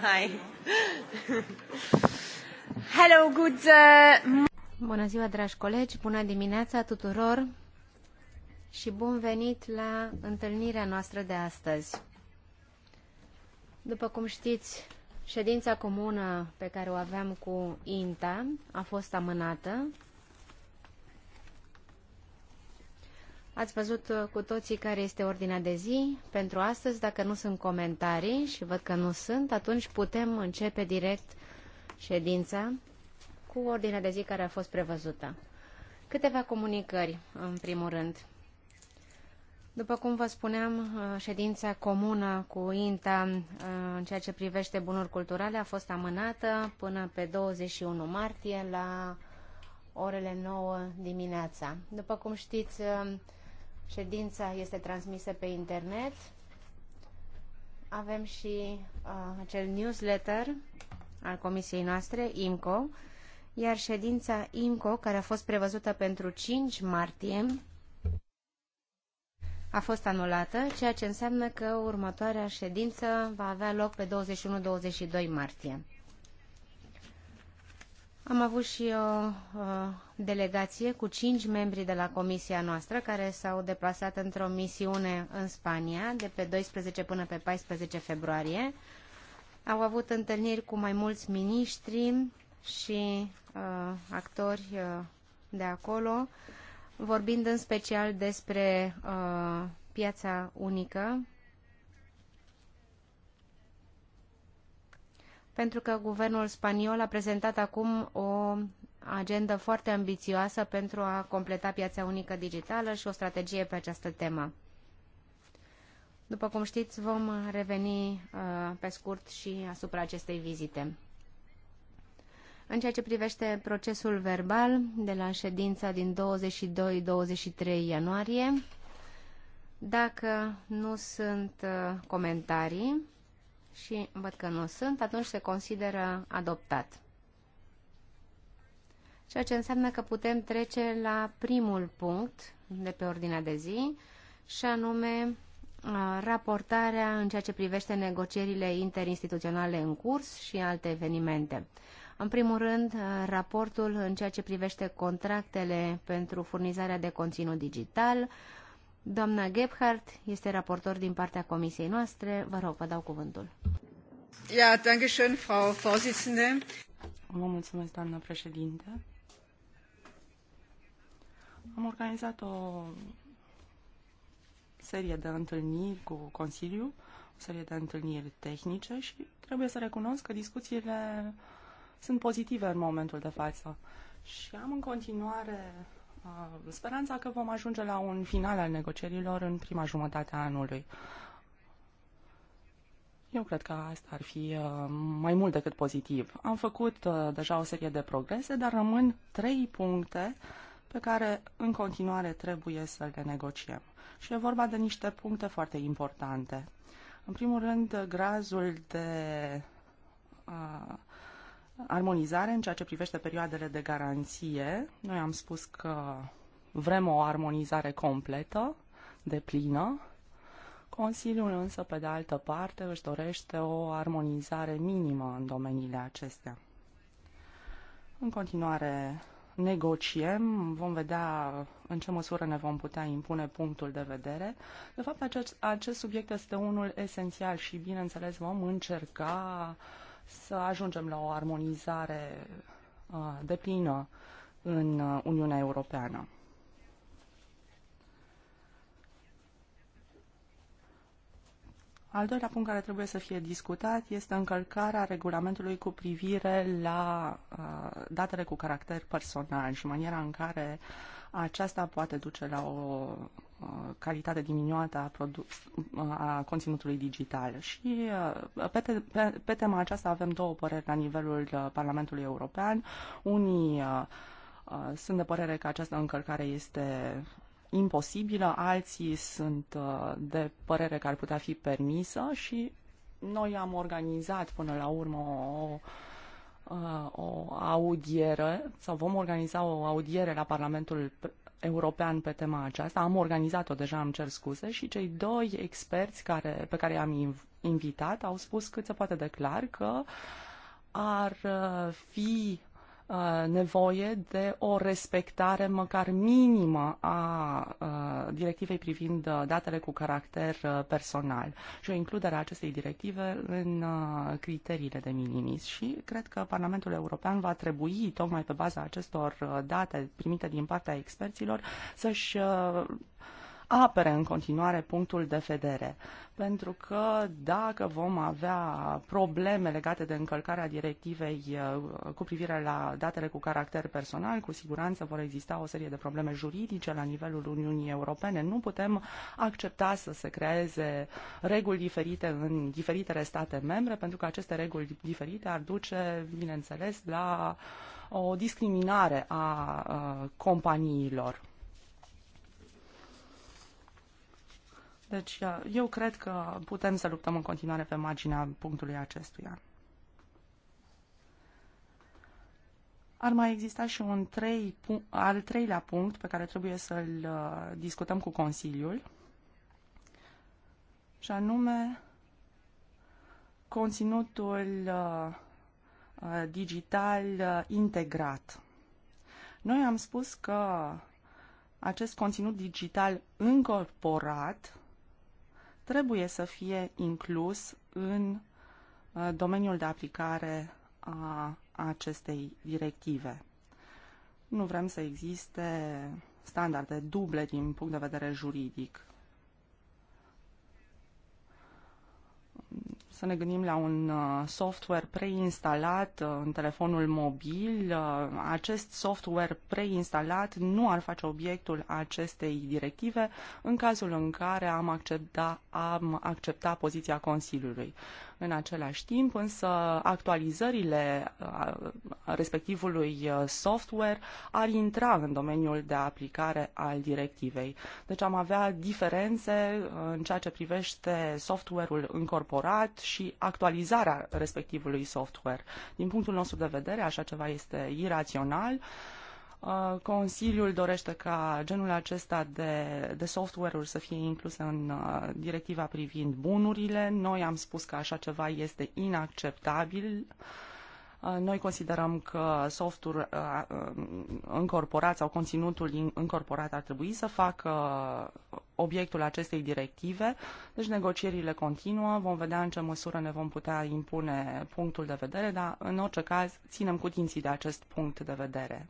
Hi. Hello, good... Uh, bună ziua, dragi colegi, bună dimineața tuturor și bun venit la întâlnirea noastră de astăzi. După cum știți, ședința comună pe care o aveam cu INTA a fost amânată Ați văzut uh, cu toții care este ordinea de zi pentru astăzi. Dacă nu sunt comentarii și văd că nu sunt, atunci putem începe direct ședința cu ordinea de zi care a fost prevăzută. Câteva comunicări, în primul rând. După cum vă spuneam, uh, ședința comună cu INTA uh, în ceea ce privește bunuri culturale a fost amânată până pe 21 martie la orele 9 dimineața. După cum știți, Ședința este transmisă pe internet. Avem și uh, acel newsletter al comisiei noastre, IMCO, iar ședința IMCO, care a fost prevăzută pentru 5 martie, a fost anulată, ceea ce înseamnă că următoarea ședință va avea loc pe 21-22 martie. Am avut și o uh, uh, delegație cu cinci membri de la comisia noastră care s-au deplasat într-o misiune în Spania de pe 12 până pe 14 februarie. Au avut întâlniri cu mai mulți miniștri și uh, actori uh, de acolo, vorbind în special despre uh, piața unică pentru că guvernul spaniol a prezentat acum o agendă foarte ambițioasă pentru a completa piața unică digitală și o strategie pe această temă. După cum știți, vom reveni uh, pe scurt și asupra acestei vizite. În ceea ce privește procesul verbal de la ședința din 22-23 ianuarie, dacă nu sunt uh, comentarii, și văd că nu sunt, atunci se consideră adoptat. Ceea ce înseamnă că putem trece la primul punct de pe ordinea de zi, și anume uh, raportarea în ceea ce privește negocierile interinstituționale în curs și alte evenimente. În primul rând, uh, raportul în ceea ce privește contractele pentru furnizarea de conținut digital, Doamna Gebhardt este raportor din partea comisiei noastre. Vă rog, vă dau cuvântul. Ja, danke schön, Frau Vorsitzende. Vă mulțumesc, doamnă președinte. Am organizat o serie de întâlniri cu Consiliu, o serie de întâlniri tehnice și trebuie să recunosc că discuțiile sunt pozitive în momentul de față. Și am în continuare Uh, speranța că vom ajunge la un final al negocierilor în prima jumătate a anului. Eu cred că asta ar fi uh, mai mult decât pozitiv. Am făcut uh, deja o serie de progrese, dar rămân trei puncte pe care în continuare trebuie să le negociem. Și e vorba de niște puncte foarte importante. În primul rând, grazul de uh, armonizare în ceea ce privește perioadele de garanție. Noi am spus că vrem o armonizare completă, de plină. Consiliul însă, pe de altă parte, își dorește o armonizare minimă în domeniile acestea. În continuare, negociem, vom vedea în ce măsură ne vom putea impune punctul de vedere. De fapt, acest, acest subiect este unul esențial și, bineînțeles, vom încerca uh, să ajungem la o armonizare uh, de plină în uh, Uniunea Europeană. Al doilea punct care trebuie să fie discutat este încălcarea regulamentului cu privire la uh, datele cu caracter personal și maniera în care aceasta poate duce la o Uh, calitate diminuată a, a conținutului digital. Și uh, pe, te pe, pe tema aceasta avem două păreri la nivelul uh, Parlamentului European. Unii sunt de părere că această încălcare este imposibilă, alții sunt de părere că ar putea fi permisă și noi am organizat până la urmă o, o audiere sau vom organiza o audiere la Parlamentul european pe tema aceasta. Am organizat-o deja, îmi cer scuze, și cei doi experți care, pe care i-am invitat au spus cât se poate de clar că ar uh, fi Uh, nevoie de o respectare măcar minimă a uh, directivei privind uh, datele cu caracter personal și o includere a acestei directive în criteriile de minimis și cred că Parlamentul European va trebui, tocmai pe baza acestor date primite din partea experților, să-și apere în continuare punctul de vedere. Pentru că dacă vom avea probleme legate de încălcarea directivei uh, cu privire la datele cu caracter personal, cu siguranță vor exista o serie de probleme juridice la nivelul Uniunii Europene. Nu putem accepta să se creeze reguli diferite în diferitele state membre, pentru că aceste reguli diferite ar duce, bineînțeles, la o discriminare a uh, companiilor. Deci uh, eu cred că putem să luptăm în continuare pe marginea punctului acestuia. Ar mai exista și un trei, al treilea punct pe care trebuie să-l uh, discutăm cu Consiliul, și anume conținutul uh, digital integrat. Noi am spus că acest conținut digital încorporat trebuie să fie inclus în uh, domeniul de aplicare a acestei directive. Nu vrem să existe standarde duble din punct de vedere juridic. să ne gândim la un uh, software preinstalat uh, în telefonul mobil. Uh, acest software preinstalat nu ar face obiectul acestei directive în cazul în care am accepta, am accepta poziția Consiliului. În același timp, însă, actualizările respectivului uh, software ar intra în domeniul de aplicare al directivei. Deci am avea diferențe uh, în ceea ce privește software-ul încorporat și actualizarea respectivului software. Din punctul nostru de vedere, așa ceva este irațional. Uh, Uh, Consiliul dorește ca genul acesta de, de software-uri să fie incluse în uh, directiva privind bunurile. Noi am spus că așa ceva este inacceptabil. Uh, noi considerăm că softul încorporat sau conținutul încorporat ar trebui să facă obiectul acestei directive. Deci negocierile continuă, vom vedea în ce măsură ne vom putea impune punctul de vedere, dar în orice caz ținem cu dinții de acest punct de vedere.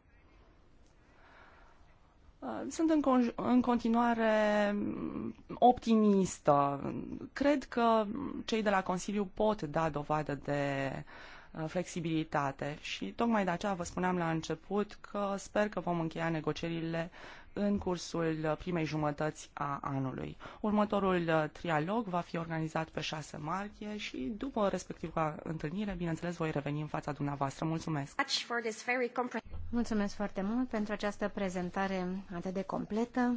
Uh, sunt în, în continuare mm, optimistă. Cred că cei de la Consiliu pot da dovadă de uh, flexibilitate și tocmai de aceea vă spuneam la început că sper că vom încheia negocierile în cursul primei jumătăți a anului. Următorul uh, trialog va fi organizat pe 6 martie și după respectiva întâlnire, bineînțeles, voi reveni în fața dumneavoastră. Mulțumesc! Mulțumesc foarte mult pentru această prezentare atât de completă.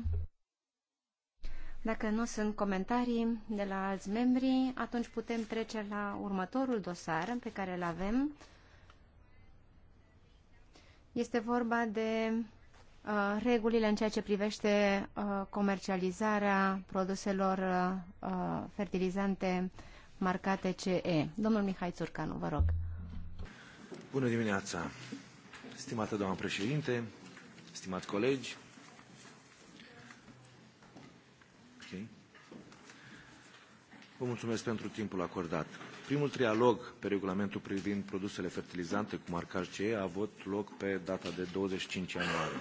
Dacă nu sunt comentarii de la alți membri, atunci putem trece la următorul dosar pe care îl avem. Este vorba de Uh, regulile în ceea ce privește uh, comercializarea produselor uh, fertilizante marcate CE. Domnul Mihai Țurcanu, vă rog. Bună dimineața, stimată doamnă președinte, stimați colegi. Okay. Vă mulțumesc pentru timpul acordat. Primul trialog pe regulamentul privind produsele fertilizante cu marcaj CE a avut loc pe data de 25 ianuarie.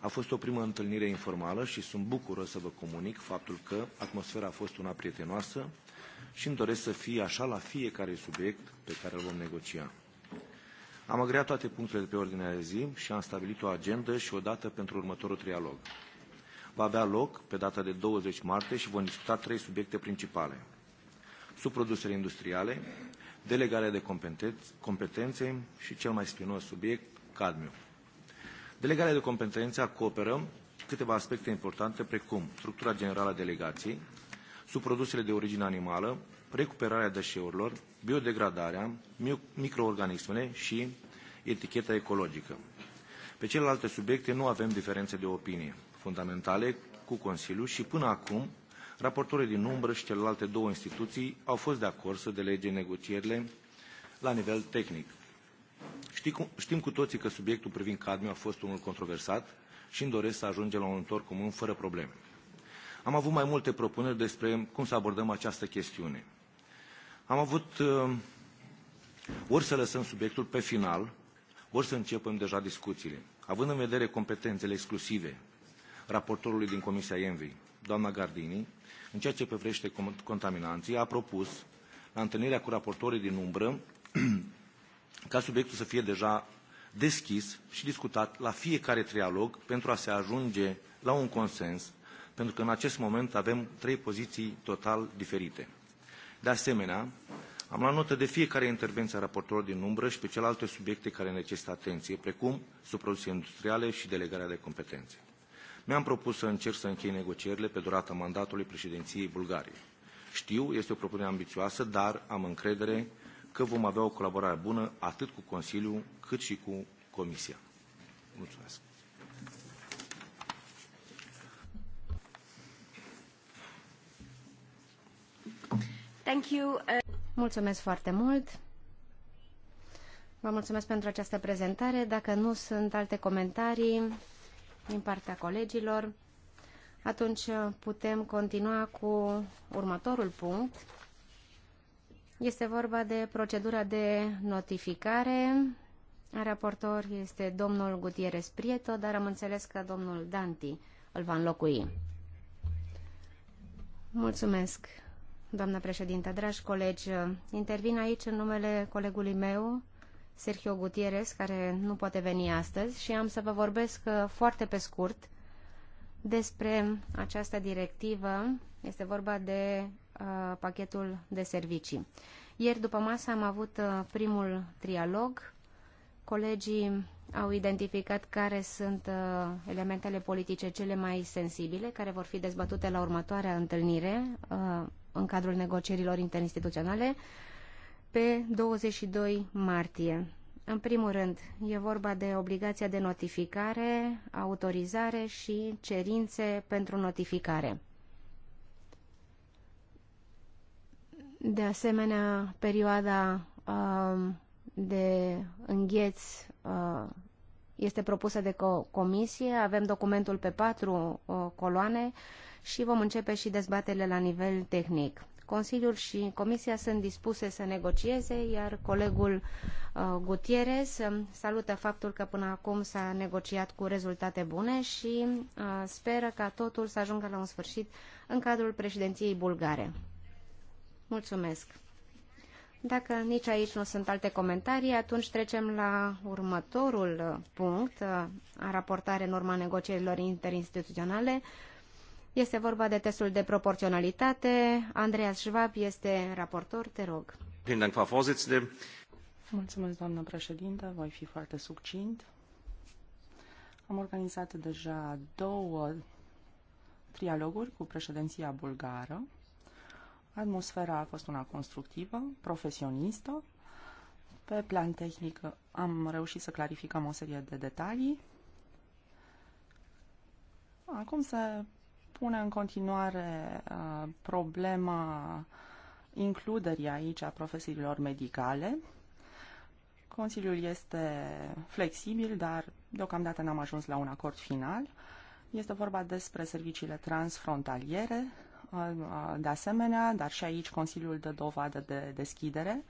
A fost o primă întâlnire informală și sunt bucuros să vă comunic faptul că atmosfera a fost una prietenoasă și îmi doresc să fie așa la fiecare subiect pe care îl vom negocia. Am agreat toate punctele de pe ordinea de zi și am stabilit o agendă și o dată pentru următorul trialog. Va avea loc pe data de 20 martie și vom discuta trei subiecte principale – subprodusele industriale, delegarea de competențe și cel mai spinos subiect, cadmiu. Delegarea de competențe acoperă câteva aspecte importante precum structura generală a delegației, subprodusele de origine animală, recuperarea deșeurilor, biodegradarea, microorganismele și eticheta ecologică. Pe celelalte subiecte nu avem diferențe de opinie fundamentale cu Consiliul și până acum raportorii din umbră și celelalte două instituții au fost de acord să delege negocierile la nivel tehnic. Știm cu toții că subiectul privind cadmiu a fost unul controversat și îmi doresc să ajungem la un întor comun fără probleme. Am avut mai multe propuneri despre cum să abordăm această chestiune. Am avut uh, ori să lăsăm subiectul pe final, ori să începem deja discuțiile. Având în vedere competențele exclusive raportorului din Comisia ENVI, doamna Gardini, în ceea ce privește contaminanții, a propus, la întâlnirea cu raportorii din umbră, ca subiectul să fie deja deschis și discutat la fiecare trialog pentru a se ajunge la un consens, pentru că în acest moment avem trei poziții total diferite. De asemenea, am luat notă de fiecare intervenție a raportorilor din umbră și pe celelalte subiecte care necesită atenție, precum subproducții industriale și delegarea de competențe. Mi-am propus să încerc să închei negocierile pe durata mandatului președinției Bulgariei. Știu, este o propunere ambițioasă, dar am încredere că vom avea o colaborare bună atât cu Consiliul cât și cu Comisia. Mulțumesc! Thank you. Uh, mulțumesc foarte mult! Vă mulțumesc pentru această prezentare. Dacă nu sunt alte comentarii, din partea colegilor. Atunci uh, putem continua cu următorul punct. Este vorba de procedura de notificare. Raportor este domnul Gutierrez Prieto, dar am înțeles că domnul Danti îl va înlocui. Mulțumesc, doamna președintă, dragi colegi. Uh, intervin aici în numele colegului meu, Sergio Gutierrez, care nu poate veni astăzi, și am să vă vorbesc uh, foarte pe scurt despre această directivă. Este vorba de uh, pachetul de servicii. Ieri după masă am avut uh, primul trialog. Colegii au identificat care sunt uh, elementele politice cele mai sensibile, care vor fi dezbătute la următoarea întâlnire uh, în cadrul negocierilor interinstituționale. Uh, pe 22 martie. În primul rând, e vorba de obligația de notificare, autorizare și cerințe pentru notificare. De asemenea, perioada uh, de îngheț uh, este propusă de co comisie, avem documentul pe patru uh, coloane și vom începe și dezbatele la nivel tehnic. Consiliul și Comisia sunt dispuse să negocieze, iar colegul uh, Gutierrez um, salută faptul că până acum s-a negociat cu rezultate bune și uh, speră ca totul să ajungă la un sfârșit în cadrul președinției bulgare. Mulțumesc! Dacă nici aici nu sunt alte comentarii, atunci trecem la următorul uh, punct, a raportare în urma negocierilor interinstituționale, este vorba de testul de proporționalitate. Andreas Schwab este raportor, te rog. Mulțumesc, doamnă președinte, voi fi foarte succint. Am organizat deja două trialoguri cu președinția bulgară. Atmosfera a fost una constructivă, profesionistă. Pe plan tehnic am reușit să clarificăm o serie de detalii. Acum se pune în continuare uh, problema includerii aici a profesiilor medicale. Consiliul este flexibil, dar deocamdată n-am ajuns la un acord final. Este vorba despre serviciile transfrontaliere, uh, uh, de asemenea, dar și aici Consiliul dă dovadă de deschidere.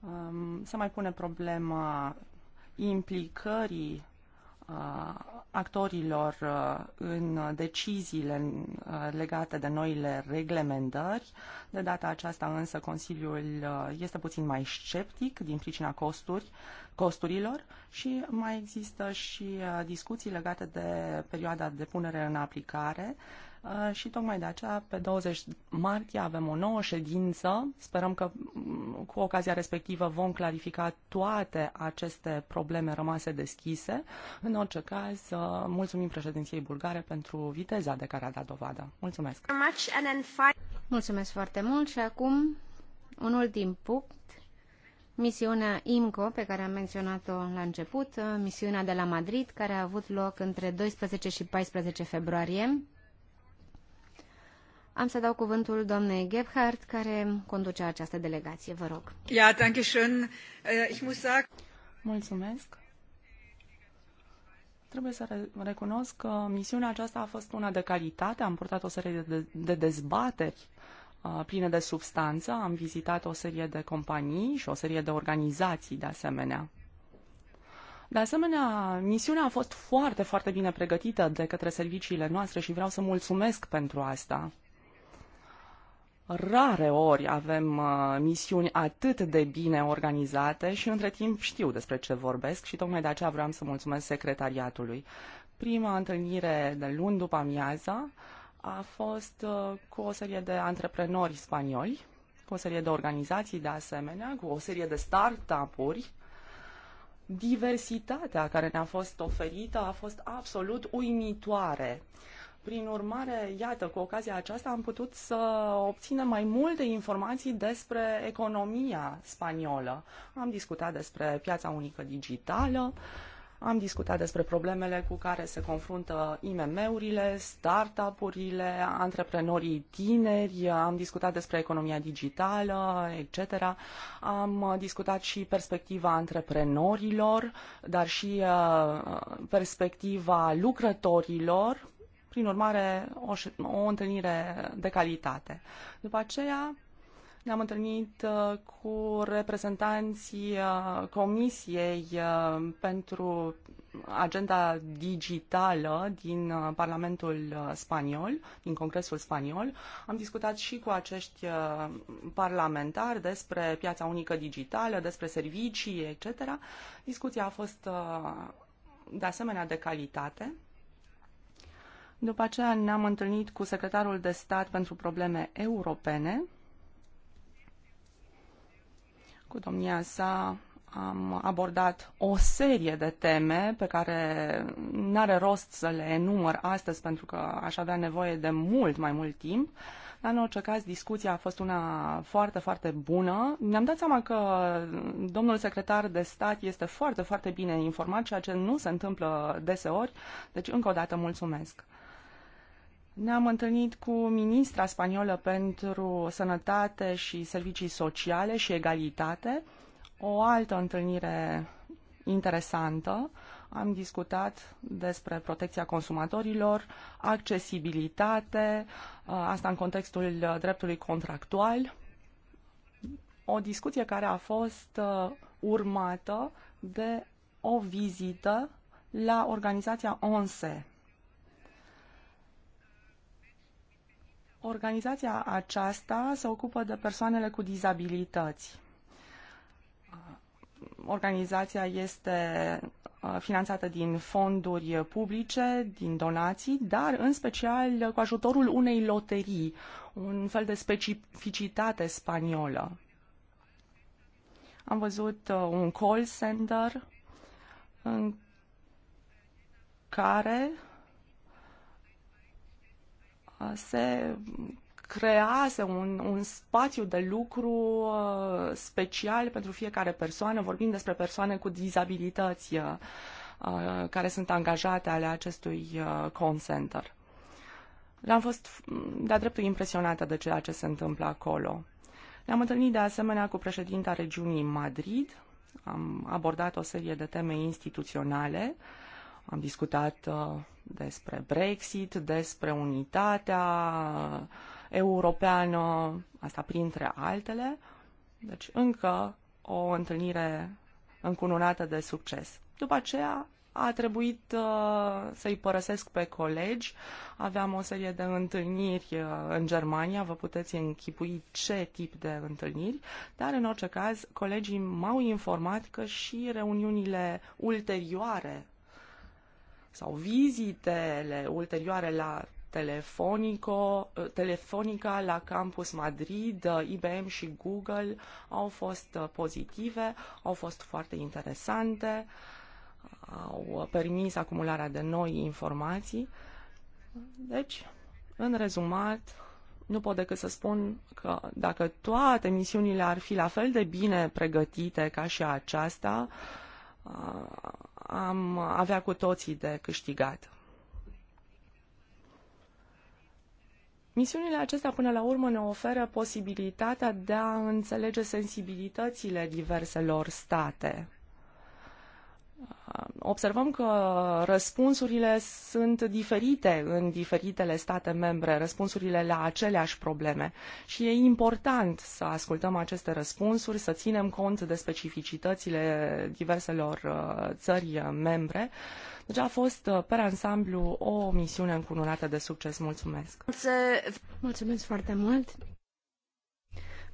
Um, se mai pune problema implicării uh, actorilor uh, în deciziile uh, legate de noile reglementări. De data aceasta însă Consiliul uh, este puțin mai sceptic din pricina costuri, costurilor și mai există și discuții legate de perioada de punere în aplicare Uh, și tocmai de aceea pe 20 martie avem o nouă ședință. Sperăm că mm, cu ocazia respectivă vom clarifica toate aceste probleme rămase deschise. În orice caz, uh, mulțumim președinției bulgare pentru viteza de care a dat dovadă. Mulțumesc! Mulțumesc foarte mult și acum un ultim punct misiunea IMCO, pe care am menționat-o la început, uh, misiunea de la Madrid, care a avut loc între 12 și 14 februarie am să dau cuvântul doamnei Gebhardt, care conduce această delegație. Vă rog. Ja, danke schön. Äh, ich muss sagen... Mulțumesc. Trebuie să recunosc că misiunea aceasta a fost una de calitate. Am purtat o serie de, de dezbateri uh, pline de substanță. Am vizitat o serie de companii și o serie de organizații de asemenea. De asemenea, misiunea a fost foarte, foarte bine pregătită de către serviciile noastre și vreau să mulțumesc pentru asta. Rare ori avem uh, misiuni atât de bine organizate și între timp știu despre ce vorbesc și tocmai de aceea vreau să mulțumesc secretariatului. Prima întâlnire de luni după amiaza a fost uh, cu o serie de antreprenori spanioli, cu o serie de organizații de asemenea, cu o serie de start-up-uri diversitatea care ne-a fost oferită a fost absolut uimitoare. Prin urmare, iată, cu ocazia aceasta am putut să obținem mai multe informații despre economia spaniolă. Am discutat despre piața unică digitală, am discutat despre problemele cu care se confruntă IMM-urile, startup-urile, antreprenorii tineri, am discutat despre economia digitală, etc. Am discutat și perspectiva antreprenorilor, dar și uh, perspectiva lucrătorilor prin urmare, o, o întâlnire de calitate. După aceea, ne-am întâlnit uh, cu reprezentanții uh, Comisiei uh, pentru agenda digitală din Parlamentul spaniol, din Congresul spaniol. Am discutat și cu acești parlamentari despre piața unică digitală, despre servicii, etc. Discuția a fost de asemenea de calitate. După aceea ne-am întâlnit cu secretarul de stat pentru probleme europene. Cu domnia sa am abordat o serie de teme pe care n-are rost să le enumăr astăzi pentru că aș avea nevoie de mult mai mult timp. Dar, în orice caz, discuția a fost una foarte, foarte bună. Ne-am dat seama că domnul secretar de stat este foarte, foarte bine informat, ceea ce nu se întâmplă deseori. Deci, încă o dată, mulțumesc. Ne-am întâlnit cu ministra spaniolă pentru sănătate și servicii sociale și egalitate. O altă întâlnire interesantă. Am discutat despre protecția consumatorilor, accesibilitate, uh, asta în contextul dreptului contractual. O discuție care a fost uh, urmată de o vizită la organizația ONSE, Organizația aceasta se ocupă de persoanele cu dizabilități. Organizația este uh, finanțată din fonduri publice, din donații, dar în special cu ajutorul unei loterii, un fel de specificitate spaniolă. Am văzut uh, un call center în care se crease un, un spațiu de lucru uh, special pentru fiecare persoană, vorbim despre persoane cu dizabilități uh, uh, care sunt angajate ale acestui call center. Am fost mm, de-a dreptul impresionată de ceea ce se întâmplă acolo. Ne-am întâlnit de asemenea cu președinta regiunii Madrid, am abordat o serie de teme instituționale, uh, am discutat uh, despre Brexit, despre unitatea europeană, asta printre altele. Deci încă o întâlnire încununată de succes. După aceea a trebuit uh, să-i părăsesc pe colegi. Aveam o serie de întâlniri uh, în Germania, vă puteți închipui ce tip de întâlniri, dar în orice caz colegii m-au informat că și reuniunile ulterioare sau vizitele ulterioare la Telefonico, eh, Telefonica la Campus Madrid, eh, IBM și Google au fost eh, pozitive, au fost foarte interesante, au permis acumularea de noi informații. Deci, în rezumat, nu pot decât să spun că dacă toate misiunile ar fi la fel de bine pregătite ca și aceasta, am avea cu toții de câștigat. Misiunile acestea, până la urmă, ne oferă posibilitatea de a înțelege sensibilitățile diverselor state observăm că răspunsurile sunt diferite în diferitele state membre, răspunsurile la aceleași probleme și e important să ascultăm aceste răspunsuri, să ținem cont de specificitățile diverselor uh, țări membre. Deci a fost, uh, per ansamblu, o misiune încununată de succes. Mulțumesc! Mulțumesc foarte mult!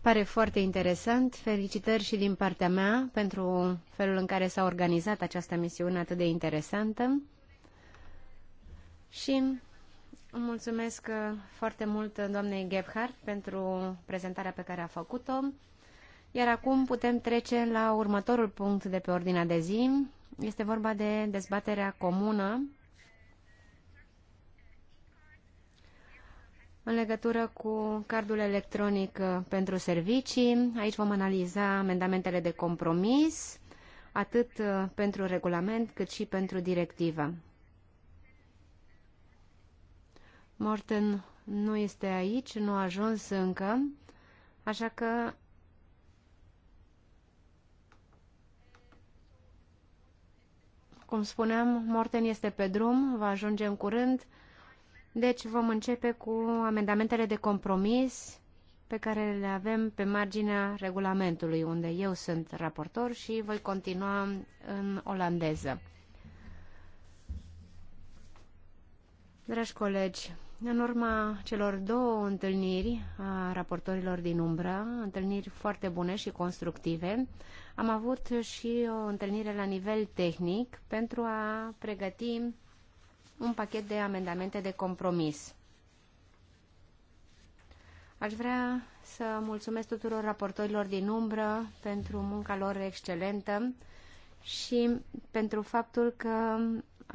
Pare foarte interesant. Felicitări și din partea mea pentru felul în care s-a organizat această misiune atât de interesantă. Și mulțumesc uh, foarte mult uh, doamnei Gebhardt pentru prezentarea pe care a făcut-o. Iar acum putem trece la următorul punct de pe ordinea de zi. Este vorba de dezbaterea comună în legătură cu cardul electronic uh, pentru servicii. Aici vom analiza amendamentele de compromis, atât uh, pentru regulament cât și pentru directivă. Morten nu este aici, nu a ajuns încă, așa că cum spuneam, Morten este pe drum, va ajunge în curând. Deci vom începe cu amendamentele de compromis pe care le avem pe marginea regulamentului, unde eu sunt raportor și voi continua în olandeză. Dragi colegi, în urma celor două întâlniri a raportorilor din umbră, întâlniri foarte bune și constructive, am avut și o întâlnire la nivel tehnic pentru a pregăti un pachet de amendamente de compromis. Aș vrea să mulțumesc tuturor raportorilor din umbră pentru munca lor excelentă și pentru faptul că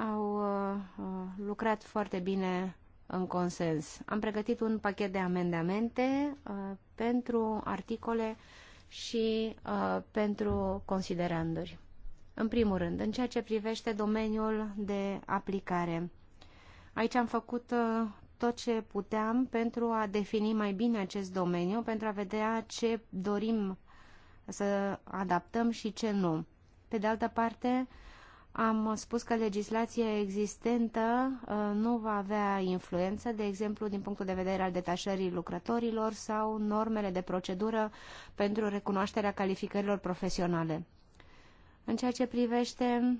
au uh, uh, lucrat foarte bine în consens. Am pregătit un pachet de amendamente uh, pentru articole și pentru consideranduri. În primul rând, în ceea ce privește domeniul de aplicare. Aici am făcut uh, tot ce puteam pentru a defini mai bine acest domeniu, pentru a vedea ce dorim să adaptăm și ce nu. Pe de altă parte, am spus că legislația existentă uh, nu va avea influență, de exemplu, din punctul de vedere al detașării lucrătorilor sau normele de procedură pentru recunoașterea calificărilor profesionale. În ceea ce privește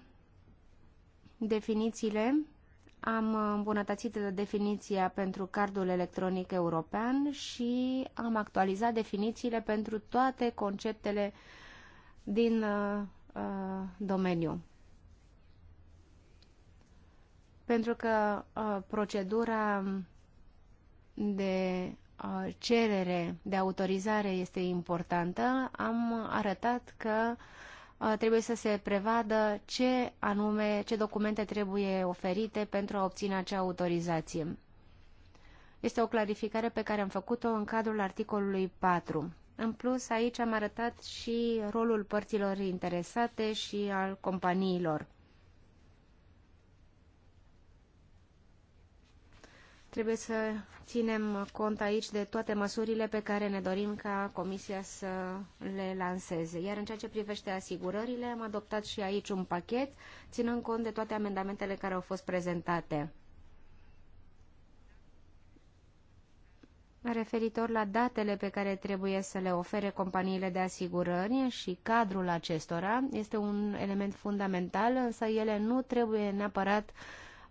definițiile, am îmbunătățit definiția pentru cardul electronic european și am actualizat definițiile pentru toate conceptele din uh, uh domeniu. Pentru că uh, procedura de uh, cerere, de autorizare este importantă, am arătat că uh, Uh, trebuie să se prevadă ce anume, ce documente trebuie oferite pentru a obține acea autorizație. Este o clarificare pe care am făcut-o în cadrul articolului 4. În plus, aici am arătat și rolul părților interesate și al companiilor. Trebuie să ținem cont aici de toate măsurile pe care ne dorim ca Comisia să le lanseze. Iar în ceea ce privește asigurările, am adoptat și aici un pachet, ținând cont de toate amendamentele care au fost prezentate. referitor la datele pe care trebuie să le ofere companiile de asigurări și cadrul acestora este un element fundamental, însă ele nu trebuie neapărat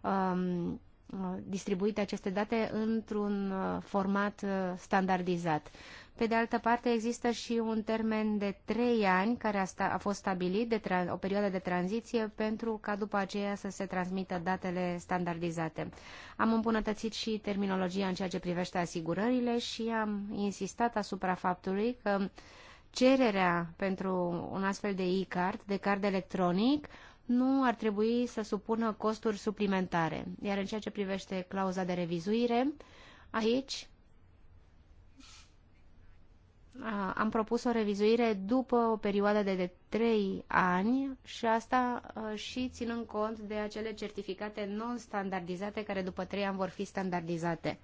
um, Uh, distribuite aceste date într-un uh, format uh, standardizat. Pe de altă parte, există și un termen de trei ani care a, sta, a fost stabilit, de o perioadă de tranziție, pentru ca după aceea să se transmită datele standardizate. Am îmbunătățit și terminologia în ceea ce privește asigurările și am insistat asupra faptului că cererea pentru un astfel de e-card, de card electronic, uh, nu ar trebui să supună costuri suplimentare. Iar în ceea ce privește clauza de revizuire, aici am propus o revizuire după o perioadă de 3 ani și asta și ținând cont de acele certificate non-standardizate care după 3 ani vor fi standardizate.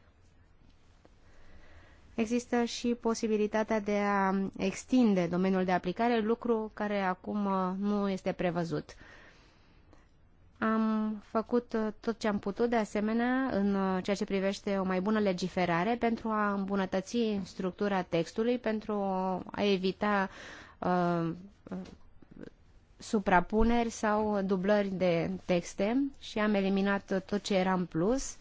Există și posibilitatea de a extinde domeniul de aplicare, lucru care acum nu este prevăzut. Am făcut uh, tot ce am putut, de asemenea, în uh, ceea ce privește o mai bună legiferare pentru a îmbunătăți structura textului, pentru a evita uh, uh, suprapuneri sau dublări de texte și am eliminat tot ce era în plus.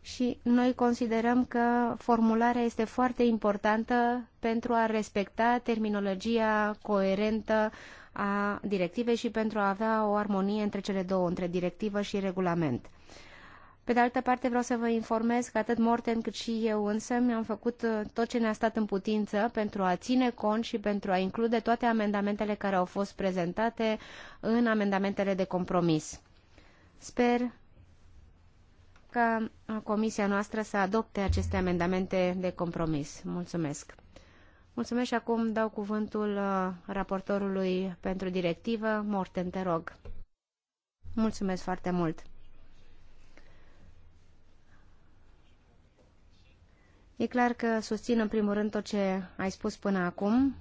Și noi considerăm că formularea este foarte importantă pentru a respecta terminologia coerentă uh, a directivei și pentru a avea o armonie între cele două, între directivă și regulament. Pe de altă parte, vreau să vă informez că atât Morten cât și eu însă mi-am făcut uh, tot ce ne-a stat în putință pentru a ține cont și pentru a include toate amendamentele care au fost prezentate în amendamentele de compromis. Sper ca uh, comisia noastră să adopte aceste amendamente de compromis. Mulțumesc! Mulțumesc și acum dau cuvântul uh, raportorului pentru directivă, Morten, te rog. Mulțumesc foarte mult. E clar că susțin în primul rând tot ce ai spus până acum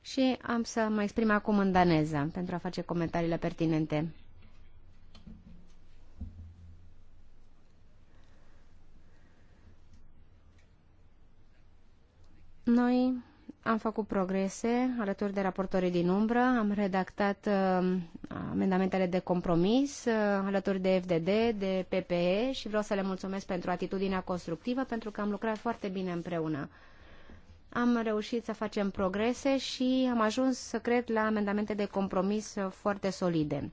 și am să mă exprim acum în daneză pentru a face comentariile pertinente. Noi am făcut progrese alături de raportorii din umbră, am redactat uh, amendamentele de compromis uh, alături de FDD, de PPE și vreau să le mulțumesc pentru atitudinea constructivă pentru că am lucrat foarte bine împreună. Am reușit să facem progrese și am ajuns să cred la amendamente de compromis foarte solide.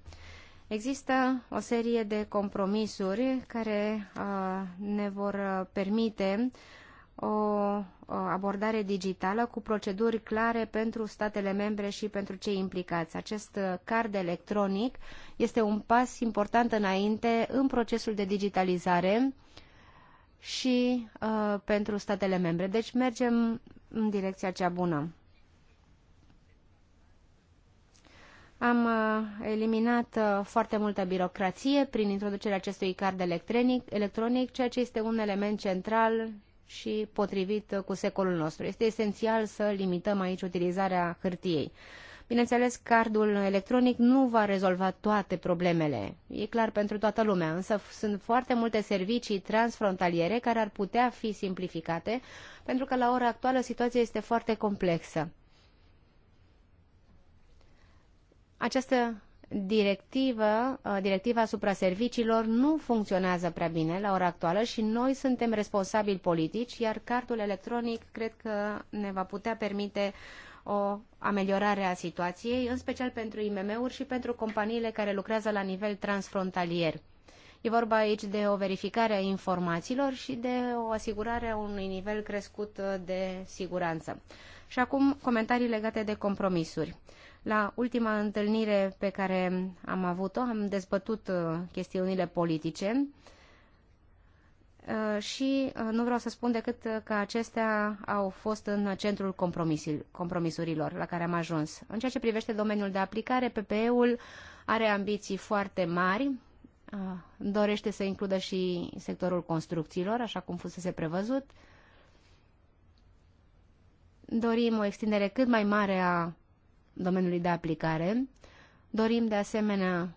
Există o serie de compromisuri care uh, ne vor uh, permite uh, o abordare digitală cu proceduri clare pentru statele membre și pentru cei implicați. Acest uh, card electronic este un pas important înainte în procesul de digitalizare și uh, pentru statele membre. Deci mergem în direcția cea bună. Am uh, eliminat uh, foarte multă birocrație prin introducerea acestui card electronic, electronic, ceea ce este un element central și potrivit cu secolul nostru. Este esențial să limităm aici utilizarea hârtiei. Bineînțeles, cardul electronic nu va rezolva toate problemele. E clar pentru toată lumea, însă sunt foarte multe servicii transfrontaliere care ar putea fi simplificate, pentru că la ora actuală situația este foarte complexă. Această directivă, uh, directiva asupra serviciilor nu funcționează prea bine la ora actuală și noi suntem responsabili politici, iar cardul electronic cred că ne va putea permite o ameliorare a situației, în special pentru IMM-uri și pentru companiile care lucrează la nivel transfrontalier. E vorba aici de o verificare a informațiilor și de o asigurare a unui nivel crescut de siguranță. Și acum comentarii legate de compromisuri. La ultima întâlnire pe care am avut-o, am dezbătut uh, chestiunile politice uh, și uh, nu vreau să spun decât că acestea au fost în centrul compromisurilor la care am ajuns. În ceea ce privește domeniul de aplicare, PPE-ul are ambiții foarte mari, dorește să includă și sectorul construcțiilor, așa cum fusese prevăzut. Dorim o extindere cât mai mare a domeniului de aplicare. Dorim de asemenea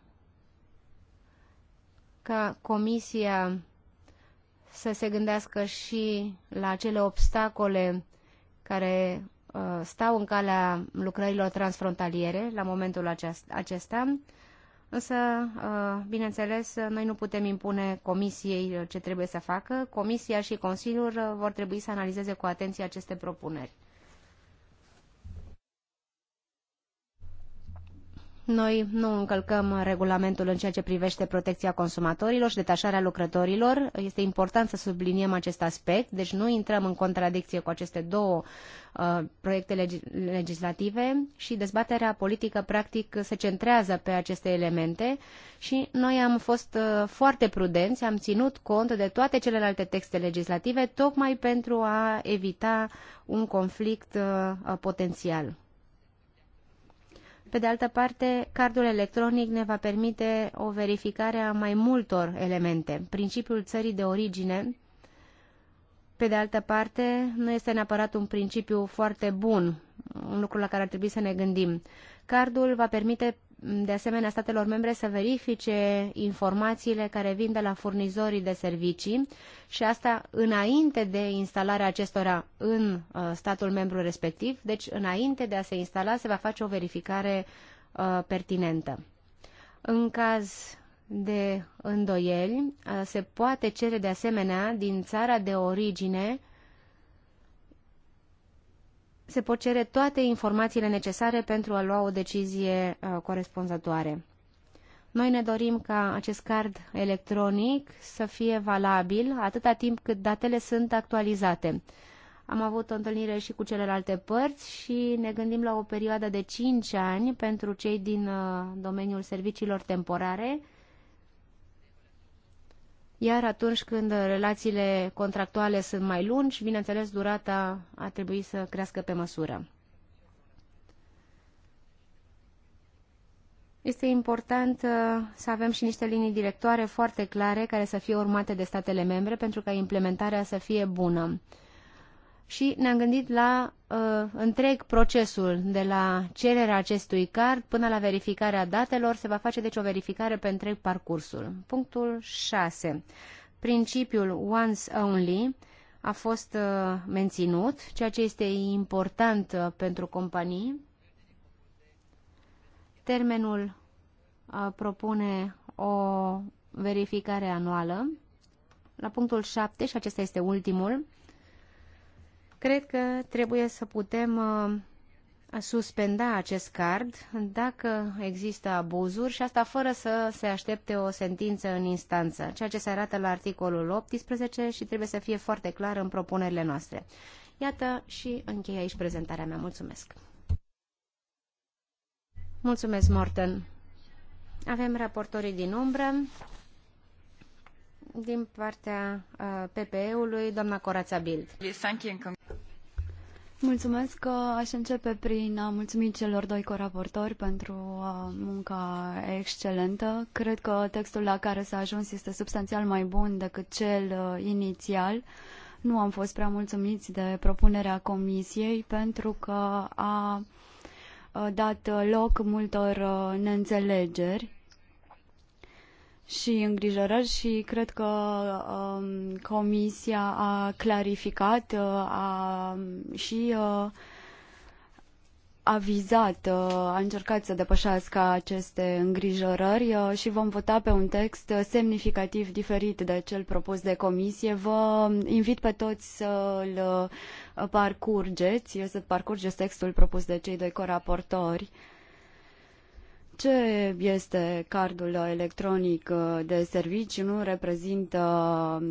ca Comisia să se gândească și la acele obstacole care uh, stau în calea lucrărilor transfrontaliere la momentul acesta. Însă, uh, bineînțeles, noi nu putem impune Comisiei uh, ce trebuie să facă. Comisia și Consiliul uh, vor trebui să analizeze cu atenție aceste propuneri. Noi nu încălcăm regulamentul în ceea ce privește protecția consumatorilor și detașarea lucrătorilor. Este important să subliniem acest aspect, deci nu intrăm în contradicție cu aceste două uh, proiecte leg legislative și dezbaterea politică practic se centrează pe aceste elemente și noi am fost uh, foarte prudenți, am ținut cont de toate celelalte texte legislative tocmai pentru a evita un conflict uh, potențial. Pe de altă parte, cardul electronic ne va permite o verificare a mai multor elemente. Principiul țării de origine, pe de altă parte, nu este neapărat un principiu foarte bun, un lucru la care ar trebui să ne gândim. Cardul va permite de asemenea statelor membre să verifice informațiile care vin de la furnizorii de servicii și asta înainte de instalarea acestora în uh, statul membru respectiv, deci înainte de a se instala se va face o verificare uh, pertinentă. În caz de îndoieli, uh, se poate cere de asemenea din țara de origine se pot cere toate informațiile necesare pentru a lua o decizie uh, corespunzătoare. Noi ne dorim ca acest card electronic să fie valabil atâta timp cât datele sunt actualizate. Am avut o întâlnire și cu celelalte părți și ne gândim la o perioadă de 5 ani pentru cei din uh, domeniul serviciilor temporare iar atunci când relațiile contractuale sunt mai lungi, bineînțeles, durata ar trebui să crească pe măsură. Este important uh, să avem și niște linii directoare foarte clare care să fie urmate de statele membre pentru ca implementarea să fie bună și ne-am gândit la uh, întreg procesul de la cererea acestui card până la verificarea datelor. Se va face deci o verificare pe întreg parcursul. Punctul 6. Principiul once only a fost uh, menținut, ceea ce este important uh, pentru companii. Termenul uh, propune o verificare anuală. La punctul 7, și acesta este ultimul, Cred că trebuie să putem uh, suspenda acest card dacă există abuzuri și asta fără să se aștepte o sentință în instanță, ceea ce se arată la articolul 18 și trebuie să fie foarte clar în propunerile noastre. Iată și închei aici prezentarea mea. Mulțumesc! Mulțumesc, Morten! Avem raportorii din umbră. Din partea uh, PPE-ului, doamna Corața Bild. Mulțumesc că aș începe prin a mulțumi celor doi coraportori pentru uh, munca excelentă. Cred că textul la care s-a ajuns este substanțial mai bun decât cel uh, inițial. Nu am fost prea mulțumiți de propunerea comisiei pentru că a uh, dat loc multor neînțelegeri și îngrijorări și cred că um, Comisia a clarificat uh, a, și uh, a vizat, uh, a încercat să depășească aceste îngrijorări uh, și vom vota pe un text semnificativ diferit de cel propus de Comisie. Vă invit pe toți să-l uh, parcurgeți, să parcurgeți textul propus de cei doi coraportori ce este cardul electronic uh, de servicii nu reprezintă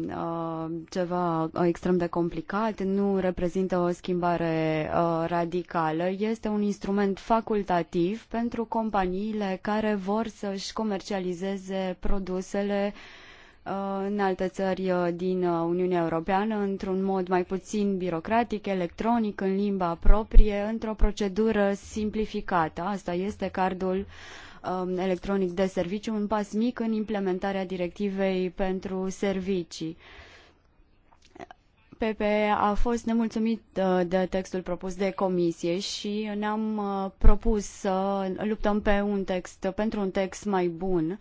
uh, ceva uh, extrem de complicat, nu reprezintă o schimbare radicală. Este un instrument facultativ pentru companiile care vor să-și comercializeze produsele uh, Uh, în alte țări uh, din uh, Uniunea Europeană într-un mod mai puțin birocratic, electronic, în limba proprie, într-o procedură simplificată. Asta este cardul um, electronic de serviciu, un pas mic în implementarea directivei pentru servicii. PPE a fost nemulțumit de textul propus de comisie și ne-am propus să luptăm pe un text, pentru un text mai bun uh,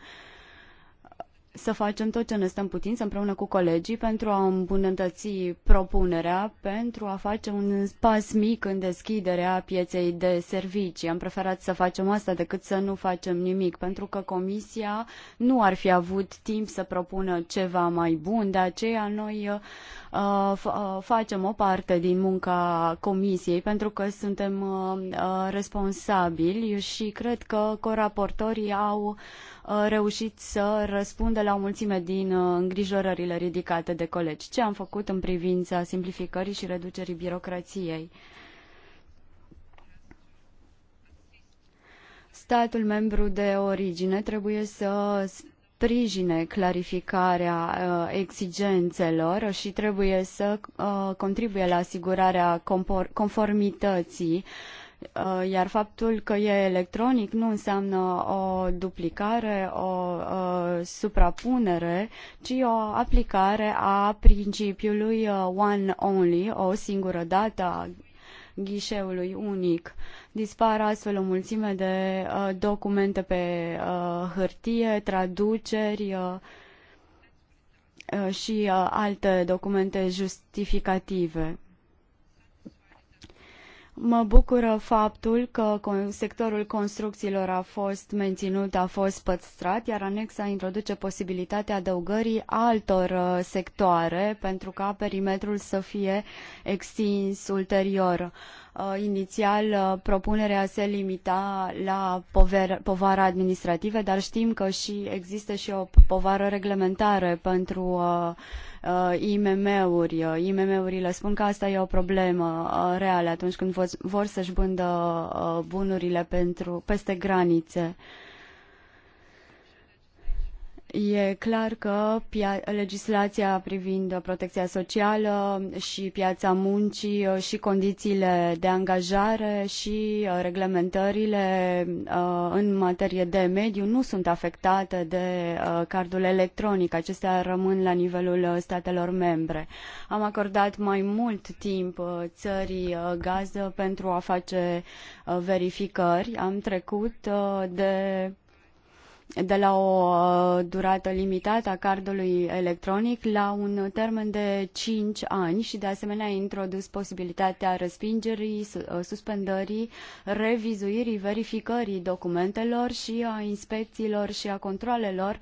să facem tot ce ne stăm putință împreună cu colegii pentru a îmbunătăți propunerea, pentru a face un pas mic în deschiderea pieței de servicii. Am preferat să facem asta decât să nu facem nimic, pentru că Comisia nu ar fi avut timp să propună ceva mai bun, de aceea noi uh, uh facem o parte din munca Comisiei, pentru că suntem uh, uh responsabili și cred că coraportorii au Uh, reușit să răspundă la o mulțime din uh, îngrijorările ridicate de colegi. Ce am făcut în privința simplificării și reducerii birocrației? Statul membru de origine trebuie să sprijine clarificarea uh, exigențelor și trebuie să contribuie la asigurarea conformității Uh, iar faptul că e electronic nu înseamnă o duplicare, o uh, suprapunere, ci o aplicare a principiului uh, one only, o singură dată a ghișeului unic. Dispar astfel o mulțime de documente pe hârtie, traduceri și alte documente justificative. Mă bucură faptul că sectorul construcțiilor a fost menținut, a fost păstrat, iar anexa introduce posibilitatea adăugării altor uh, sectoare pentru ca perimetrul să fie extins ulterior. Uh, inițial uh, propunerea se limita la pover, povara administrativă, dar știm că și există și o povară reglementară pentru uh, IMM-uri. IMM-urile spun că asta e o problemă reală atunci când vor să-și vândă bunurile pentru, peste granițe. Uh, E clar că legislația privind protecția socială și piața muncii uh, și condițiile de angajare și uh, reglementările uh, în materie de mediu nu sunt afectate de cardul electronic. Acestea rămân la nivelul statelor membre. Am acordat mai mult timp țării gază pentru a face verificări. Am trecut de de la o uh, durată limitată a cardului electronic la un termen de 5 ani și de asemenea a introdus posibilitatea respingerii, uh, suspendării, revizuirii, verificării documentelor și a inspecțiilor și a controlelor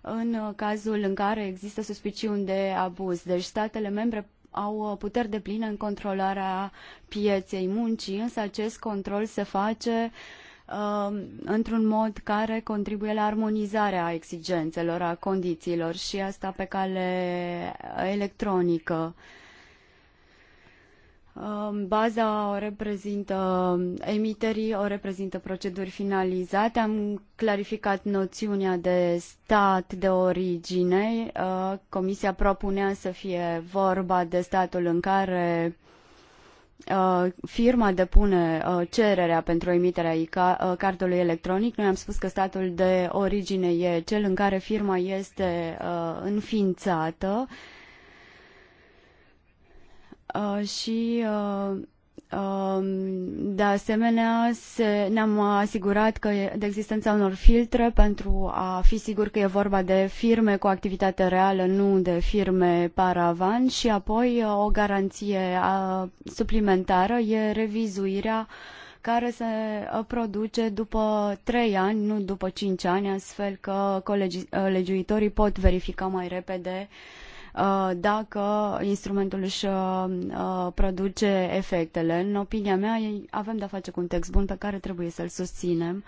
în cazul în care există suspiciuni de abuz. Deci statele membre au uh, puteri de plină în controlarea pieței muncii, însă acest control se face uh, Um, într-un mod care contribuie la armonizarea exigențelor, a condițiilor și asta pe cale electronică. Um, baza o reprezintă emiterii, o reprezintă proceduri finalizate. Am clarificat noțiunea de stat de origine. Uh, comisia propunea să fie vorba de statul în care Uh, firma depune uh, cererea pentru emiterea uh, cardului electronic, noi am spus că statul de origine e cel în care firma este înființată și Um, de asemenea, ne-am asigurat că de existența unor filtre pentru a fi sigur că e vorba de firme cu activitate reală, nu de firme paravan și apoi uh, o garanție uh, suplimentară e revizuirea care se uh, produce după trei ani, nu după cinci ani, astfel că colegii, legiuitorii pot verifica mai repede uh, Uh, dacă instrumentul își uh, uh, produce efectele. În opinia mea, avem de-a face cu un text bun pe care trebuie să-l susținem.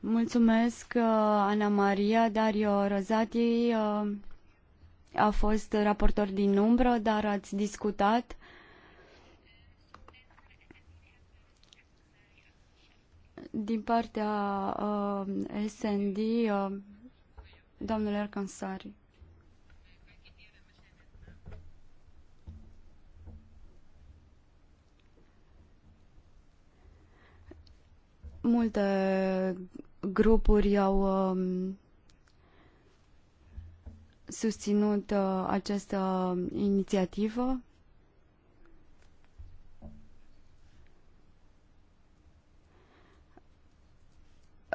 Mulțumesc, Ana Maria, Dario Rozati a fost raportor din umbră, dar ați discutat din partea uh, SND, uh, domnul Ercansari. Multe grupuri au um, susținut uh, această inițiativă.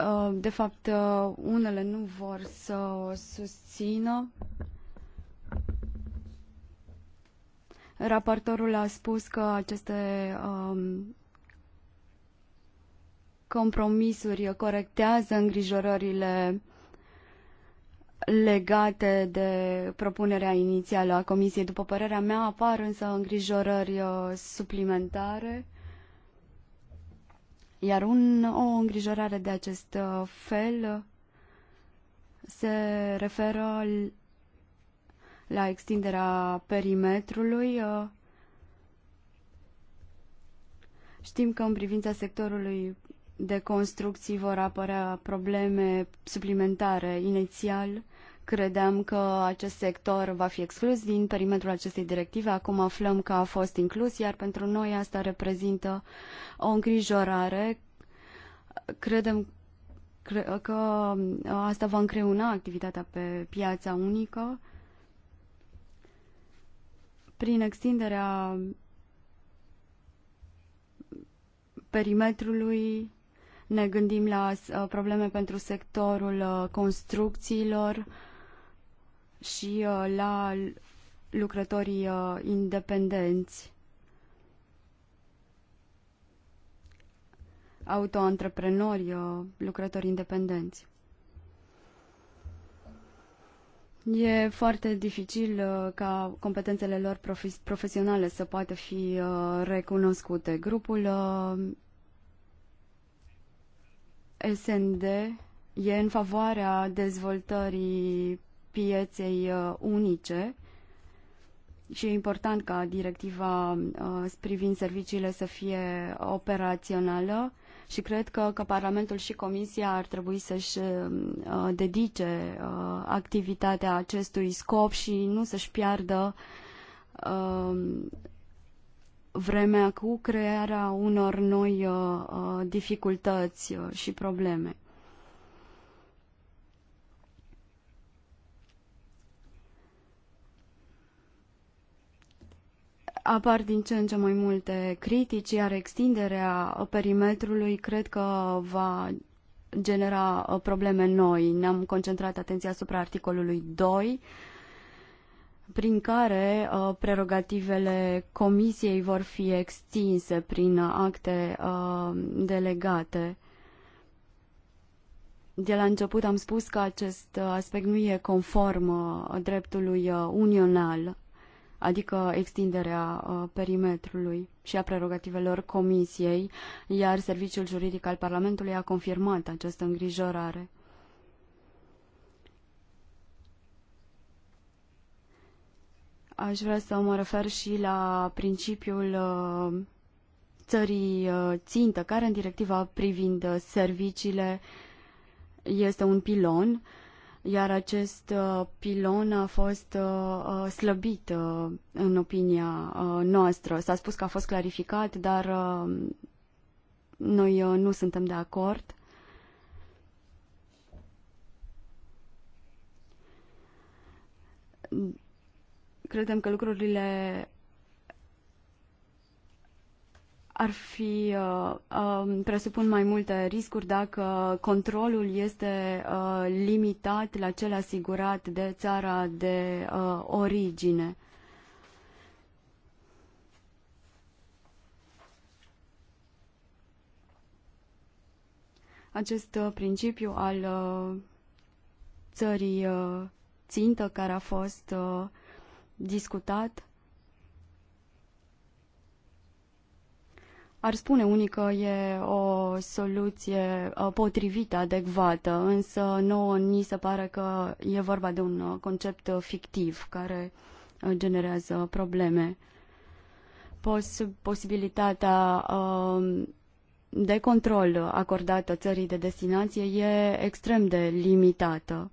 Uh, de fapt, uh, unele nu vor să o susțină. Raportorul a spus că aceste um, compromisuri corectează îngrijorările legate de propunerea inițială a Comisiei. După părerea mea, apar însă îngrijorări uh, suplimentare. Iar un, o îngrijorare de acest uh, fel se referă la extinderea perimetrului. Uh, știm că în privința sectorului de construcții vor apărea probleme suplimentare. Inițial credeam că acest sector va fi exclus din perimetrul acestei directive, acum aflăm că a fost inclus, iar pentru noi asta reprezintă o îngrijorare. Credem că asta va încreuna activitatea pe piața unică prin extinderea perimetrului ne gândim la uh, probleme pentru sectorul uh, construcțiilor și uh, la lucrătorii independenți. autoantreprenori, lucrători independenți. E foarte dificil ca competențele lor profesionale să poată fi recunoscute. Grupul SND e în favoarea dezvoltării pieței uh, unice și e important ca directiva uh, privind serviciile să fie operațională și cred că, că Parlamentul și Comisia ar trebui să-și uh, dedice activitatea acestui scop și nu să-și piardă vremea cu crearea unor noi uh, uh dificultăți uh, și probleme. apar din ce în ce mai multe critici, iar extinderea uh, perimetrului cred că va genera probleme noi. Ne-am concentrat atenția asupra articolului 2 prin care uh, prerogativele comisiei vor fi extinse prin acte uh, delegate. De la început am spus că acest aspect nu e conform uh, dreptului uh, unional, adică extinderea uh, perimetrului și a prerogativelor comisiei, iar Serviciul Juridic al Parlamentului a confirmat această îngrijorare. Aș vrea să mă refer și la principiul uh, țării uh, țintă, care în directiva privind uh, serviciile este un pilon, iar acest pilon a fost slăbit în opinia noastră. S-a spus că a fost clarificat, dar noi nu suntem de acord credem că lucrurile ar fi uh, uh, presupun mai multe riscuri dacă controlul este uh, limitat la cel asigurat de țara de uh, origine. Acest uh, principiu al uh, țării uh, țintă care a fost uh, discutat. Ar spune unii că e o soluție uh, potrivită, adecvată, însă nouă ni se pare că e vorba de un uh, concept uh, fictiv care generează probleme. Pos posibilitatea um, de control acordată țării de destinație e extrem de limitată.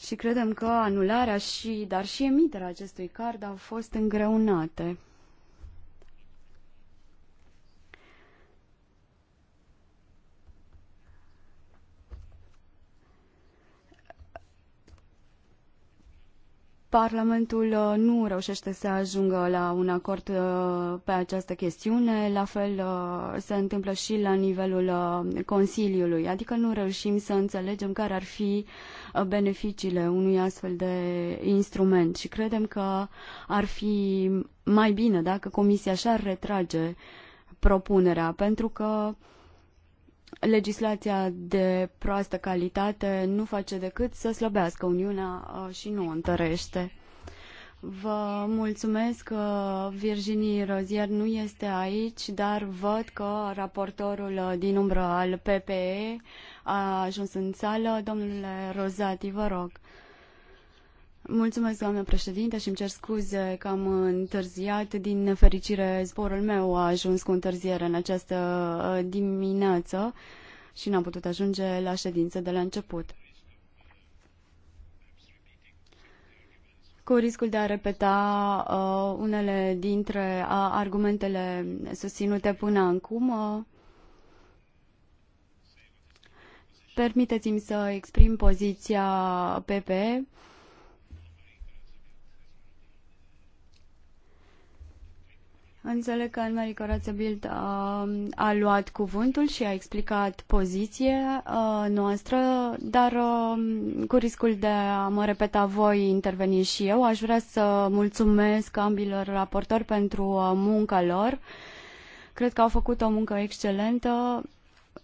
și credem că anularea și, dar și emiterea acestui card au fost îngreunate. Parlamentul uh, nu reușește să ajungă la un acord uh, pe această chestiune, la fel uh, se întâmplă și la nivelul Consiliului, adică nu reușim să înțelegem care ar fi uh, Uh, beneficiile unui astfel de instrument și credem că ar fi mai bine dacă Comisia și-ar retrage propunerea, pentru că legislația de proastă calitate nu face decât să slăbească Uniunea uh, și nu o întărește. Vă mulțumesc că uh, Virginie Rozier nu este aici, dar văd că raportorul din umbră al PPE a ajuns în sală. Domnule Rozati, vă rog. Mulțumesc, doamnă președinte, și îmi cer scuze că am întârziat. Din nefericire, zborul meu a ajuns cu întârziere în această uh, dimineață și n-am putut ajunge la ședință de la început. cu riscul de a repeta uh, unele dintre uh, argumentele susținute până acum, uh, Permiteți-mi să exprim poziția PPE. Înțeleg că Anne-Marie Corață Bild a, uh, a luat cuvântul și a explicat poziția uh, noastră, dar a, uh, cu riscul de a mă repeta voi interveni și eu, aș vrea să mulțumesc ambilor raportori pentru munca lor. Cred că au făcut o muncă excelentă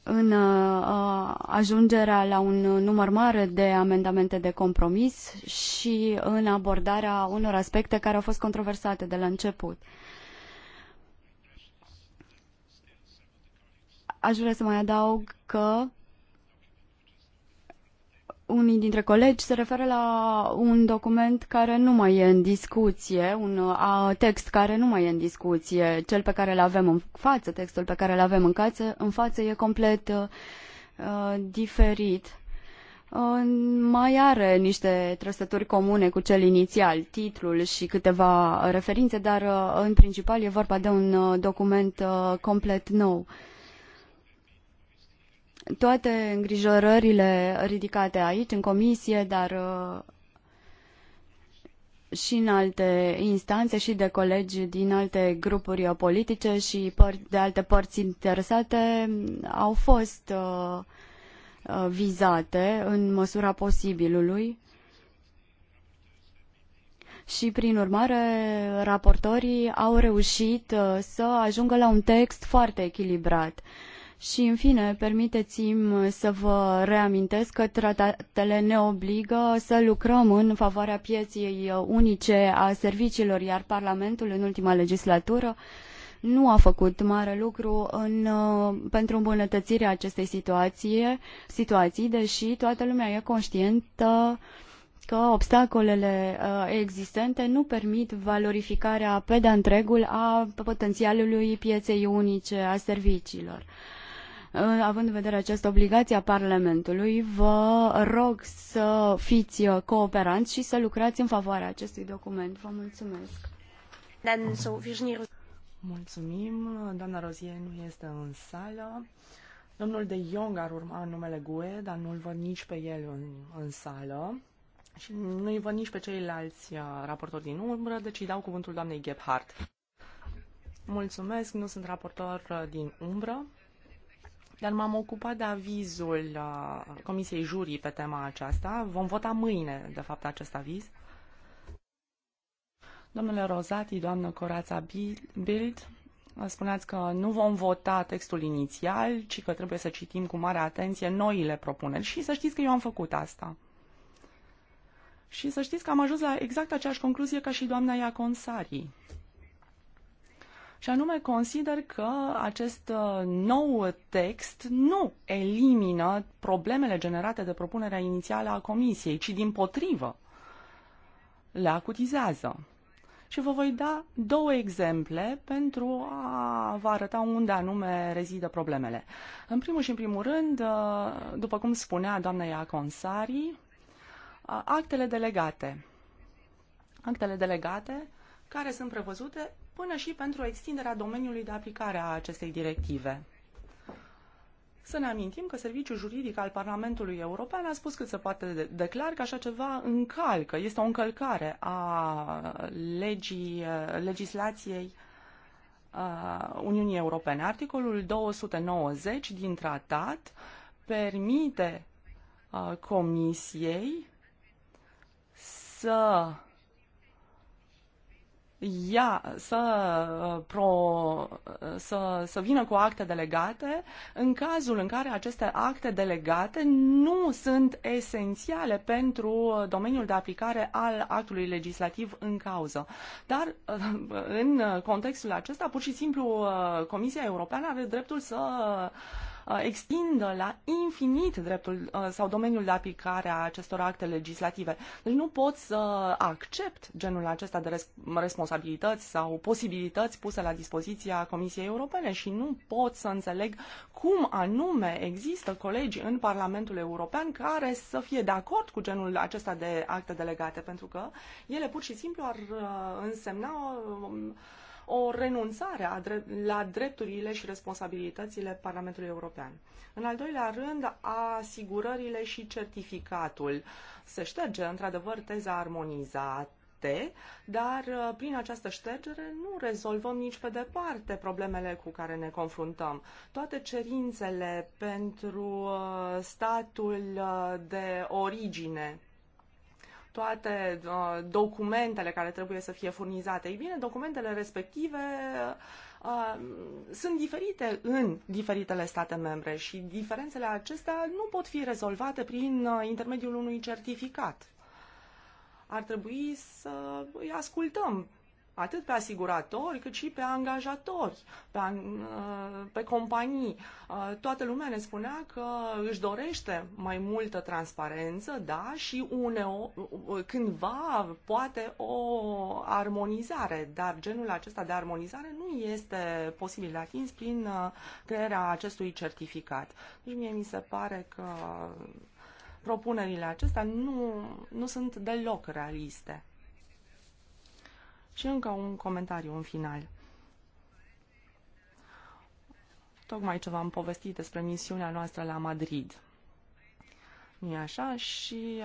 în uh, uh, ajungerea la un număr mare de amendamente de compromis și în abordarea unor aspecte care au fost controversate de la început. Aș vrea să mai adaug că unii dintre colegi se referă la un document care nu mai e în discuție, un a, text care nu mai e în discuție. Cel pe care îl avem în față, textul pe care îl avem în, cață, în față e complet a, uh, diferit. A, mai are niște trăsături comune cu cel inițial, titlul și câteva referințe, dar a, uh, în principal e vorba de un uh, document complet nou toate îngrijorările ridicate aici, în comisie, dar uh, și în alte instanțe și de colegi din alte grupuri politice și de alte părți interesate mm, au fost uh, uh, vizate în măsura posibilului și, prin urmare, raportorii au reușit să ajungă la un text foarte echilibrat. Uh, și, în fine, permiteți-mi să vă reamintesc că tratatele ne obligă să lucrăm în favoarea pieței unice a serviciilor, iar Parlamentul, în ultima legislatură, nu a făcut mare lucru în, uh, pentru îmbunătățirea acestei situații, situații, deși toată lumea e conștientă că obstacolele uh, existente nu permit valorificarea pe de întregul a potențialului pieței unice a serviciilor. Având în vedere această obligație a Parlamentului, vă rog să fiți uh, cooperanți și să lucrați în favoarea acestui document. Vă mulțumesc. Mulțumim. Doamna Rozie nu este în sală. Domnul de Jong ar urma în numele GUE, dar nu-l văd nici pe el în, în sală. Și nu-i văd nici pe ceilalți uh, raportori din umbră, deci îi dau cuvântul doamnei Gebhardt. Mulțumesc, nu sunt raportor uh, din umbră, dar m-am ocupat de avizul uh, Comisiei Jurii pe tema aceasta. Vom vota mâine, de fapt, acest aviz. Domnule Rozati, doamnă Corața Bild, spuneați că nu vom vota textul inițial, ci că trebuie să citim cu mare atenție noile propuneri. Și să știți că eu am făcut asta. Și să știți că am ajuns la exact aceeași concluzie ca și doamna Iaconsarii. Și anume consider că acest uh, nou text nu elimină problemele generate de propunerea inițială a Comisiei, ci din potrivă le acutizează. Și vă voi da două exemple pentru a vă arăta unde anume rezidă problemele. În primul și în primul rând, uh, după cum spunea doamna Iaconsari, uh, actele delegate. Actele delegate care sunt prevăzute până și pentru extinderea domeniului de aplicare a acestei directive. Să ne amintim că Serviciul Juridic al Parlamentului European a spus cât se poate declar că așa ceva încalcă, este o încălcare a legii, legislației uh, Uniunii Europene. Articolul 290 din tratat permite uh, Comisiei să ia, să, uh, pro, uh, să, să vină cu acte delegate în cazul în care aceste acte delegate nu sunt esențiale pentru uh, domeniul de aplicare al actului legislativ în cauză. Dar în contextul acesta, pur și simplu, Comisia Europeană are dreptul să Uh, extindă la infinit dreptul uh, sau domeniul de aplicare a acestor acte legislative. Deci nu pot să accept genul acesta de responsabilități sau posibilități puse la dispoziția Comisiei Europene și nu pot să înțeleg cum anume există colegi în Parlamentul European care să fie de acord cu genul acesta de acte delegate, pentru că ele pur și simplu ar uh, însemna um, o renunțare la drepturile și responsabilitățile Parlamentului European. În al doilea rând, asigurările și certificatul. Se șterge, într-adevăr, teza armonizată dar uh, prin această ștergere nu rezolvăm nici pe departe problemele cu care ne confruntăm. Toate cerințele pentru uh, statul uh, de origine toate uh, documentele care trebuie să fie furnizate. Ei bine, documentele respective uh, sunt diferite în diferitele state membre și diferențele acestea nu pot fi rezolvate prin uh, intermediul unui certificat. Ar trebui să îi ascultăm atât pe asiguratori, cât și pe angajatori, pe, uh, pe companii. Uh, toată lumea ne spunea că își dorește mai multă transparență, da, și uneo, uh, cândva poate o armonizare, dar genul acesta de armonizare nu este posibil de atins prin crearea acestui certificat. Deci mie mi se pare că propunerile acestea nu, nu sunt deloc realiste. Și încă un comentariu în final. Tocmai ce v-am povestit despre misiunea noastră la Madrid. nu așa? Și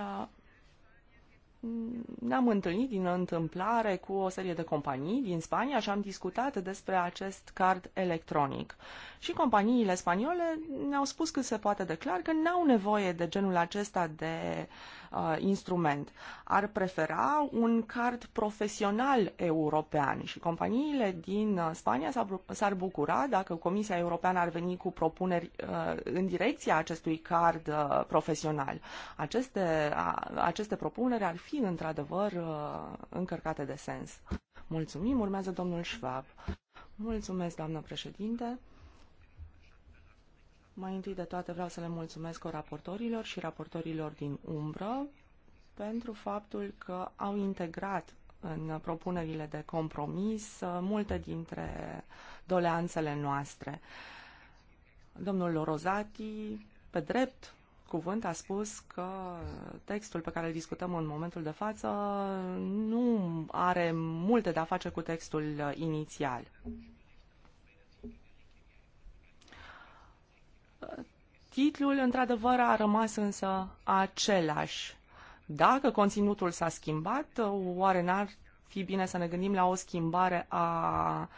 ne-am întâlnit din întâmplare cu o serie de companii din Spania și am discutat despre acest card electronic. Și companiile spaniole ne-au spus că se poate declar că n-au nevoie de genul acesta de uh, instrument. Ar prefera un card profesional european și companiile din uh, Spania s-ar bucura dacă Comisia Europeană ar veni cu propuneri uh, în direcția acestui card uh, profesional. Aceste, uh, aceste propuneri ar fi într-adevăr uh, încărcate de sens. Mulțumim, urmează domnul Schwab. Mulțumesc, doamnă președinte. Mai întâi de toate vreau să le mulțumesc raportorilor și raportorilor din umbră pentru faptul că au integrat în propunerile de compromis uh, multe dintre doleanțele noastre. Domnul Lorozati, pe drept cuvânt, a spus că textul pe care îl discutăm în momentul de față nu are multe de a face cu textul uh, inițial. Titlul, într-adevăr, a rămas însă același. Dacă conținutul s-a schimbat, oare n-ar fi bine să ne gândim la o schimbare a,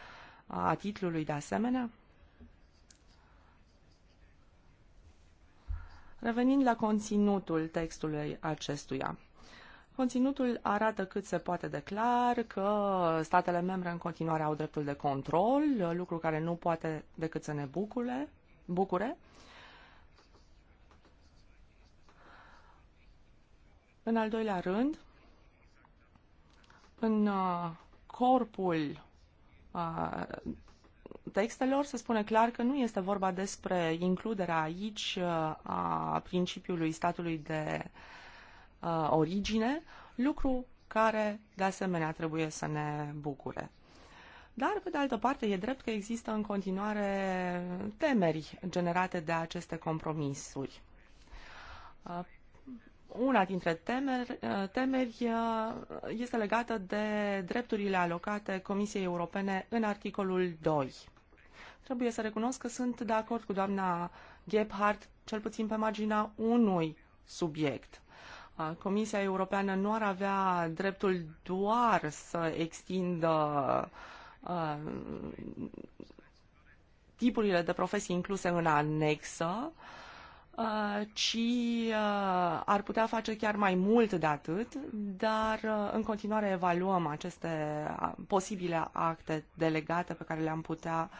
a titlului de asemenea? Revenind la conținutul textului acestuia. Conținutul arată cât se poate de clar că statele membre în continuare au dreptul de control, lucru care nu poate decât să ne bucure, bucure. În al doilea rând, în uh, corpul uh, textelor se spune clar că nu este vorba despre includerea aici uh, a principiului statului de origine, lucru care de asemenea trebuie să ne bucure. Dar, pe de altă parte, e drept că există în continuare temeri generate de aceste compromisuri. Uh, una dintre uh, temeri, temeri uh, este legată de drepturile alocate Comisiei Europene în articolul 2. Trebuie să recunosc că sunt de acord cu doamna Gebhardt, cel puțin pe marginea unui subiect. Comisia Europeană nu ar avea dreptul doar să extindă uh, Uh, tipurile de profesii incluse în anexă, uh, ci uh, ar putea face chiar mai mult de atât, dar în continuare evaluăm aceste posibile acte delegate pe care le-am putea uh,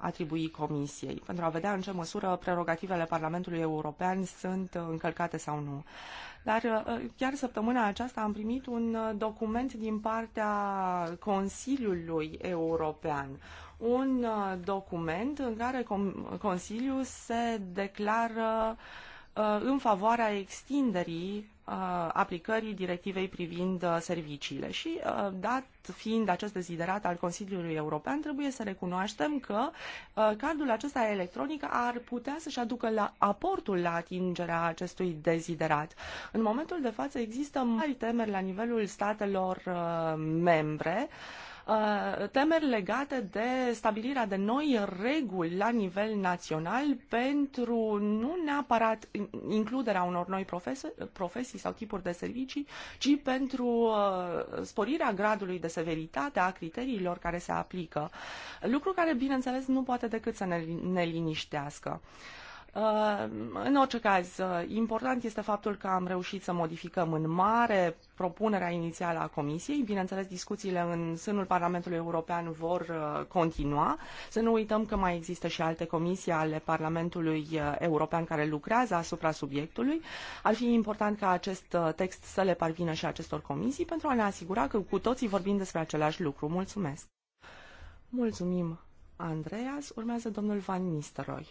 atribui Comisiei, pentru a vedea în ce măsură prerogativele Parlamentului European sunt încălcate sau nu. Dar uh, chiar săptămâna aceasta am primit un uh, document din partea Consiliului European, un uh, document în care Consiliul se declară în favoarea extinderii Uh, aplicării directivei privind uh, serviciile. Și uh, dat fiind acest deziderat al Consiliului European, trebuie să recunoaștem că cardul acesta electronic ar putea să-și aducă la aportul la atingerea acestui deziderat. În momentul de față există mari temeri la nivelul statelor membre Uh, temeri legate de stabilirea de noi reguli la nivel național pentru nu neapărat includerea unor noi profesii, profesii sau tipuri de servicii, ci pentru uh, sporirea gradului de severitate a criteriilor care se aplică. Lucru care, bineînțeles, nu poate decât să ne, ne liniștească. Uh, Uh, în orice caz, uh, important este faptul că am reușit să modificăm în mare propunerea inițială a Comisiei. Bineînțeles, discuțiile în sânul Parlamentului European vor uh, continua. Să nu uităm că mai există și alte comisii ale Parlamentului European care lucrează asupra subiectului. Ar fi important ca acest text să le parvină și acestor comisii pentru a ne asigura că cu toții vorbim despre același lucru. Mulțumesc! Mulțumim, Andreas. Urmează domnul Van Nistelrooy.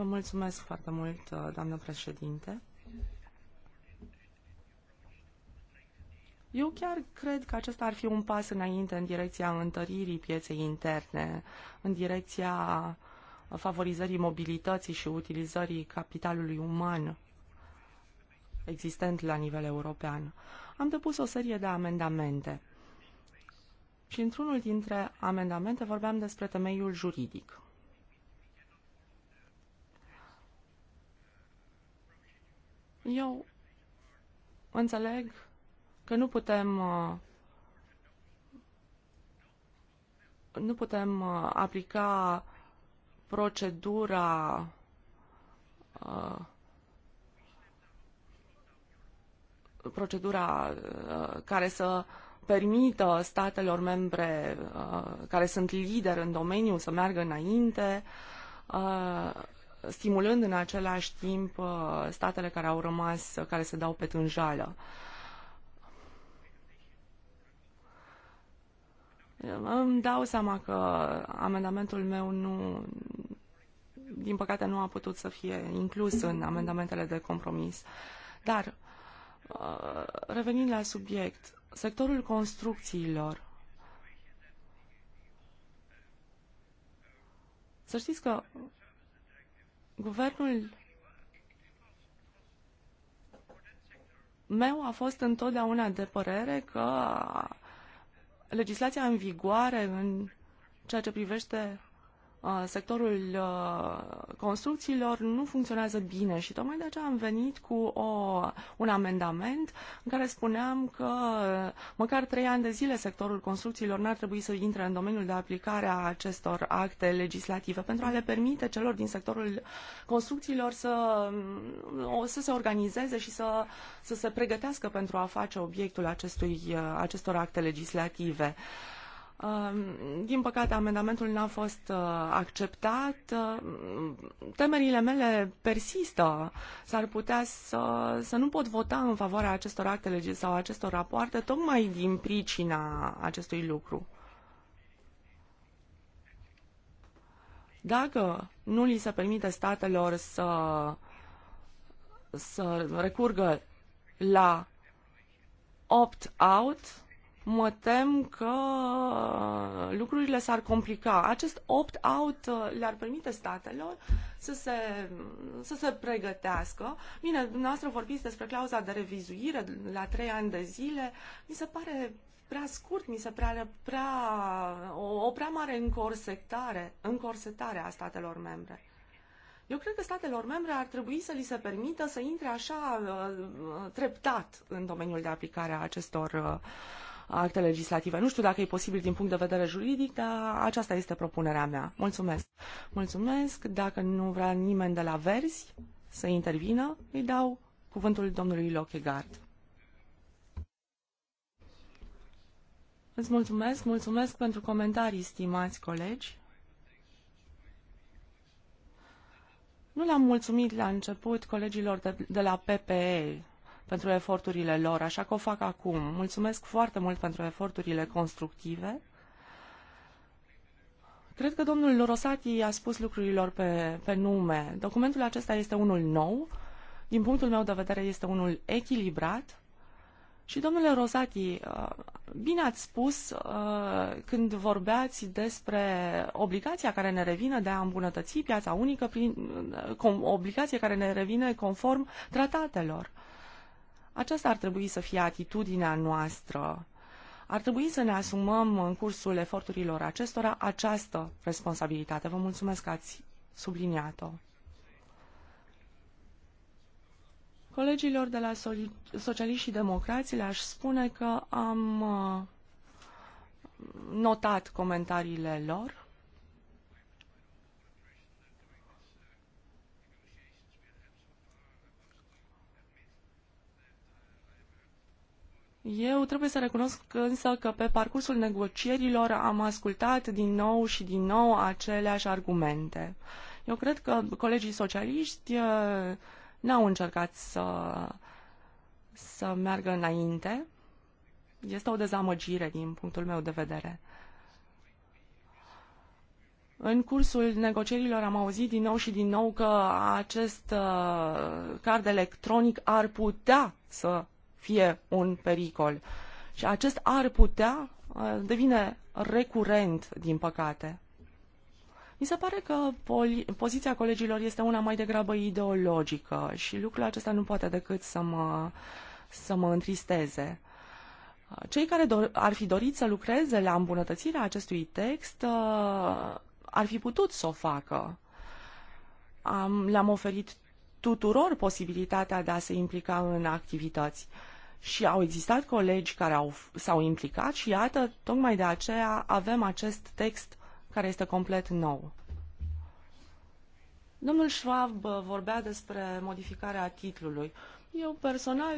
Vă mulțumesc foarte mult, uh, doamnă președinte. Eu chiar cred că acesta ar fi un pas înainte în direcția întăririi pieței interne, în direcția favorizării mobilității și utilizării capitalului uman existent la nivel european. Am depus o serie de amendamente și într-unul dintre amendamente vorbeam despre temeiul juridic. Eu înțeleg că nu putem uh, nu putem uh, aplica procedura uh, procedura care să permită statelor membre care sunt lideri în domeniu să meargă înainte stimulând în același timp uh, statele care au rămas, uh, care se dau pe tânjală. Îmi dau seama că amendamentul meu nu, din păcate, nu a putut să fie inclus în amendamentele de compromis. Dar, uh, revenind la subiect, sectorul construcțiilor. Să știți că Guvernul meu a fost întotdeauna de părere că legislația în vigoare în ceea ce privește Uh, sectorul uh, construcțiilor nu funcționează bine și tocmai de aceea am venit cu o, un amendament în care spuneam că măcar trei ani de zile sectorul construcțiilor n-ar trebui să intre în domeniul de aplicare a acestor acte legislative pentru a le permite celor din sectorul construcțiilor să, mm, să se organizeze și să, să se pregătească pentru a face obiectul acestui, uh, acestor acte legislative. Uh, din păcate, amendamentul n-a fost uh, acceptat. Uh, temerile mele persistă. S-ar putea să, să nu pot vota în favoarea acestor acte legi sau acestor rapoarte, tocmai din pricina acestui lucru. Dacă nu li se permite statelor să, să recurgă la opt-out, mă tem că uh, lucrurile s-ar complica. Acest opt-out uh, le-ar permite statelor să se, să se pregătească. Bine, dumneavoastră vorbiți despre clauza de revizuire la trei ani de zile. Mi se pare prea scurt, mi se pare prea, o, o prea mare încorsetare, încorsetare a statelor membre. Eu cred că statelor membre ar trebui să li se permită să intre așa uh, treptat în domeniul de aplicare a acestor uh, acte legislative. Nu știu dacă e posibil din punct de vedere juridic, dar aceasta este propunerea mea. Mulțumesc. Mulțumesc. Dacă nu vrea nimeni de la Verzi să intervină, îi dau cuvântul domnului Lochegard. Îți mulțumesc, mulțumesc pentru comentarii, stimați colegi. Nu l am mulțumit la început colegilor de, de la PPE pentru eforturile lor, așa că o fac acum. Mulțumesc foarte mult pentru eforturile constructive. Cred că domnul Rosati a spus lucrurilor pe, pe nume. Documentul acesta este unul nou, din punctul meu de vedere este unul echilibrat, și domnule Rosati, uh, bine ați spus uh, când vorbeați despre obligația care ne revine de a îmbunătăți piața unică, prin, uh, obligație care ne revine conform tratatelor. Aceasta ar trebui să fie atitudinea noastră. Ar trebui să ne asumăm în cursul eforturilor acestora această responsabilitate. Vă mulțumesc că ați subliniat-o. Colegilor de la Socialiști și Democrații le-aș spune că am uh, notat comentariile lor Eu trebuie să recunosc însă că pe parcursul negocierilor am ascultat din nou și din nou aceleași argumente. Eu cred că colegii socialiști uh, n-au încercat să, să meargă înainte. Este o dezamăgire din punctul meu de vedere. În cursul negocierilor am auzit din nou și din nou că acest uh, card electronic ar putea să fie un pericol. Și acest ar putea uh, devine recurent, din păcate. Mi se pare că poziția colegilor este una mai degrabă ideologică și lucrul acesta nu poate decât să mă, să mă întristeze. Uh, cei care ar fi dorit să lucreze la îmbunătățirea acestui text uh, ar fi putut să o facă. Am, le-am oferit tuturor posibilitatea de a se implica în activități. Uh, și au existat colegi care au, s-au implicat și iată, tocmai de aceea avem acest text care este complet nou. Domnul Schwab uh, vorbea despre modificarea titlului. Eu personal,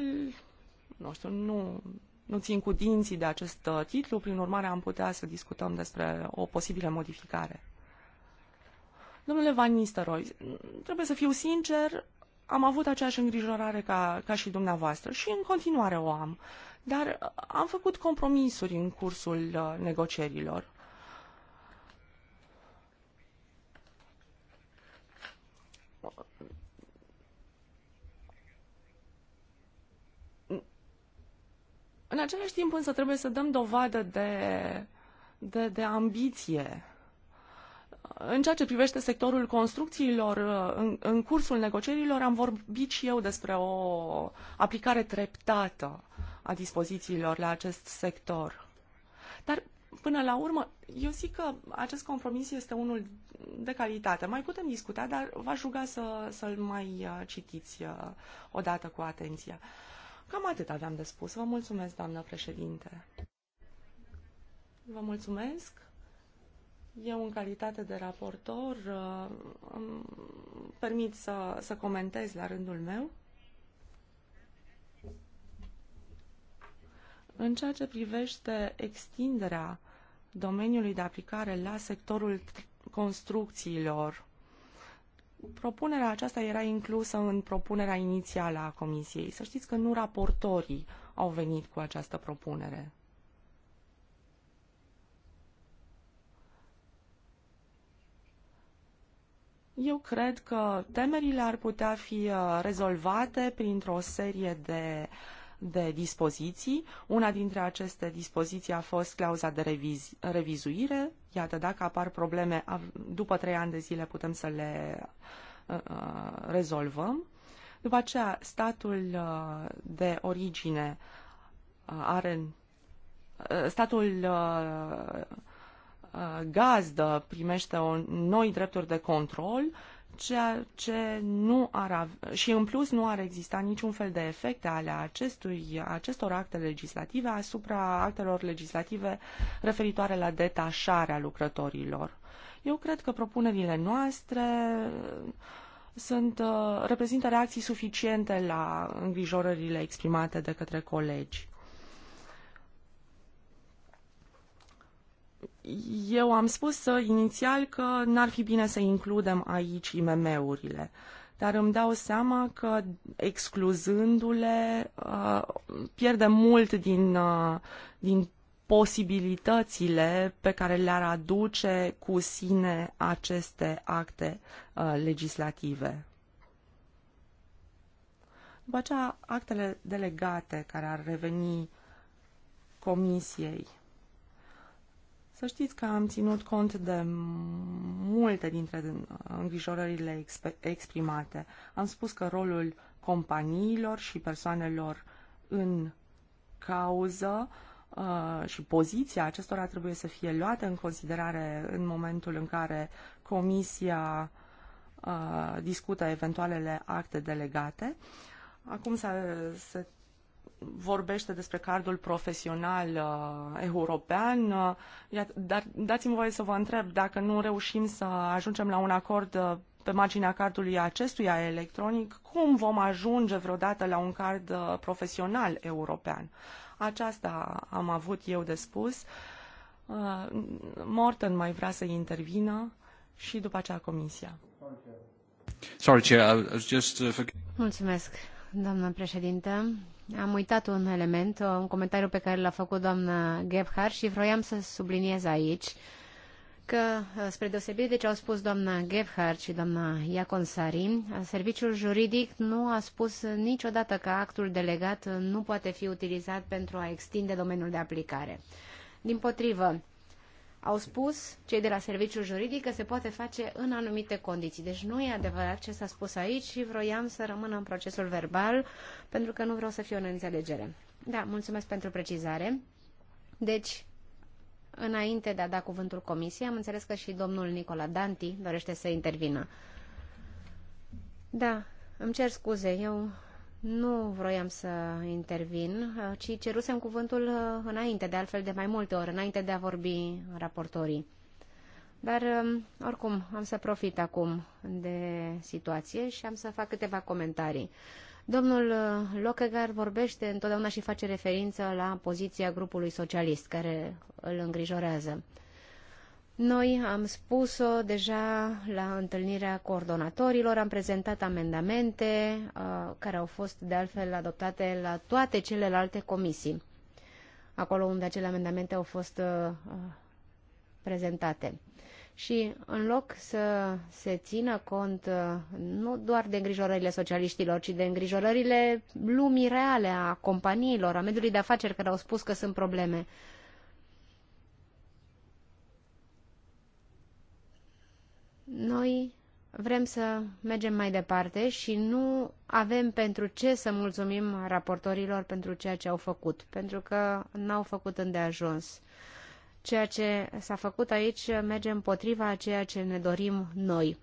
nu știu, nu, nu țin cu dinții de acest uh, titlu, prin urmare am putea să discutăm despre o posibilă modificare. Domnule Van Nistelrooy, trebuie să fiu sincer, am avut aceeași îngrijorare ca, ca și dumneavoastră și în continuare o am. Dar uh, am făcut compromisuri în cursul uh, negocierilor. În același timp însă trebuie să dăm dovadă de, de, de ambiție în ceea ce privește sectorul construcțiilor, uh, în, în cursul negocierilor am vorbit și eu despre o aplicare treptată a dispozițiilor la acest sector. Dar până la urmă, eu zic că acest compromis este unul de calitate. Mai putem discuta, dar v-aș ruga să, să-l mai uh, citiți uh, odată cu atenție. Cam atât aveam de spus. Vă mulțumesc, doamnă președinte. Vă mulțumesc. Eu, în calitate de raportor, uh, îmi permit să, să comentez la rândul meu. În ceea ce privește extinderea domeniului de aplicare la sectorul construcțiilor, propunerea aceasta era inclusă în propunerea inițială a Comisiei. Să știți că nu raportorii au venit cu această propunere. Eu cred că temerile ar putea fi uh, rezolvate printr-o serie de de dispoziții. Una dintre aceste dispoziții a fost clauza de reviz- revizuire. Iată, dacă apar probleme, după trei ani de zile putem să le uh, uh rezolvăm. După aceea, statul uh, de origine are. statul uh, Uh, gazdă primește o, noi drepturi de control, ceea ce nu ar și în plus nu ar exista niciun fel de efecte ale acestui, acestor acte legislative asupra actelor legislative referitoare la detașarea lucrătorilor. Eu cred că propunerile noastre uh, sunt, uh, reprezintă reacții suficiente la îngrijorările exprimate de către colegi. Eu am spus inițial că n-ar fi bine să includem aici IMM-urile, dar îmi dau seama că excluzându-le uh, pierdem mult din, uh, din posibilitățile pe care le-ar aduce cu sine aceste acte uh, legislative. După aceea, actele delegate care ar reveni Comisiei. Să știți că am ținut cont de multe dintre uh, îngrijorările exprimate. Am spus că rolul companiilor și persoanelor în cauză uh, și poziția acestora trebuie să fie luată în considerare în momentul în care Comisia uh, discută eventualele acte delegate. Acum se, se vorbește despre cardul profesional uh, european, uh, dar dați-mi voie să vă întreb dacă nu reușim să ajungem la un acord uh, pe marginea cardului acestuia electronic, cum vom ajunge vreodată la un card uh, profesional european? Aceasta am avut eu de spus. Uh, Morten mai vrea să intervină și după aceea comisia. Sorry, Chair, I was just... Uh, Mulțumesc, doamnă președintă. Am uitat un element, uh, un comentariu pe care l-a făcut doamna Gebhardt și vroiam să subliniez aici că, uh, spre deosebire de ce au spus doamna Gebhardt și doamna Iaconsari, uh, serviciul juridic nu a spus niciodată că actul delegat nu poate fi utilizat pentru a extinde domeniul de aplicare. Din potrivă, au spus cei de la serviciul juridic că se poate face în anumite condiții. Deci nu e adevărat ce s-a spus aici și vroiam să rămână în procesul verbal pentru că nu vreau să fie o neînțelegere. Da, mulțumesc pentru precizare. Deci, înainte de a da cuvântul comisiei, am înțeles că și domnul Nicola Danti dorește să intervină. Da, îmi cer scuze, eu nu vroiam să intervin, ci cerusem cuvântul uh, înainte, de altfel de mai multe ori, înainte de a vorbi raportorii. Dar, um, oricum, am să profit acum de situație și am să fac câteva comentarii. Domnul uh, Lockegar vorbește întotdeauna și face referință la poziția grupului socialist, care îl îngrijorează. Noi am spus-o deja la întâlnirea coordonatorilor, am prezentat amendamente uh, care au fost de altfel adoptate la toate celelalte comisii, acolo unde acele amendamente au fost uh, uh, prezentate. Și în loc să se țină cont uh, nu doar de îngrijorările socialiștilor, ci de îngrijorările lumii reale a companiilor, a mediului de afaceri care au spus că sunt probleme, uh, Noi vrem să mergem mai departe și nu avem pentru ce să mulțumim raportorilor pentru ceea ce au făcut, pentru că n-au făcut îndeajuns. Ceea ce s-a făcut aici merge împotriva a ceea ce ne dorim noi.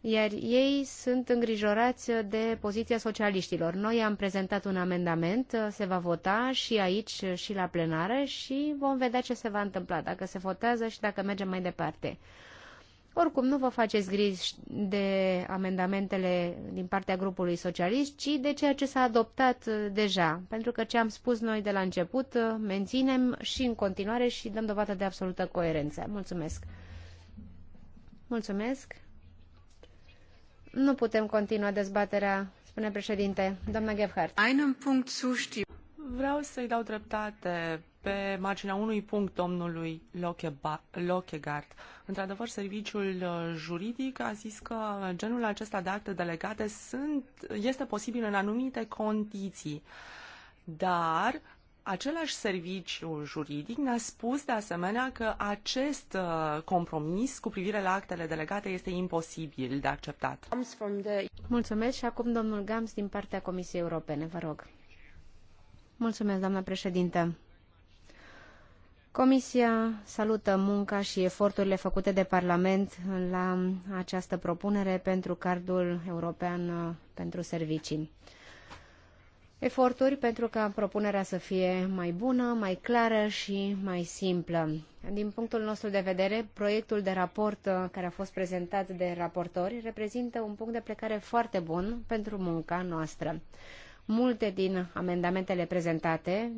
Iar ei sunt îngrijorați de poziția socialiștilor. Noi am prezentat un amendament, se va vota și aici și la plenară și vom vedea ce se va întâmpla, dacă se votează și dacă mergem mai departe. Oricum, nu vă faceți griji de amendamentele din partea grupului socialist, ci de ceea ce s-a adoptat uh, deja. Pentru că ce am spus noi de la început, uh, menținem și în continuare și dăm dovadă de absolută coerență. Mulțumesc! Mulțumesc! Nu putem continua dezbaterea, spune președinte. Doamna Gebhardt. Vreau să-i dau dreptate pe marginea unui punct domnului Lochegard. Într-adevăr, serviciul uh, juridic a zis că genul acesta de acte delegate sunt, este posibil în anumite condiții. Dar Același serviciu juridic ne-a spus de asemenea că acest uh, compromis cu privire la actele delegate este imposibil de acceptat. Mulțumesc și acum domnul Gams din partea Comisiei Europene, vă rog. Mulțumesc, doamna președintă. Comisia salută munca și eforturile făcute de Parlament la această propunere pentru cardul european uh, pentru servicii. Eforturi pentru ca propunerea să fie mai bună, mai clară și mai simplă. Din punctul nostru de vedere, proiectul de raport uh, care a fost prezentat de raportori reprezintă un punct de plecare foarte bun pentru munca noastră. Multe din amendamentele prezentate,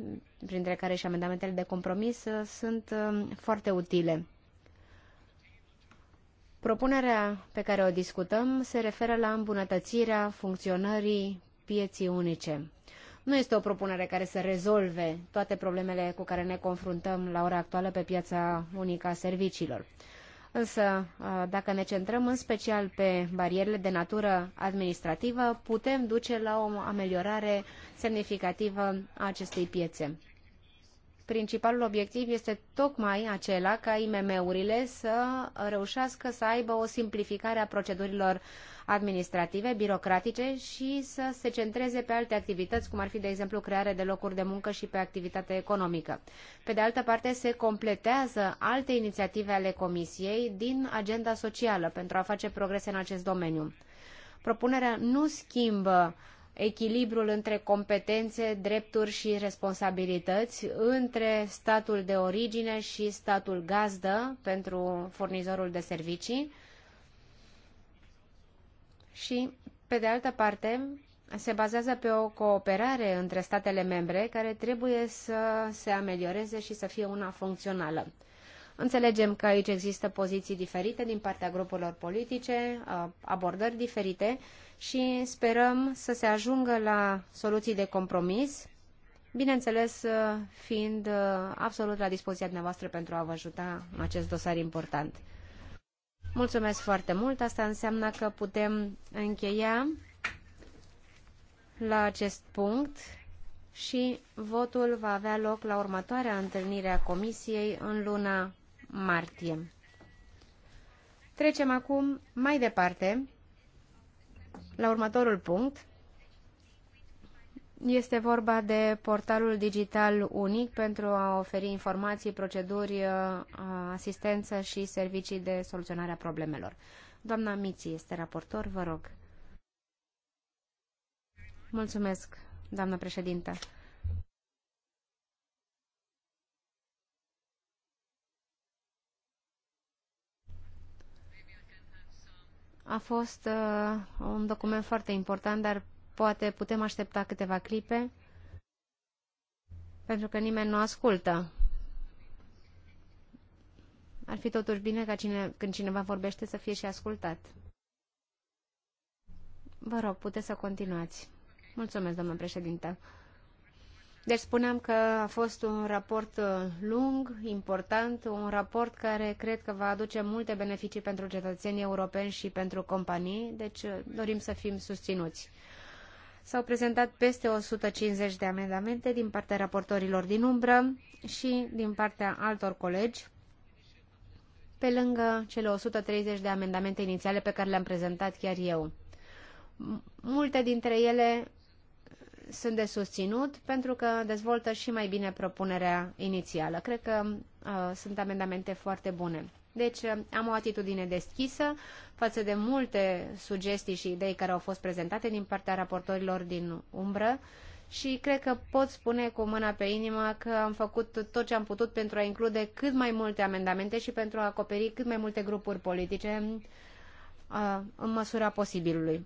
printre care și amendamentele de compromis, uh, sunt um, foarte utile. Propunerea pe care o discutăm se referă la îmbunătățirea funcționării pieții unice. Nu este o propunere care să rezolve toate problemele cu care ne confruntăm la ora actuală pe piața unică a serviciilor. Însă, dacă ne centrăm în special pe barierele de natură administrativă, putem duce la o ameliorare semnificativă a acestei piețe principalul obiectiv este tocmai acela ca IMM-urile să reușească să aibă o simplificare a procedurilor administrative, birocratice și să se centreze pe alte activități, cum ar fi, de exemplu, crearea de locuri de muncă și pe activitatea economică. Pe de altă parte, se completează alte inițiative ale Comisiei din agenda socială pentru a face progrese în acest domeniu. Propunerea nu schimbă uh, echilibrul între competențe, drepturi și responsabilități între statul de origine și statul gazdă pentru furnizorul de servicii și, pe de altă parte, se bazează pe o cooperare între statele membre care trebuie să se amelioreze și să fie una funcțională. Înțelegem că aici există poziții diferite din partea grupurilor politice, abordări diferite și sperăm să se ajungă la soluții de compromis, bineînțeles uh, fiind uh, absolut la dispoziția dumneavoastră pentru a vă ajuta în acest dosar important. Mulțumesc foarte mult, asta înseamnă că putem încheia la acest punct și votul va avea loc la următoarea întâlnire a Comisiei în luna martie. Trecem acum mai departe la următorul punct. Este vorba de portalul digital unic pentru a oferi informații, proceduri, uh, asistență și servicii de soluționare a problemelor. Doamna Miți este raportor, vă rog. Mulțumesc, doamnă președintă. A fost uh, un document foarte important, dar poate putem aștepta câteva clipe, pentru că nimeni nu ascultă. Ar fi totuși bine ca cine, când cineva vorbește să fie și ascultat. Vă rog, puteți să continuați. Mulțumesc, domnule președinte. Deci spuneam că a fost un raport uh, lung, important, un raport care cred că va aduce multe beneficii pentru cetățenii europeni și pentru companii, deci uh, dorim să fim susținuți. S-au prezentat peste 150 de amendamente din partea raportorilor din umbră și din partea altor colegi, pe lângă cele 130 de amendamente inițiale pe care le-am prezentat chiar eu. Multe dintre ele sunt de susținut pentru că dezvoltă și mai bine propunerea inițială. Cred că uh, sunt amendamente foarte bune. Deci uh, am o atitudine deschisă față de multe sugestii și idei care au fost prezentate din partea raportorilor din umbră și cred că pot spune cu mâna pe inimă că am făcut tot ce am putut pentru a include cât mai multe amendamente și pentru a acoperi cât mai multe grupuri politice uh, în măsura posibilului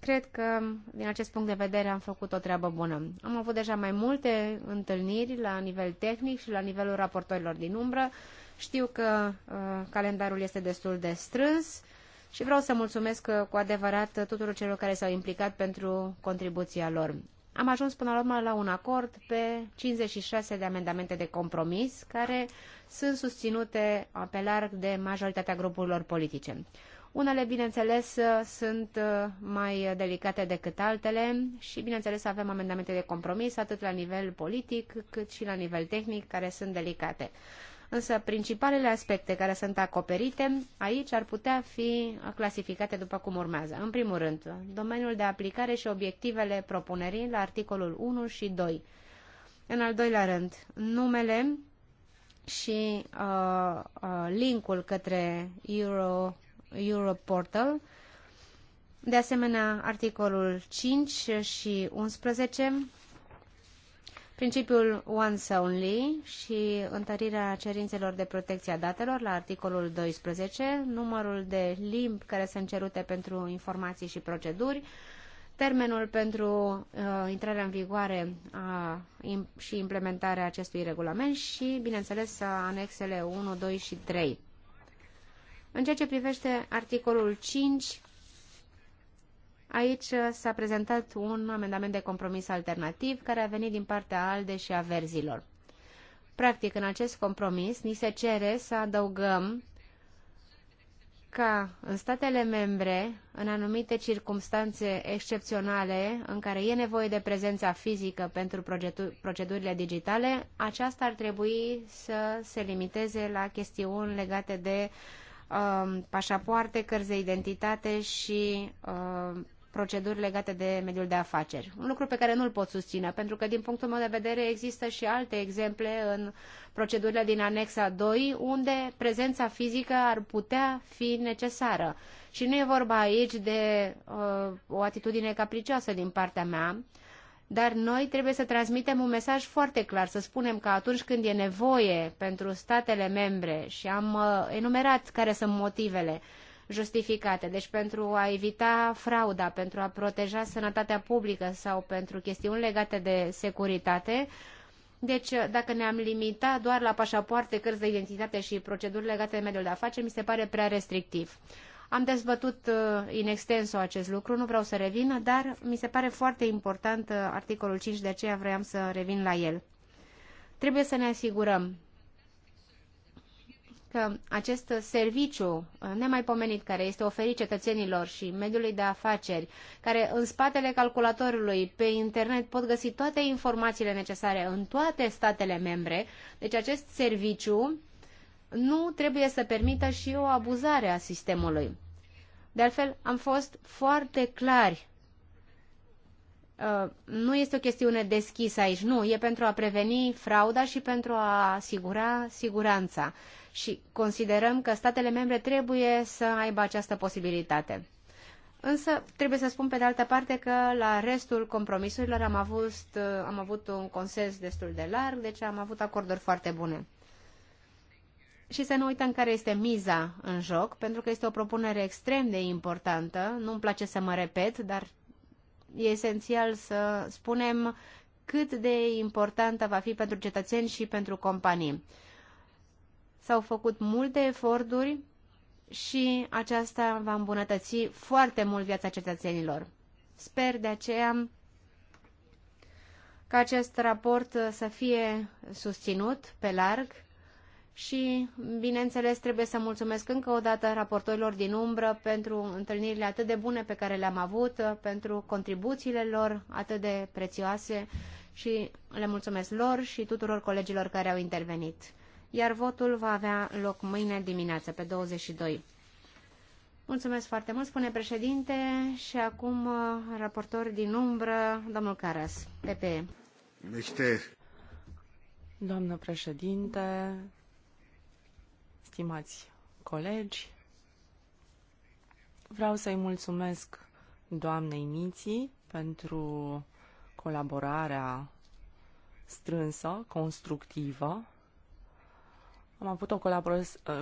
cred că, din acest punct de vedere, am făcut o treabă bună. Am avut deja mai multe întâlniri la nivel tehnic și la nivelul raportorilor din umbră. Știu că uh, calendarul este destul de strâns și vreau să mulțumesc uh, cu adevărat tuturor celor care s-au implicat pentru contribuția lor. Am ajuns până la urmă la un acord pe 56 de amendamente de compromis care sunt susținute pe larg de majoritatea grupurilor politice. Unele, bineînțeles, uh, sunt uh, mai delicate decât altele și, bineînțeles, avem amendamente de compromis, atât la nivel politic cât și la nivel tehnic, care sunt delicate. Însă, principalele aspecte care sunt acoperite aici ar putea fi clasificate după cum urmează. În primul rând, domeniul de aplicare și obiectivele propunerii la articolul 1 și 2. În al doilea rând, numele și uh, uh, linkul către Euro Europe Portal. De asemenea, articolul 5 și 11, principiul once only și întărirea cerințelor de protecție a datelor la articolul 12, numărul de limbi care sunt cerute pentru informații și proceduri, termenul pentru uh, intrarea în vigoare a, im, și implementarea acestui regulament și, bineînțeles, anexele 1, 2 și 3. În ceea ce privește articolul 5, aici uh, s-a prezentat un amendament de compromis alternativ care a venit din partea ALDE și a verzilor. Practic, în acest compromis, ni se cere să adăugăm ca în statele membre, în anumite circumstanțe excepționale în care e nevoie de prezența fizică pentru procedurile digitale, aceasta ar trebui să se limiteze la chestiuni legate de uh, Um, pașapoarte, cărți de identitate și um, proceduri legate de mediul de afaceri. Un lucru pe care nu-l pot susține, pentru că, din punctul meu de vedere, există și alte exemple în procedurile din anexa 2, unde prezența fizică ar putea fi necesară. Și nu e vorba aici de uh, o atitudine capricioasă din partea mea, uh, dar noi trebuie să transmitem un mesaj foarte clar, să spunem că atunci când e nevoie pentru statele membre, și am uh, enumerat care sunt motivele justificate, deci pentru a evita frauda, pentru a proteja sănătatea publică sau pentru chestiuni legate de securitate, deci, uh, dacă ne-am limitat doar la pașapoarte, cărți de identitate și proceduri legate de mediul de afaceri, mi se pare prea restrictiv. Am dezbătut uh, in extenso acest lucru, nu vreau să revin, dar mi se pare foarte important uh, articolul 5, de aceea vreau să revin la el. Trebuie să ne asigurăm că acest serviciu uh, nemaipomenit care este oferit cetățenilor și mediului de afaceri, care în spatele calculatorului pe internet pot găsi toate informațiile necesare în toate statele membre, deci acest serviciu nu trebuie să permită și o abuzare a sistemului. De altfel, am fost foarte clari. Uh, nu este o chestiune deschisă aici, nu, e pentru a preveni frauda și pentru a asigura siguranța. Și considerăm că statele membre trebuie să aibă această posibilitate. Însă trebuie să spun pe de altă parte că la restul compromisurilor am avut, uh, am avut un consens destul de larg, deci am avut acorduri foarte bune și să nu uităm care este miza în joc, pentru că este o propunere extrem de importantă. Nu-mi place să mă repet, dar e esențial să spunem cât de importantă va fi pentru cetățeni și pentru companii. S-au făcut multe eforturi și aceasta va îmbunătăți foarte mult viața cetățenilor. Sper de aceea ca acest raport să fie susținut pe larg și, bineînțeles, trebuie să mulțumesc încă o dată raportorilor din umbră pentru întâlnirile atât de bune pe care le-am avut, pentru contribuțiile lor atât de prețioase și le mulțumesc lor și tuturor colegilor care au intervenit. Iar votul va avea loc mâine dimineață, pe 22. Mulțumesc foarte mult, spune președinte, și acum uh, raportor din umbră, domnul Caras, PPE. Doamnă președinte, stimați colegi, vreau să-i mulțumesc doamnei Miții pentru colaborarea strânsă, constructivă. Am avut o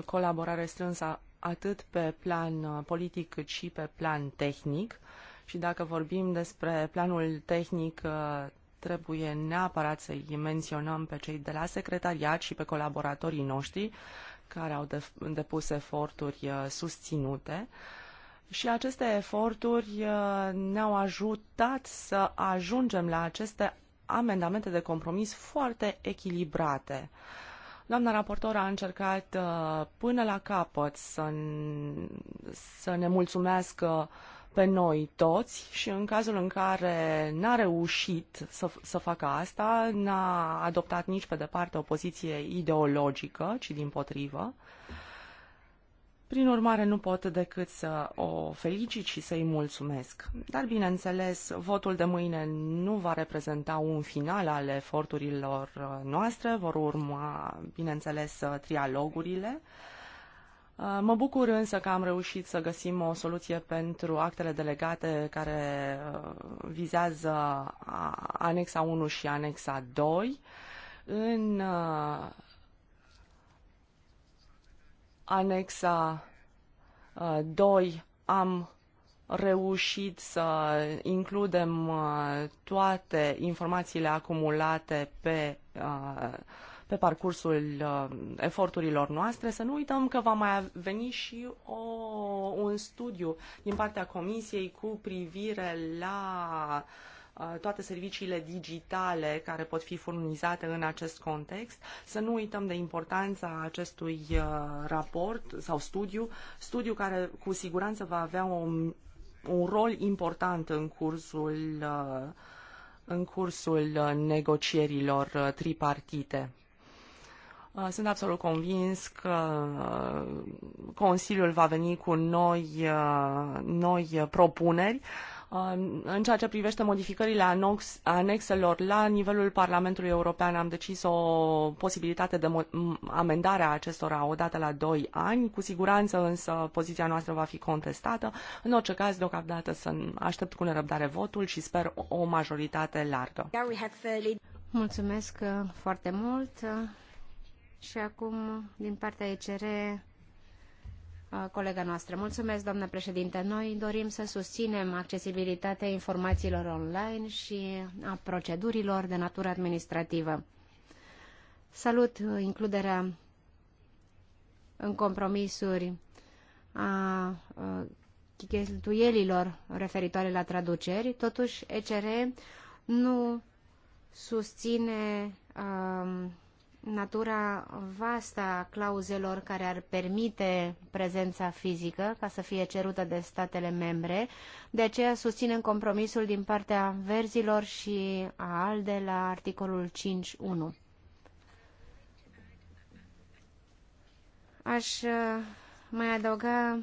colaborare strânsă atât pe plan uh, politic cât și pe plan tehnic. Și dacă vorbim despre planul tehnic, uh, trebuie neapărat să-i menționăm pe cei de la secretariat și pe colaboratorii noștri care au depus eforturi uh, susținute și aceste eforturi uh, ne-au ajutat să ajungem la aceste amendamente de compromis foarte echilibrate. Doamna raportor a încercat uh, până la capăt să, să ne mulțumească pe noi toți și în cazul în care n-a reușit să, să facă asta, n-a adoptat nici pe departe o poziție ideologică, ci din potrivă. Prin urmare, nu pot decât să o felicit și să-i mulțumesc. Dar, bineînțeles, votul de mâine nu va reprezenta un final al eforturilor noastre, vor urma, bineînțeles, trialogurile. Uh, mă bucur însă că am reușit să găsim o soluție pentru actele delegate care uh, vizează anexa 1 și anexa 2. În uh, anexa 2 am reușit să includem toate informațiile acumulate pe pe parcursul uh, eforturilor noastre. Să nu uităm că va mai veni și o, un studiu din partea Comisiei cu privire la uh, toate serviciile digitale care pot fi furnizate în acest context. Să nu uităm de importanța acestui uh, raport sau studiu, studiu care cu siguranță va avea un, un rol important în cursul în cursul negocierilor tripartite. Uh, sunt absolut convins că uh, Consiliul va veni cu noi, uh, noi propuneri în ceea ce privește modificările anexelor la nivelul Parlamentului European, am decis o posibilitate de amendare a acestora odată la doi ani. Cu siguranță însă poziția noastră va fi contestată. În orice caz, deocamdată să aștept cu nerăbdare votul și sper o majoritate largă. Mulțumesc foarte mult. Și acum, din partea ECR, colega noastră. Mulțumesc, doamnă președinte. Noi dorim să susținem accesibilitatea informațiilor online și a procedurilor de natură administrativă. Salut uh, includerea în compromisuri a uh, cheltuielilor referitoare la traduceri, totuși ECR nu susține um, natura vastă a clauzelor care ar permite prezența fizică ca să fie cerută de statele membre. De aceea susținem compromisul din partea verzilor și a ALDE la articolul 5.1. Aș uh, mai adăuga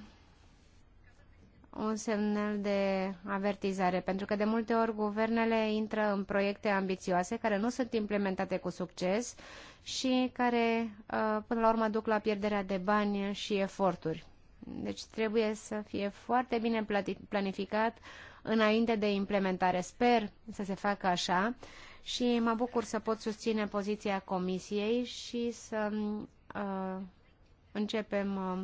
un semnal de avertizare, pentru că de multe ori guvernele intră în proiecte ambițioase care nu sunt implementate cu succes și care uh, până la urmă duc la pierderea de bani și eforturi. Deci trebuie să fie foarte bine planificat înainte de implementare. Sper să se facă așa și mă bucur să pot susține poziția Comisiei și să uh, începem uh,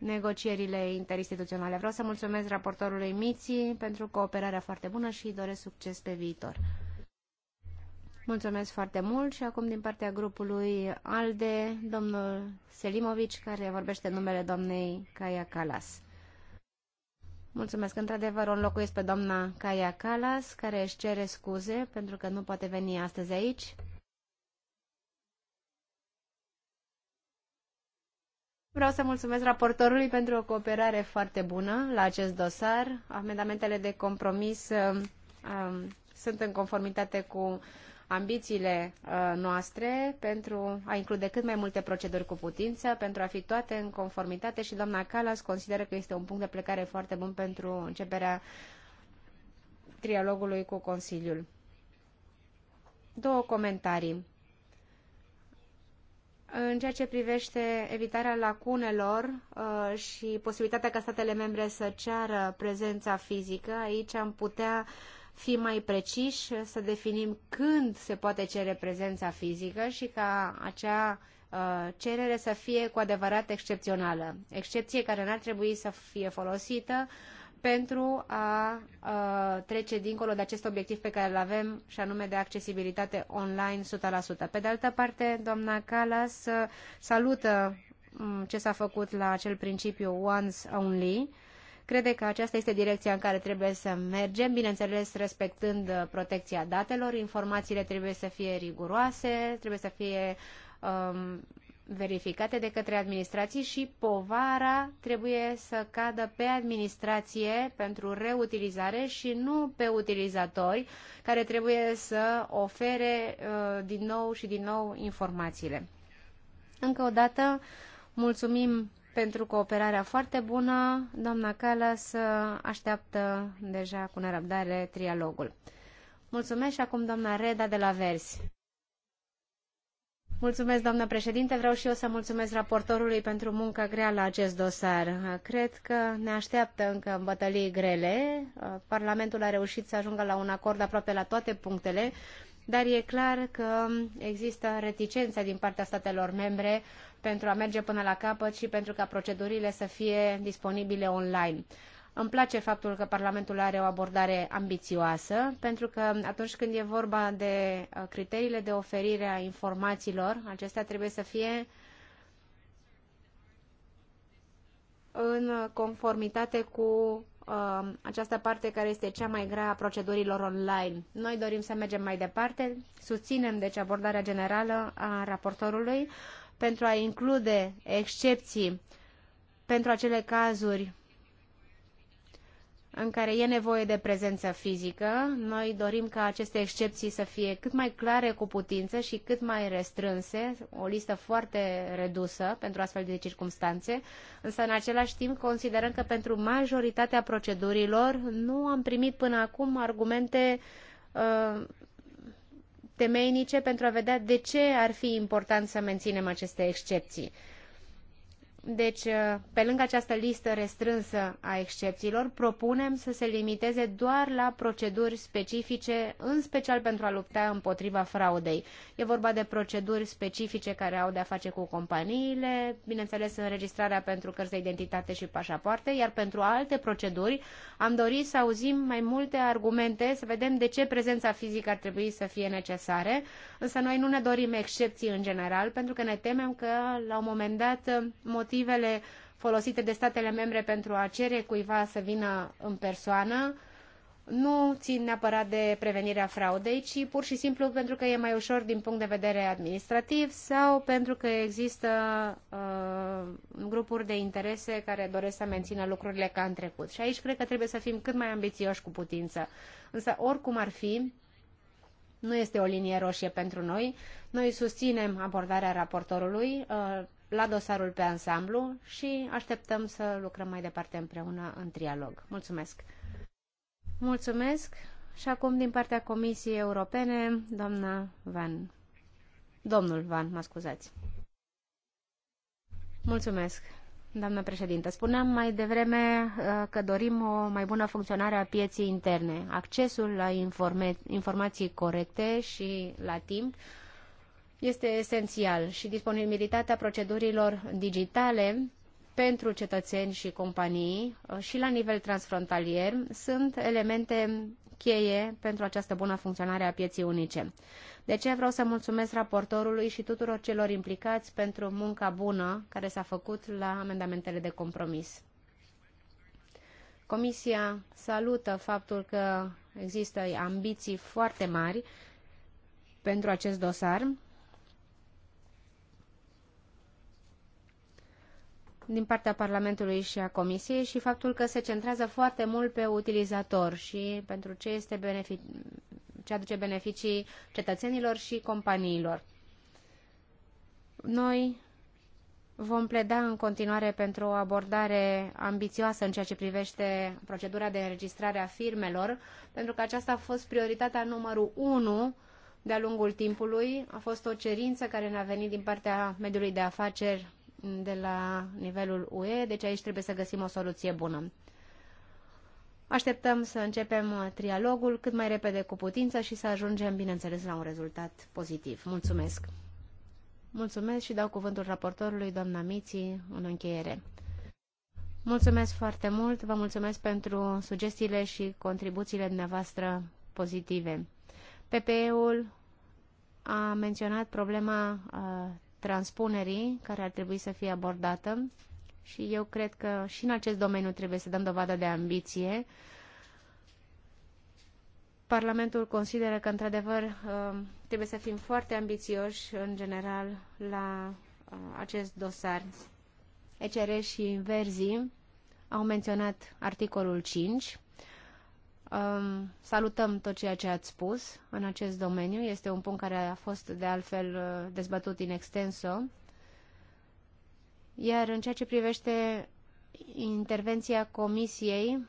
negocierile interinstituționale. Vreau să mulțumesc raportorului Miții pentru cooperarea foarte bună și doresc succes pe viitor. Mulțumesc foarte mult și acum din partea grupului ALDE, domnul Selimovic, care vorbește numele doamnei Caia Calas. Mulțumesc. Într-adevăr, o înlocuiesc pe doamna Caia Calas, care își cere scuze pentru că nu poate veni astăzi aici. Vreau să mulțumesc raportorului pentru o cooperare foarte bună la acest dosar. Amendamentele de compromis uh, sunt în conformitate cu ambițiile uh, noastre pentru a include cât mai multe proceduri cu putință, pentru a fi toate în conformitate și doamna Calas consideră că este un punct de plecare foarte bun pentru începerea trialogului cu Consiliul. Două comentarii. În ceea ce privește evitarea lacunelor uh, și posibilitatea ca statele membre să ceară prezența fizică, aici am putea fi mai preciși, să definim când se poate cere prezența fizică și ca acea uh, cerere să fie cu adevărat excepțională. Excepție care n-ar trebui să fie folosită uh, pentru a trece dincolo de acest obiectiv pe care îl avem și anume de accesibilitate online 100%. Pe de altă parte, doamna Calas salută ce s-a făcut la acel principiu once only. Crede că aceasta este direcția în care trebuie să mergem, bineînțeles respectând protecția datelor, informațiile trebuie să fie riguroase, trebuie să fie um, verificate de către administrații și povara trebuie să cadă pe administrație pentru reutilizare și nu pe utilizatori care trebuie să ofere uh, din nou și din nou informațiile. Încă o dată, mulțumim pentru cooperarea foarte bună. Doamna Calas uh, așteaptă deja cu nerăbdare trialogul. Mulțumesc și acum doamna Reda de la Versi. Mulțumesc, președinte. Vreau și eu să mulțumesc raportorului pentru munca grea la acest dosar. Cred că ne așteaptă încă bătălii grele. Parlamentul a reușit să ajungă la un acord aproape la toate punctele, dar e clar că există reticențe din partea statelor membre pentru a merge până la capăt și pentru ca procedurile să fie disponibile online. Îmi place faptul că Parlamentul are o abordare ambițioasă, pentru că atunci când e vorba de uh, criteriile de oferire a informațiilor, acestea trebuie să fie în conformitate cu uh, această parte care este cea mai grea a procedurilor online. Noi dorim să mergem mai departe, susținem deci abordarea generală a raportorului pentru a include excepții pentru acele cazuri în care e nevoie de prezență fizică. Noi dorim ca aceste excepții să fie cât mai clare cu putință și cât mai restrânse, o listă foarte redusă pentru astfel de circunstanțe, însă în același timp considerăm că pentru majoritatea procedurilor nu am primit până acum argumente uh, temeinice pentru a vedea de ce ar fi important să menținem aceste excepții. Deci, uh, pe lângă această listă restrânsă a excepțiilor, propunem să se limiteze doar la proceduri specifice, în special pentru a lupta împotriva fraudei. E vorba de proceduri specifice care au de-a face cu companiile, bineînțeles înregistrarea pentru cărți de identitate și pașapoarte, iar pentru alte proceduri am dorit să auzim mai multe argumente, să vedem de ce prezența fizică ar trebui să fie necesare, însă noi nu ne dorim excepții în general, pentru că ne temem că, la un moment dat, motiv motivele folosite de statele membre pentru a cere cuiva să vină în persoană nu țin neapărat de prevenirea fraudei, ci pur și simplu pentru că e mai ușor din punct de vedere administrativ sau pentru că există uh, grupuri de interese care doresc să mențină lucrurile ca în trecut. Și aici cred că trebuie să fim cât mai ambițioși cu putință. Însă, oricum ar fi, nu este o linie roșie pentru noi. Noi susținem abordarea raportorului. Uh, la dosarul pe ansamblu și așteptăm să lucrăm mai departe împreună în trialog. Mulțumesc! Mulțumesc și acum din partea Comisiei Europene, doamna Van. Domnul Van, mă scuzați. Mulțumesc, doamna președintă. Spuneam mai devreme uh, că dorim o mai bună funcționare a pieții interne, accesul la informații corecte și la timp, este esențial și disponibilitatea procedurilor digitale pentru cetățeni și companii uh, și la nivel transfrontalier sunt elemente cheie pentru această bună funcționare a pieții unice. De aceea vreau să mulțumesc raportorului și tuturor celor implicați pentru munca bună care s-a făcut la amendamentele de compromis. Comisia salută faptul că există ambiții foarte mari pentru acest dosar din partea Parlamentului și a Comisiei și faptul că se centrează foarte mult pe utilizator și pentru ce, este benefic- ce aduce beneficii cetățenilor și companiilor. Noi vom pleda în continuare pentru o abordare ambițioasă în ceea ce privește procedura de înregistrare a firmelor, pentru că aceasta a fost prioritatea numărul 1 de-a lungul timpului. A fost o cerință care ne-a venit din partea mediului de afaceri de la nivelul UE, deci aici trebuie să găsim o soluție bună. Așteptăm să începem trialogul cât mai repede cu putință și să ajungem, bineînțeles, la un rezultat pozitiv. Mulțumesc! Mulțumesc și dau cuvântul raportorului, doamna Miții, în încheiere. Mulțumesc foarte mult, vă mulțumesc pentru sugestiile și contribuțiile dumneavoastră pozitive. PPE-ul a menționat problema transpunerii care ar trebui să fie abordată și eu cred că și în acest domeniu trebuie să dăm dovadă de ambiție. Parlamentul consideră că, într-adevăr, uh, trebuie să fim foarte ambițioși, în general, la uh, acest dosar. ECR și Verzi au menționat articolul 5 Um, salutăm tot ceea ce ați spus în acest domeniu. Este un punct care a fost de altfel uh, dezbătut în extenso. Iar în ceea ce privește intervenția Comisiei,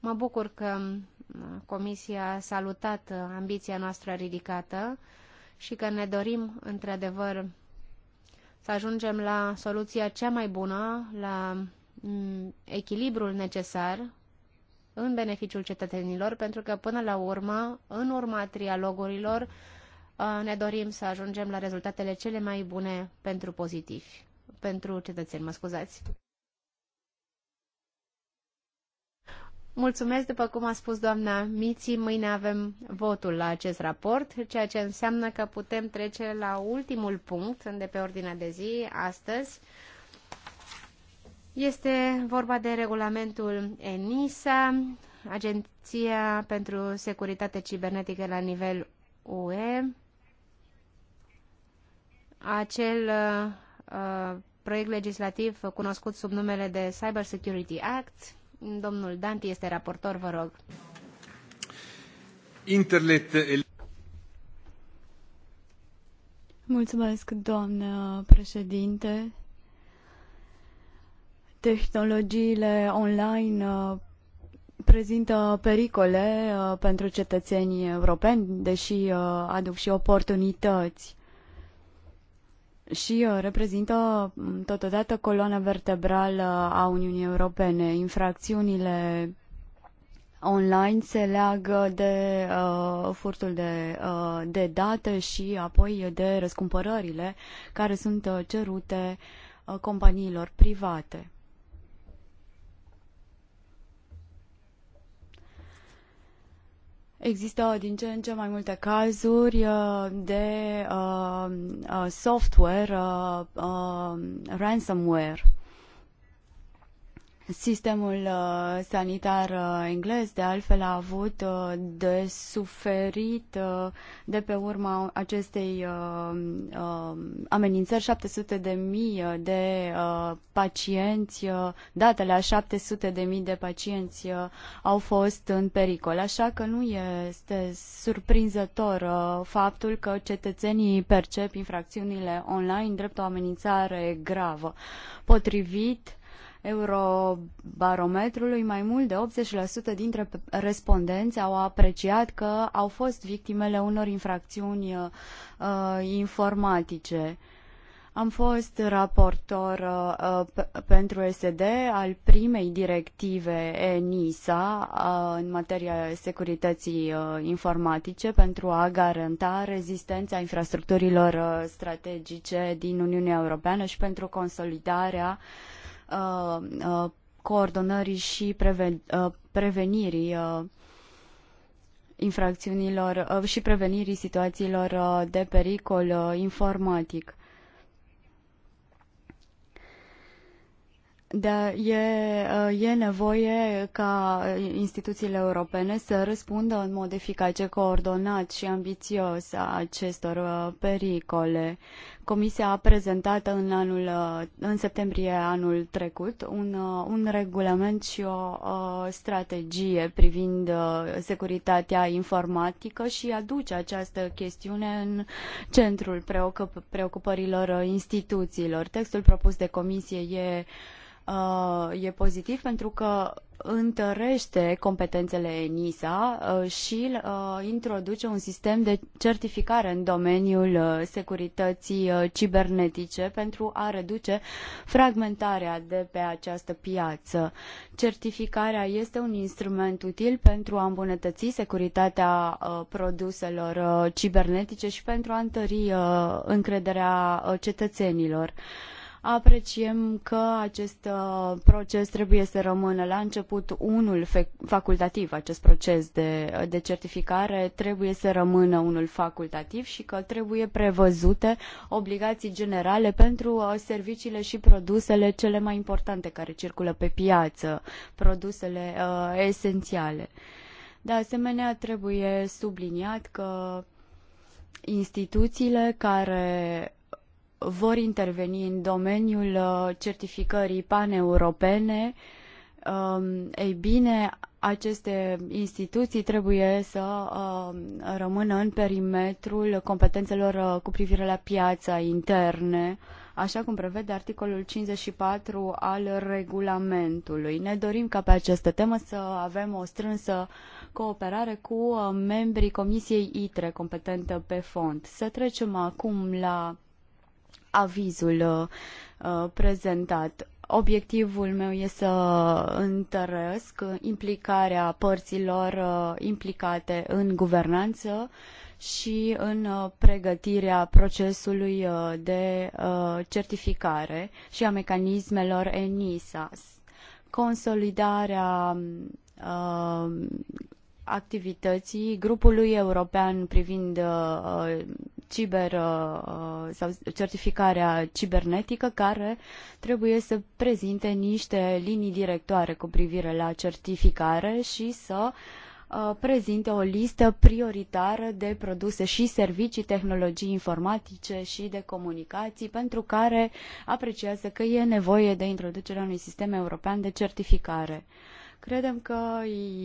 mă bucur că uh, Comisia a salutat uh, ambiția noastră ridicată și că ne dorim, într-adevăr, să ajungem la soluția cea mai bună, la mm, echilibrul necesar în beneficiul cetățenilor, pentru că până la urmă, în urma trialogurilor, ne dorim să ajungem la rezultatele cele mai bune pentru pozitivi, pentru cetățeni, mă scuzați. Mulțumesc, după cum a spus doamna Miții, mâine avem votul la acest raport, ceea ce înseamnă că putem trece la ultimul punct de pe ordinea de zi astăzi, este vorba de regulamentul ENISA, Agenția pentru Securitate Cibernetică la nivel UE, acel uh, proiect legislativ cunoscut sub numele de Cyber Security Act. Domnul Danti este raportor, vă rog. Internet. Mulțumesc, doamnă președinte, Tehnologiile online uh, prezintă pericole uh, pentru cetățenii europeni, deși uh, aduc și oportunități și reprezintă mm, totodată coloana vertebrală a Uniunii Europene. Infracțiunile online se leagă de uh, furtul de, uh, de date și apoi de răscumpărările care sunt cerute companiilor private. Există din ce în ce mai multe cazuri uh, de uh, uh, software ransomware. Sistemul uh, sanitar uh, englez, de altfel, a avut uh, de suferit de pe urma acestei amenințări 700 de mii de pacienți, datele a 700 de mii de pacienți au fost în pericol. Așa că nu este surprinzător faptul că cetățenii percep infracțiunile online drept o amenințare gravă. Potrivit Eurobarometrului, mai mult de 80% dintre respondenți au apreciat că au fost victimele unor infracțiuni uh, uh informatice. Am fost raportor uh, uh pentru SD al primei directive ENISA uh, în materia securității uh, informatice pentru a garanta rezistența infrastructurilor uh, strategice din Uniunea Europeană și pentru consolidarea uh, Uh, uh, coordonării și uh, prevenirii infracțiunilor și prevenirii situațiilor de pericol informatic. Da, e, uh, e nevoie ca instituțiile europene să răspundă în mod eficace, coordonat și ambițios a acestor uh, pericole. Comisia a prezentat în, anul, uh, în septembrie anul trecut un, un regulament și o strategie privind securitatea informatică și aduce această chestiune în centrul preocup, preocupărilor instituțiilor. Textul propus de comisie e Uh, e pozitiv pentru că întărește competențele ENISA uh, și uh, introduce un sistem de certificare în domeniul securității cibernetice pentru a reduce fragmentarea de pe această piață. Certificarea este un instrument util pentru a îmbunătăți securitatea produselor cibernetice și pentru a întări încrederea cetățenilor. Apreciem că acest uh, proces trebuie să rămână la început unul facultativ, acest proces de, uh, de certificare trebuie să rămână unul facultativ și că trebuie prevăzute obligații generale pentru uh, serviciile și produsele cele mai importante care circulă pe piață, produsele uh, esențiale. De asemenea, trebuie subliniat că instituțiile care vor interveni în domeniul uh, certificării paneuropene, um, ei bine, aceste instituții trebuie să um, rămână în perimetrul competențelor uh, cu privire la piața interne, așa cum prevede articolul 54 al regulamentului. Ne dorim ca pe această temă să avem o strânsă cooperare cu uh, membrii Comisiei ITRE competentă pe fond. Să trecem acum la avizul uh, uh, prezentat. Obiectivul meu este să întăresc implicarea părților uh, implicate în guvernanță și în pregătirea procesului de certificare și a mecanismelor ENISA. Consolidarea um, activității grupului european privind ciber uh, uh, sau certificarea cibernetică care trebuie să prezinte niște linii directoare cu privire la certificare și să uh, prezinte o listă prioritară de produse și servicii, tehnologii informatice și de comunicații, pentru care apreciază că e nevoie de introducerea unui sistem european de certificare. Uh, Credem că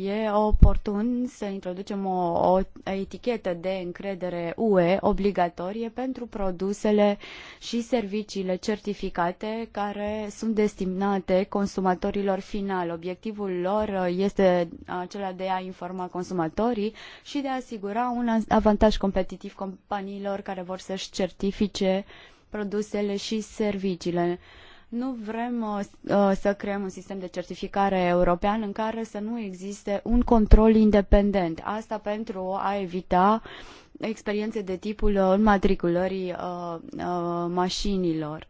e oportun să introducem o, o etichetă de încredere UE obligatorie pentru produsele și serviciile certificate care sunt destinate consumatorilor final. Obiectivul lor este acela de a informa consumatorii și de a asigura un avantaj competitiv companiilor care vor să-și certifice produsele și serviciile. Nu vrem uh, uh, să creăm un sistem de certificare european în care să nu existe un control independent. Asta pentru a evita experiențe de tipul uh, înmatriculării uh, uh, mașinilor.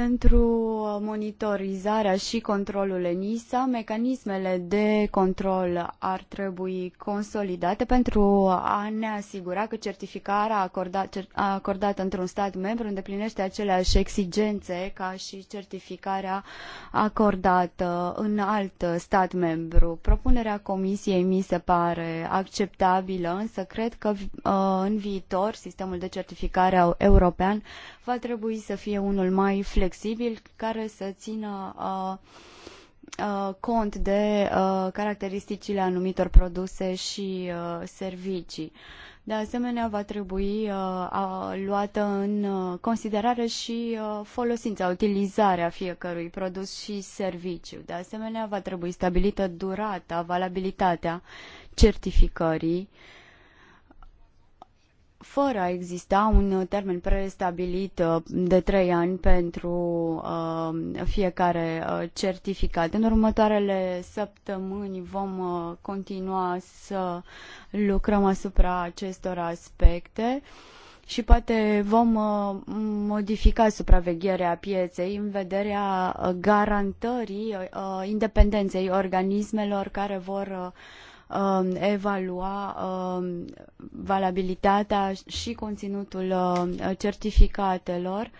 pentru monitorizarea și controlul ENISA, mecanismele de control ar trebui consolidate pentru a ne asigura că certificarea acordată acordat într-un stat membru îndeplinește aceleași exigențe ca și certificarea acordată în alt stat membru. Propunerea Comisiei mi se pare acceptabilă, însă cred că uh, în viitor sistemul de certificare european va trebui să fie unul mai flexibil flexibil care să țină uh, uh, cont de uh, caracteristicile anumitor produse și servicii. De asemenea, va trebui luată în considerare și folosința, utilizarea fiecărui produs și serviciu. De asemenea, va trebui stabilită durata, valabilitatea certificării uh, fără a exista un termen prestabilit uh, de trei ani pentru uh, fiecare uh, certificat. În următoarele săptămâni vom continua să lucrăm asupra acestor aspecte și poate vom modifica supravegherea pieței în vederea garantării independenței organismelor care vor Um, evalua um, valabilitatea și conținutul um, certificatelor.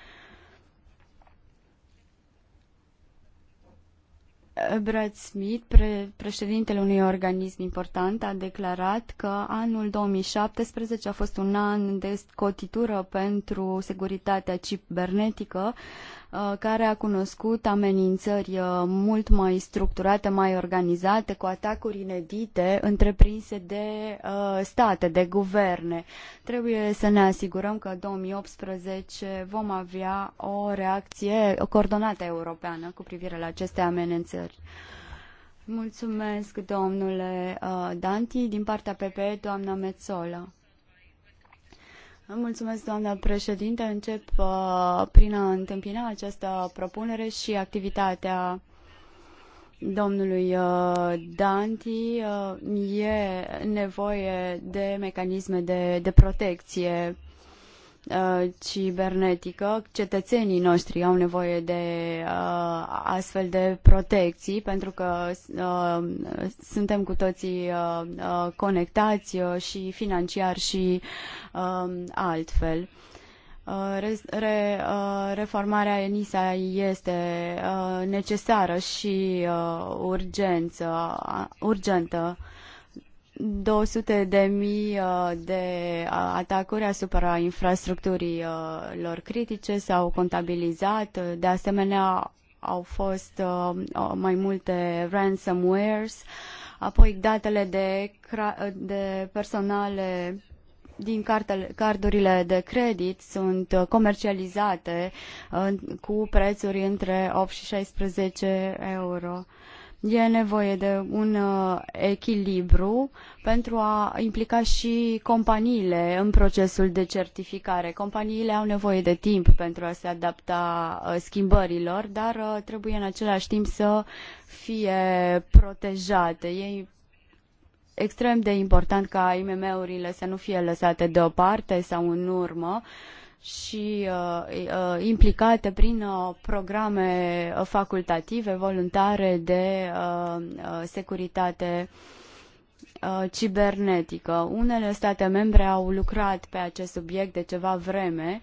Brad Smith, pre- președintele unui organism important, a declarat că anul 2017 a fost un an de scotitură pentru securitatea cibernetică Uh, care a cunoscut amenințări uh, mult mai structurate, mai organizate, cu atacuri inedite întreprinse de uh, state, de guverne. Trebuie să ne asigurăm că în 2018 vom avea o reacție coordonată europeană cu privire la aceste amenințări. Mulțumesc, domnule Danti. Din partea PPE, doamna Mețola. Mulțumesc, doamnă președinte. Încep uh, prin a întâmpina această propunere și activitatea domnului uh, Danti. Uh, e nevoie de mecanisme de, de protecție Uh, cibernetică, cetățenii noștri au nevoie de uh, astfel de protecții pentru că uh, suntem cu toții uh, uh conectați uh, și financiar și um, uh, altfel. Re, reformarea ENISA este necesară și urgență, urgentă 200 de mii uh, de atacuri asupra infrastructurii uh, lor critice s-au contabilizat. De asemenea, au fost uh, mai multe ransomwares, apoi datele de, de personale din cardurile de credit sunt comercializate cu prețuri între 8 și 16 euro. E nevoie de un uh, echilibru pentru a implica și companiile în procesul de certificare. Companiile au nevoie de timp pentru a se adapta uh, schimbărilor, dar uh, trebuie în același timp să fie protejate. E extrem de important ca IMM-urile să nu fie lăsate deoparte sau în urmă. Uh, și uh, uh, implicate prin uh, programe facultative, voluntare de uh, uh securitate uh, cibernetică. Unele state membre au lucrat pe acest subiect de ceva vreme,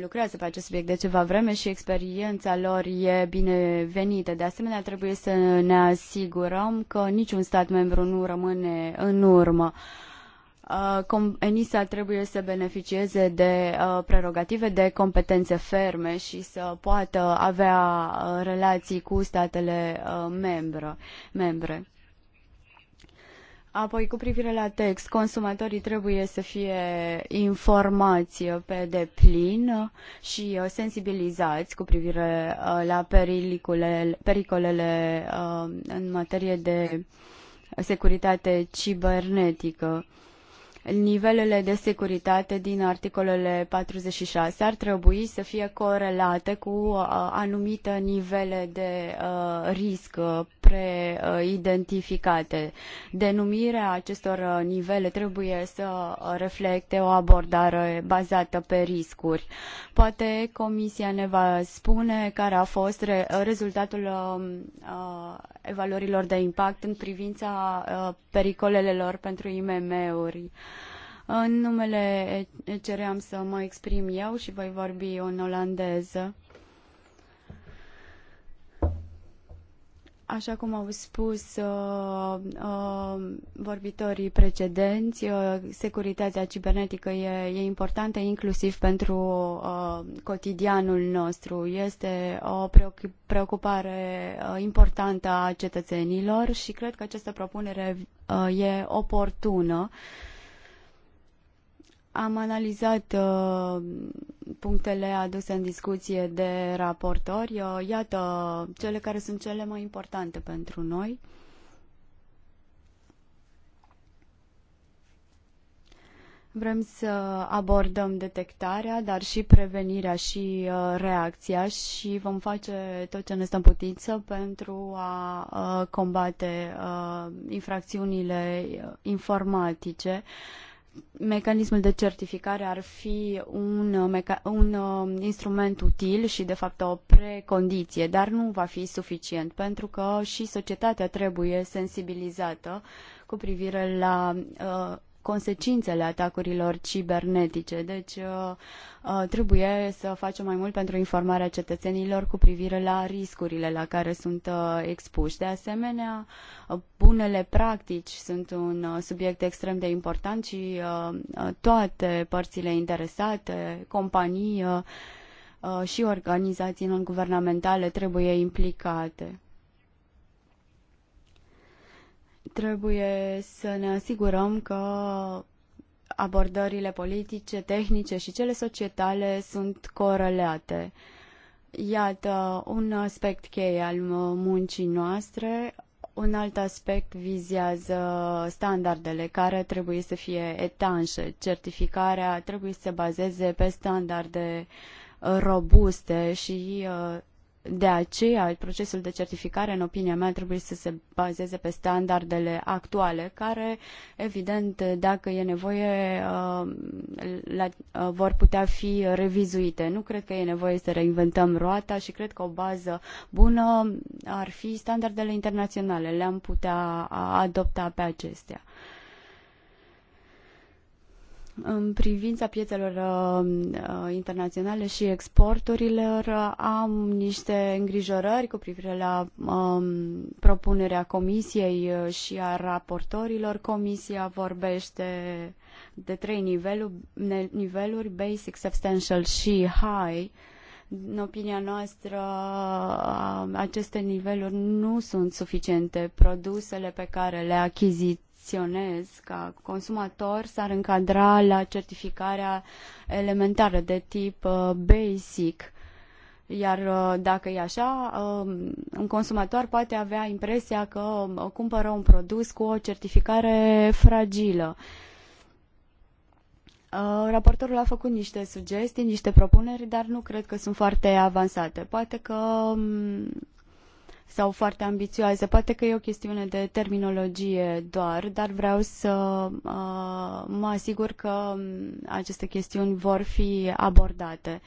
lucrează pe acest subiect de ceva vreme și experiența lor e binevenită. De asemenea, trebuie să ne asigurăm că niciun stat membru nu rămâne în urmă. Uh, Uh, ENISA trebuie să beneficieze de uh, prerogative, de competențe ferme și să poată avea uh, relații cu statele membre. Apoi, cu privire la text, consumatorii trebuie să fie informați pe deplin și sensibilizați cu privire la pericolele, pericolele în materie de securitate cibernetică nivelele de securitate din articolele 46 ar trebui să fie corelate cu uh, anumite nivele de uh, risc uh, preidentificate. Denumirea acestor nivele trebuie să reflecte o abordare bazată pe riscuri. Poate Comisia ne va spune care a fost rezultatul um, evaluărilor de impact în privința pericolelor pentru IMM-uri. În numele ECR am să mă exprim eu și voi vorbi în olandeză. Așa cum au spus uh, uh, vorbitorii precedenți, uh, securitatea cibernetică e, e importantă inclusiv pentru uh, cotidianul nostru. Este o preocupare uh, importantă a cetățenilor și cred că această propunere uh, e oportună. Uh, am analizat uh, punctele aduse în discuție de raportori. Uh, iată cele care sunt cele mai importante pentru noi. Vrem să abordăm detectarea, dar și prevenirea și uh, reacția și vom face tot ce ne stă în putință pentru a combate infracțiunile informatice mecanismul de certificare ar fi un, uh, un uh, instrument util și, de fapt, o precondiție, dar nu va fi suficient, pentru că și societatea trebuie sensibilizată cu privire la uh, consecințele atacurilor cibernetice. Deci uh, uh, trebuie să facem mai mult pentru informarea cetățenilor cu privire la riscurile la care sunt uh, expuși. De asemenea, bunele practici sunt un subiect extrem de important și toate părțile interesate, companii și organizații non-guvernamentale trebuie implicate. Trebuie să ne asigurăm că abordările politice, tehnice și cele societale sunt corelate. Iată un aspect cheie al muncii noastre. Un alt aspect vizează standardele care trebuie să fie etanșe. Certificarea trebuie să se bazeze pe standarde robuste și uh, de aceea, procesul de certificare, în opinia mea, trebuie să se bazeze pe standardele actuale, care, evident, dacă e nevoie, uh, uh, vor putea fi revizuite. Nu cred că e nevoie să reinventăm roata și cred că o bază bună ar fi standardele internaționale. Le-am putea adopta pe acestea în privința piețelor uh, internaționale și exporturilor, am niște îngrijorări cu privire la um, propunerea comisiei uh, și a raportorilor. Comisia vorbește de trei niveluri, niveluri basic, substantial și high. În opinia noastră, uh, aceste niveluri nu sunt suficiente. Produsele pe care le achiziționăm acționez ca consumator s-ar încadra la certificarea elementară de tip uh, basic. Iar uh, dacă e așa, um, un consumator poate avea impresia că um, cumpără un produs cu o certificare fragilă. Uh, raportorul a făcut niște sugestii, niște propuneri, dar nu cred că sunt foarte avansate. Poate că um, sau foarte ambițioase. Poate că e o chestiune de terminologie doar, dar vreau să uh, mă asigur că um, aceste chestiuni vor fi abordate.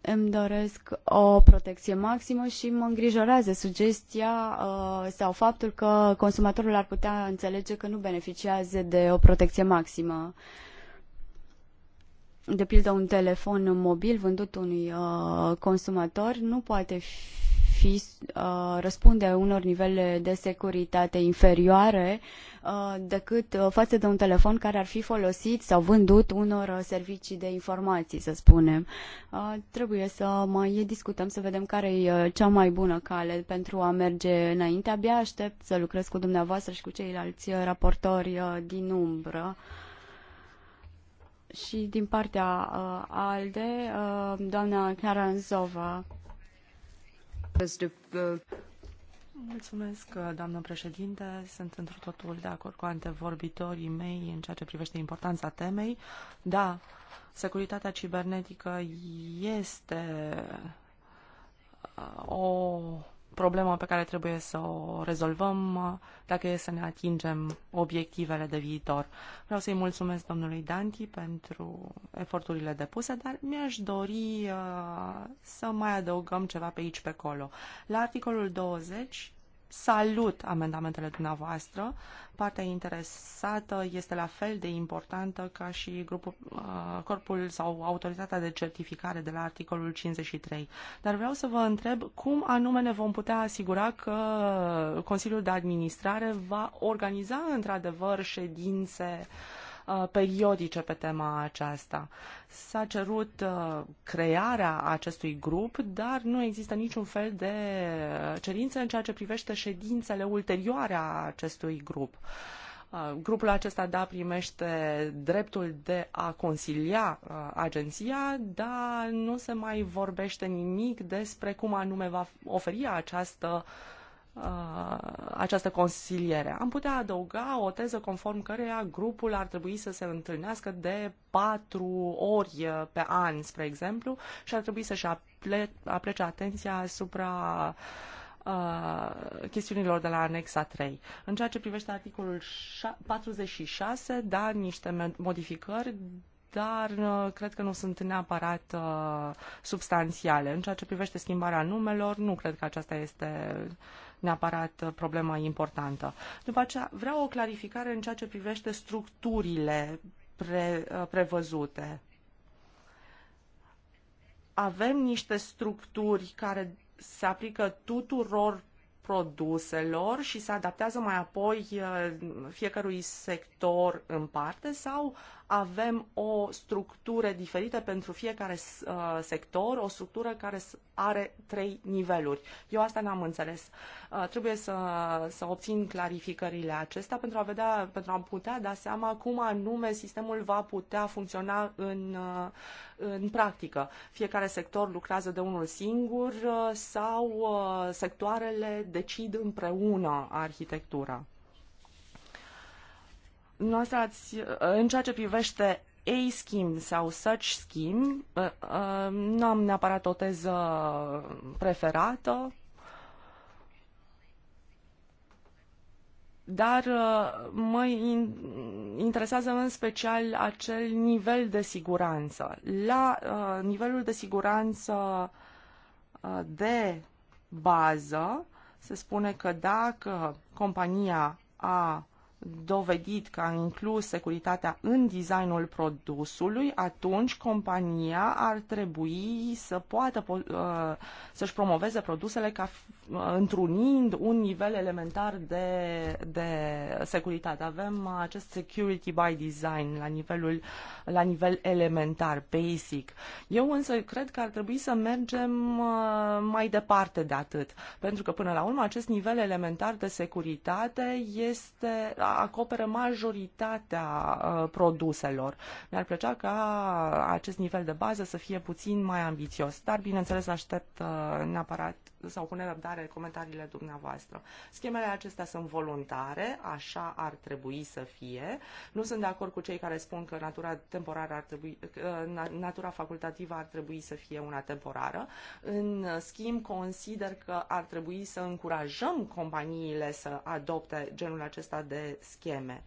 Îmi doresc o protecție maximă și mă îngrijorează sugestia uh, sau faptul că consumatorul ar putea înțelege că nu beneficiază de o protecție maximă de pildă un telefon mobil vândut unui uh, consumator nu poate fi uh, răspunde unor nivele de securitate inferioare uh, decât uh, față de un telefon care ar fi folosit sau vândut unor uh, servicii de informații, să spunem. Uh, trebuie să mai discutăm, să vedem care e uh, cea mai bună cale pentru a merge înainte. Abia aștept să lucrez cu dumneavoastră și cu ceilalți raportori din umbră și din partea uh, ALDE, uh, doamna Knaranzova. Mulțumesc, doamnă președinte. Sunt într totul de acord cu antevorbitorii mei în ceea ce privește importanța temei. Da, securitatea cibernetică este uh, o problemă pe care trebuie să o rezolvăm uh, dacă e să ne atingem obiectivele de viitor. Vreau să-i mulțumesc domnului Danti pentru eforturile depuse, dar mi-aș dori uh, să mai adăugăm ceva pe aici, pe acolo. La articolul 20 salut amendamentele dumneavoastră. Partea interesată este la fel de importantă ca și grupul, uh, corpul sau autoritatea de certificare de la articolul 53. Dar vreau să vă întreb cum anume ne vom putea asigura că Consiliul de Administrare va organiza într-adevăr ședințe uh, Uh, periodice pe tema aceasta. S-a cerut uh, crearea acestui grup, dar nu există niciun fel de uh, cerință în ceea ce privește ședințele ulterioare a acestui grup. Grupul acesta, da, primește dreptul de a consilia agenția, dar nu se mai vorbește nimic despre cum anume va oferi această uh, Uh, această consiliere. Am putea adăuga o teză conform căreia grupul ar trebui să se întâlnească de patru ori pe an, spre exemplu, și ar trebui să-și aple- aplece atenția asupra uh, chestiunilor de la anexa 3. În ceea ce privește articolul 46, da, niște modificări dar uh, cred că nu sunt neapărat uh, substanțiale. În ceea ce privește schimbarea numelor, nu cred că aceasta este uh, neapărat uh, problema importantă. După aceea, vreau o clarificare în ceea ce privește structurile pre, uh, prevăzute. Avem niște structuri care se aplică tuturor produselor și se adaptează mai apoi uh, fiecărui sector în parte sau avem o structură diferită pentru fiecare uh, sector, o structură care are trei niveluri. Eu asta n-am înțeles. Uh, trebuie să, să obțin clarificările acestea pentru a, vedea, pentru a putea da seama cum anume sistemul va putea funcționa în, uh, în practică. Fiecare sector lucrează de unul singur uh, sau uh, sectoarele decid împreună arhitectura noastră ați, uh, în ceea ce privește A-scheme sau such scheme, uh, uh, nu am neapărat o teză preferată, dar mă interesează în special acel nivel de siguranță. La nivelul de siguranță de bază, se spune că dacă compania a dovedit că a inclus securitatea în designul produsului, atunci compania ar trebui să poată uh, să-și promoveze produsele ca uh, întrunind un nivel elementar de, de securitate. Avem acest security by design la, nivelul, la nivel elementar, basic. Eu însă cred că ar trebui să mergem uh, mai departe de atât, pentru că până la urmă acest nivel elementar de securitate este acoperă majoritatea uh, produselor. Mi-ar plăcea ca acest nivel de bază să fie puțin mai ambițios, dar bineînțeles aștept uh, neapărat sau cu nerăbdare comentariile dumneavoastră. Schemele acestea sunt voluntare, așa ar trebui să fie. Nu sunt de acord cu cei care spun că natura temporară ar trebui, uh, natura facultativă ar trebui să fie una temporară. În schimb, consider că ar trebui să încurajăm companiile să adopte genul acesta de scheme.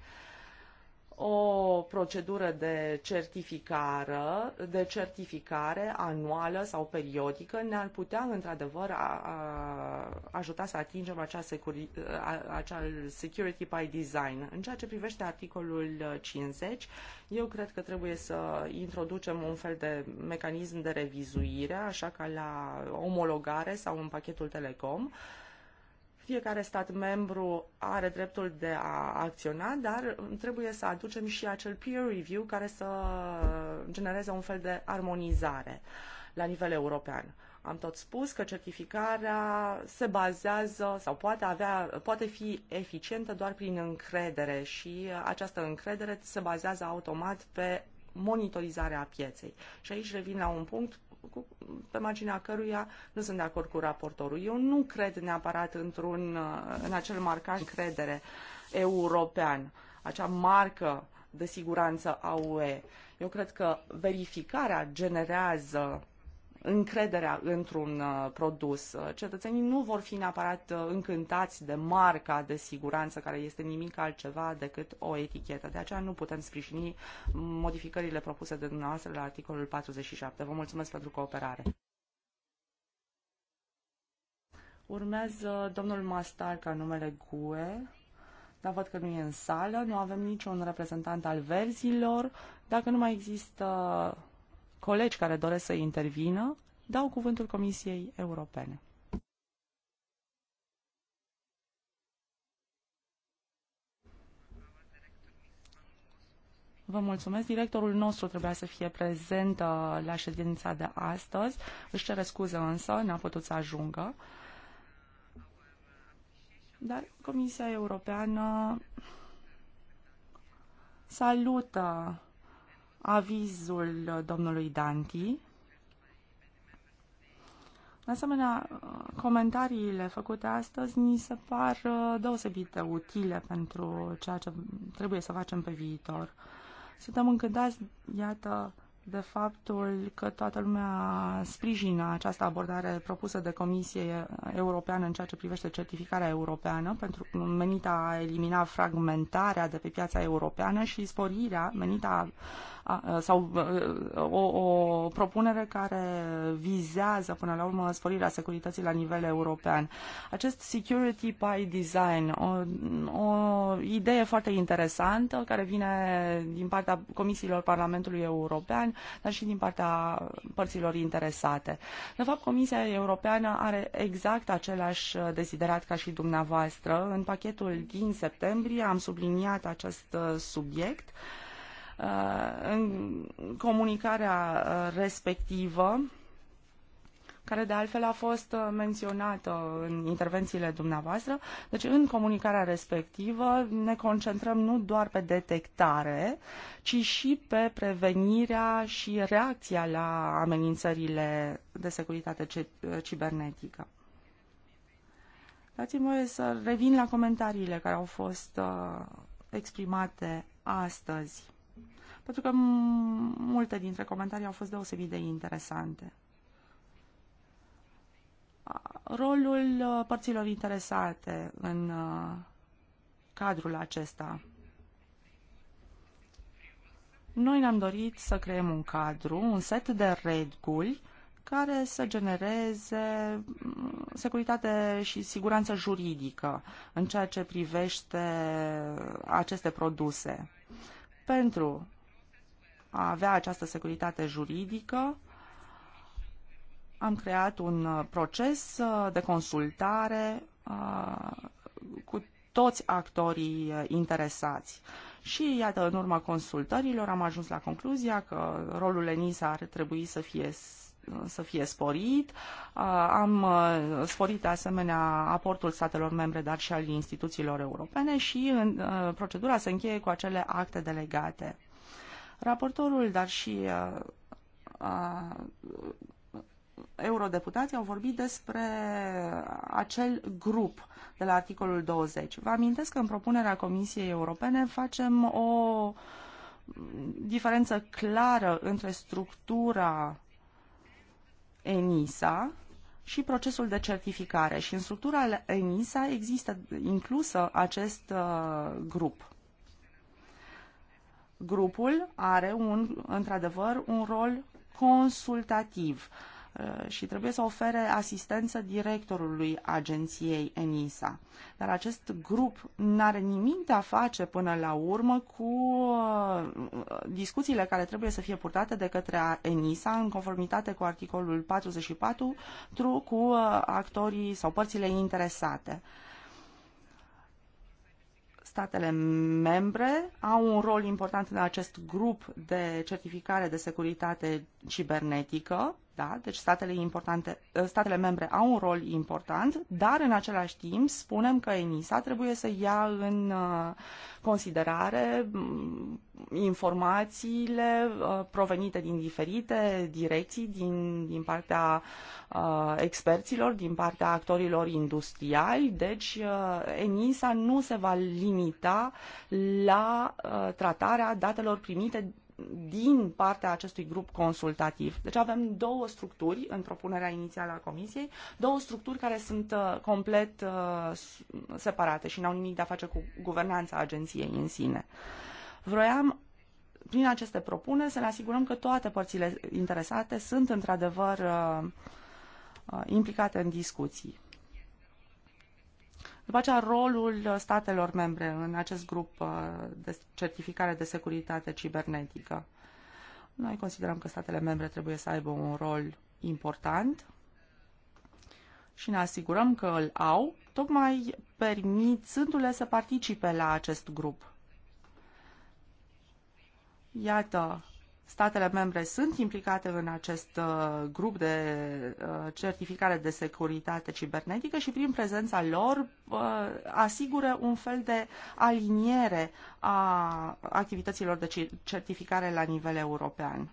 O procedură de certificare, de certificare anuală sau periodică ne-ar putea, într-adevăr, ajuta să atingem acea, securi, a, acea security by design. În ceea ce privește articolul 50, eu cred că trebuie să introducem un fel de mecanism de revizuire, așa ca la omologare sau în pachetul Telecom, uh, fiecare stat membru are dreptul de a acționa, dar um, trebuie să aducem și acel peer review care să uh, genereze un fel de armonizare la nivel european. Am tot spus că certificarea se bazează sau poate, avea, poate fi eficientă doar prin încredere și această încredere se bazează automat pe monitorizarea pieței. Și aici revin la un punct cu, pe marginea căruia nu sunt de acord cu raportorul. Eu nu cred neapărat într-un, uh, în acel marcaj credere european, acea marcă de siguranță a UE. Eu cred că verificarea generează încrederea într-un uh, produs. Cetățenii nu vor fi neapărat uh, încântați de marca de siguranță, care este nimic altceva decât o etichetă. De aceea nu putem sprijini modificările propuse de dumneavoastră la articolul 47. Vă mulțumesc pentru cooperare. Urmează domnul Mastar ca numele GUE, dar văd că nu e în sală, nu avem niciun reprezentant al verzilor. Dacă nu mai există colegi care doresc să intervină, dau cuvântul Comisiei Europene. Vă mulțumesc. Directorul nostru trebuia să fie prezent uh, la ședința de astăzi. Își cere scuze însă, n-a putut să ajungă. Dar Comisia Europeană salută avizul domnului Danti. De asemenea, comentariile făcute astăzi ni se par uh, deosebit de utile pentru ceea ce trebuie să facem pe viitor. Suntem încântați, iată, de faptul că toată lumea sprijină această abordare propusă de Comisie Europeană în ceea ce privește certificarea europeană, pentru menita a elimina fragmentarea de pe piața europeană și sporirea menita a, sau o, o propunere care vizează până la urmă sporirea securității la nivel european. Acest security by design, o, o idee foarte interesantă care vine din partea comisiilor Parlamentului European dar și din partea părților interesate. De fapt, Comisia Europeană are exact același deziderat ca și dumneavoastră. În pachetul din septembrie am subliniat acest uh, subiect. Uh, în comunicarea uh, respectivă, care de altfel a fost uh, menționată în intervențiile dumneavoastră. Deci în comunicarea respectivă ne concentrăm nu doar pe detectare, ci și pe prevenirea și reacția la amenințările de securitate uh, cibernetică. Dați-mi voie să revin la comentariile care au fost uh, exprimate astăzi, pentru că multe dintre comentarii au fost deosebit de interesante rolul uh, părților interesate în uh, cadrul acesta. Noi ne-am dorit să creăm un cadru, un set de reguli care să genereze mm, securitate și siguranță juridică în ceea ce privește aceste produse. Pentru a avea această securitate juridică, am creat un uh, proces uh, de consultare uh, cu toți actorii interesați. Și, iată, în urma consultărilor am ajuns la concluzia că rolul ENISA ar trebui să fie să fie sporit. Am sporit de asemenea aportul statelor membre, dar și al instituțiilor europene și în, procedura se încheie cu acele acte delegate. Raportorul, dar și a, eurodeputații au vorbit despre acel grup de la articolul 20. Vă amintesc că în propunerea Comisiei Europene facem o diferență clară între structura ENISA și procesul de certificare. Și în structura ENISA există inclusă acest uh, grup. Grupul are, într-adevăr, un rol consultativ. Uh, Uh, și trebuie să ofere asistență directorului agenției ENISA. Dar acest grup nu are nimic de a face până la urmă cu uh, discuțiile care trebuie să fie purtate de către ENISA în conformitate cu articolul 44 cu uh, actorii sau părțile interesate statele membre au un rol important în acest grup de certificare de securitate cibernetică da? Deci statele, importante, statele membre au un rol important, dar în același timp spunem că ENISA trebuie să ia în uh, considerare mm, informațiile uh, provenite din diferite direcții, din, din partea uh, experților, din partea actorilor industriali. Deci ENISA nu se va limita la tratarea datelor primite din partea acestui grup consultativ. Deci avem două structuri în propunerea inițială a Comisiei, două structuri care sunt uh, complet uh, separate și n-au nimic de a face cu guvernanța agenției în sine. Vroiam prin aceste propuneri să ne asigurăm că toate părțile interesate sunt într-adevăr uh, implicate în discuții. După aceea, rolul statelor membre în acest grup uh, de certificare de securitate cibernetică. Noi considerăm că statele membre trebuie să aibă un rol important și ne asigurăm că îl au, tocmai permițându-le să participe la acest grup. Iată Statele membre sunt implicate în acest uh, grup de uh, certificare de securitate cibernetică și prin prezența lor uh, asigură un fel de aliniere a activităților de certificare la nivel european.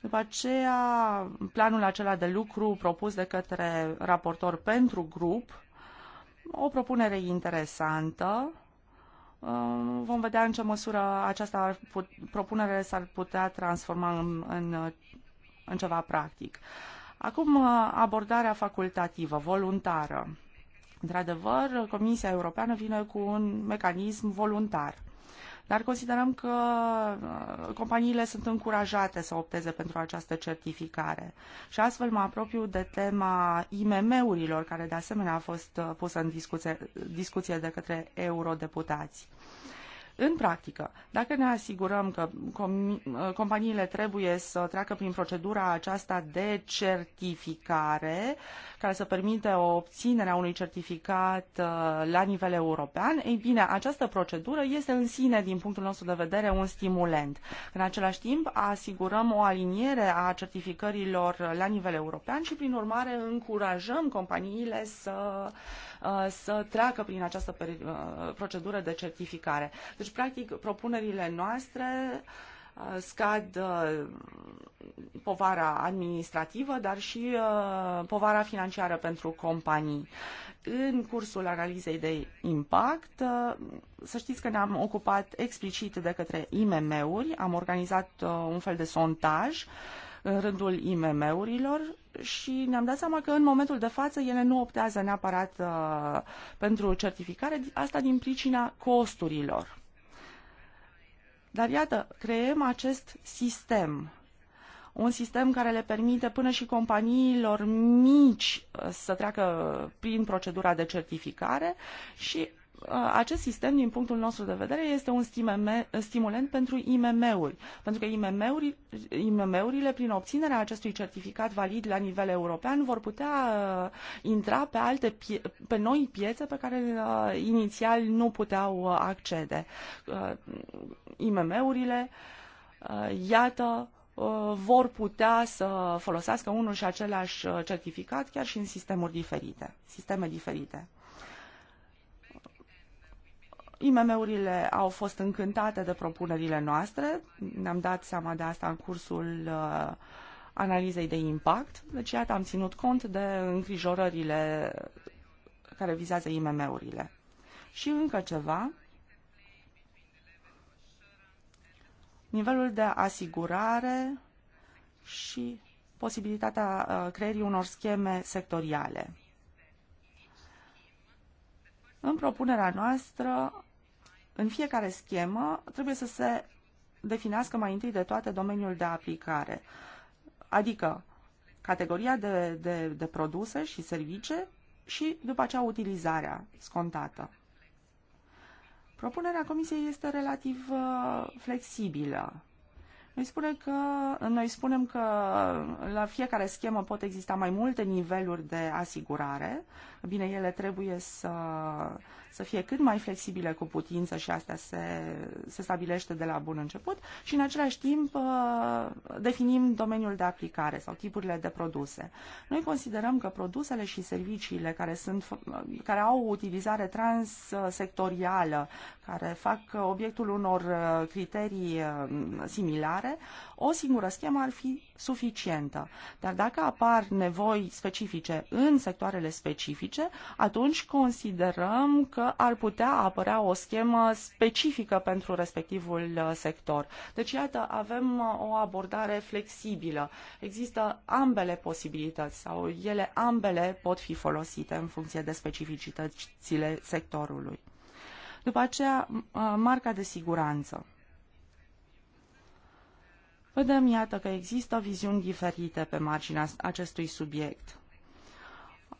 După aceea, planul acela de lucru propus de către raportor pentru grup, o propunere interesantă, Uh, vom vedea în ce măsură această put, propunere s-ar putea transforma în, în, în ceva practic. Acum, uh, abordarea facultativă, voluntară. Într-adevăr, Comisia Europeană vine cu un mecanism voluntar. Dar considerăm că uh, companiile sunt încurajate să opteze pentru această certificare. Și astfel mă apropiu de tema IMM-urilor, care de asemenea a fost uh, pusă în discuție, discuție de către eurodeputați. Uh, în practică, dacă ne asigurăm că com ă, companiile trebuie să treacă prin procedura aceasta de certificare, care să permite obținerea unui certificat ă, la nivel european, ei bine, această procedură este în sine, din punctul nostru de vedere, un stimulent. În același timp, asigurăm o aliniere a certificărilor la nivel european și, prin urmare, încurajăm companiile să uh, Uh, să treacă prin această uh, procedură de certificare. Deci, practic, propunerile noastre uh, scad povara administrativă, dar și povara financiară pentru companii. În cursul analizei de impact, să știți că ne-am ocupat explicit de către IMM-uri, am organizat un fel de sondaj în rândul IMM-urilor și ne-am dat seama că în momentul de față ele nu optează neapărat uh, pentru certificare, asta din pricina costurilor. Dar iată, creăm acest sistem un sistem care le permite până și companiilor mici uh, să treacă prin procedura de certificare și Uh, acest sistem, din punctul nostru de vedere, este un stimulent pentru IMM-uri, pentru că IMM-urile, IMM prin obținerea acestui certificat valid la nivel european, vor putea uh, intra pe, alte pe noi piețe pe care uh, inițial nu puteau accede. IMM-urile, iată, vor putea să folosească unul și același certificat chiar și în sistemuri diferite, sisteme diferite. IMM-urile au fost încântate de propunerile noastre, ne-am dat seama de asta în cursul uh, analizei de impact, deci iată am ținut cont de îngrijorările care vizează IMM-urile. Și încă ceva, nivelul de asigurare și posibilitatea uh, creierii unor scheme sectoriale. În propunerea noastră în fiecare schemă trebuie să se definească mai întâi de toate domeniul de aplicare, adică categoria de, de, de produse și servicii și după aceea utilizarea scontată. Propunerea Comisiei este relativ uh, flexibilă. Noi, spune că, noi spunem că la fiecare schemă pot exista mai multe niveluri de asigurare. Bine, ele trebuie să, să fie cât mai flexibile cu putință și asta se, se stabilește de la bun început și în același timp uh, definim domeniul de aplicare sau tipurile de produse. Noi considerăm că produsele și serviciile care, sunt, uh, care au o utilizare transsectorială, care fac obiectul unor uh, criterii similare, care o singură schemă ar fi suficientă. Dar dacă apar nevoi specifice în sectoarele specifice, atunci considerăm că ar putea apărea o schemă specifică pentru respectivul uh, sector. Deci, iată, avem uh, o abordare flexibilă. Există ambele posibilități sau ele ambele pot fi folosite în funcție de specificitățile sectorului. După aceea, uh, marca de siguranță vedem, iată, că există viziuni diferite pe marginea acestui subiect.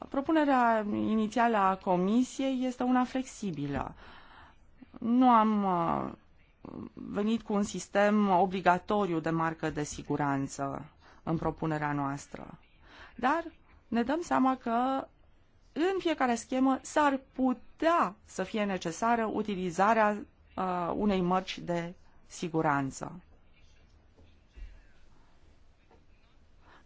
Propunerea inițială a Comisiei este una flexibilă. Nu am uh, venit cu un sistem obligatoriu de marcă de siguranță în propunerea noastră. Dar ne dăm seama că în fiecare schemă s-ar putea să fie necesară utilizarea uh, unei mărci de siguranță.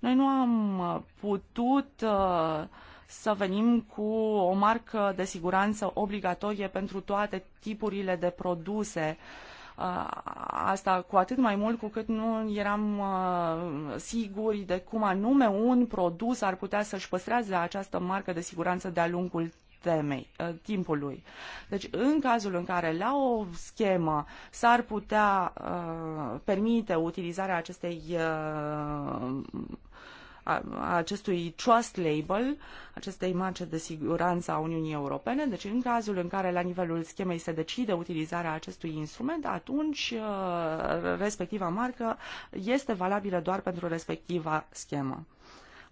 Noi nu am uh, putut uh, să venim cu o marcă de siguranță obligatorie pentru toate tipurile de produse. Uh, asta cu atât mai mult cu cât nu eram siguri de cum anume un produs ar putea să-și păstreze această marcă de siguranță de-a lungul temei, timpului. Deci, în cazul în care la o schemă s-ar putea uh, permite utilizarea acestei a acestui trust label, acestei marce de siguranță a Uniunii Europene. Deci în cazul în care la nivelul schemei se decide utilizarea acestui instrument, atunci uh, respectiva marcă este valabilă doar pentru respectiva schemă.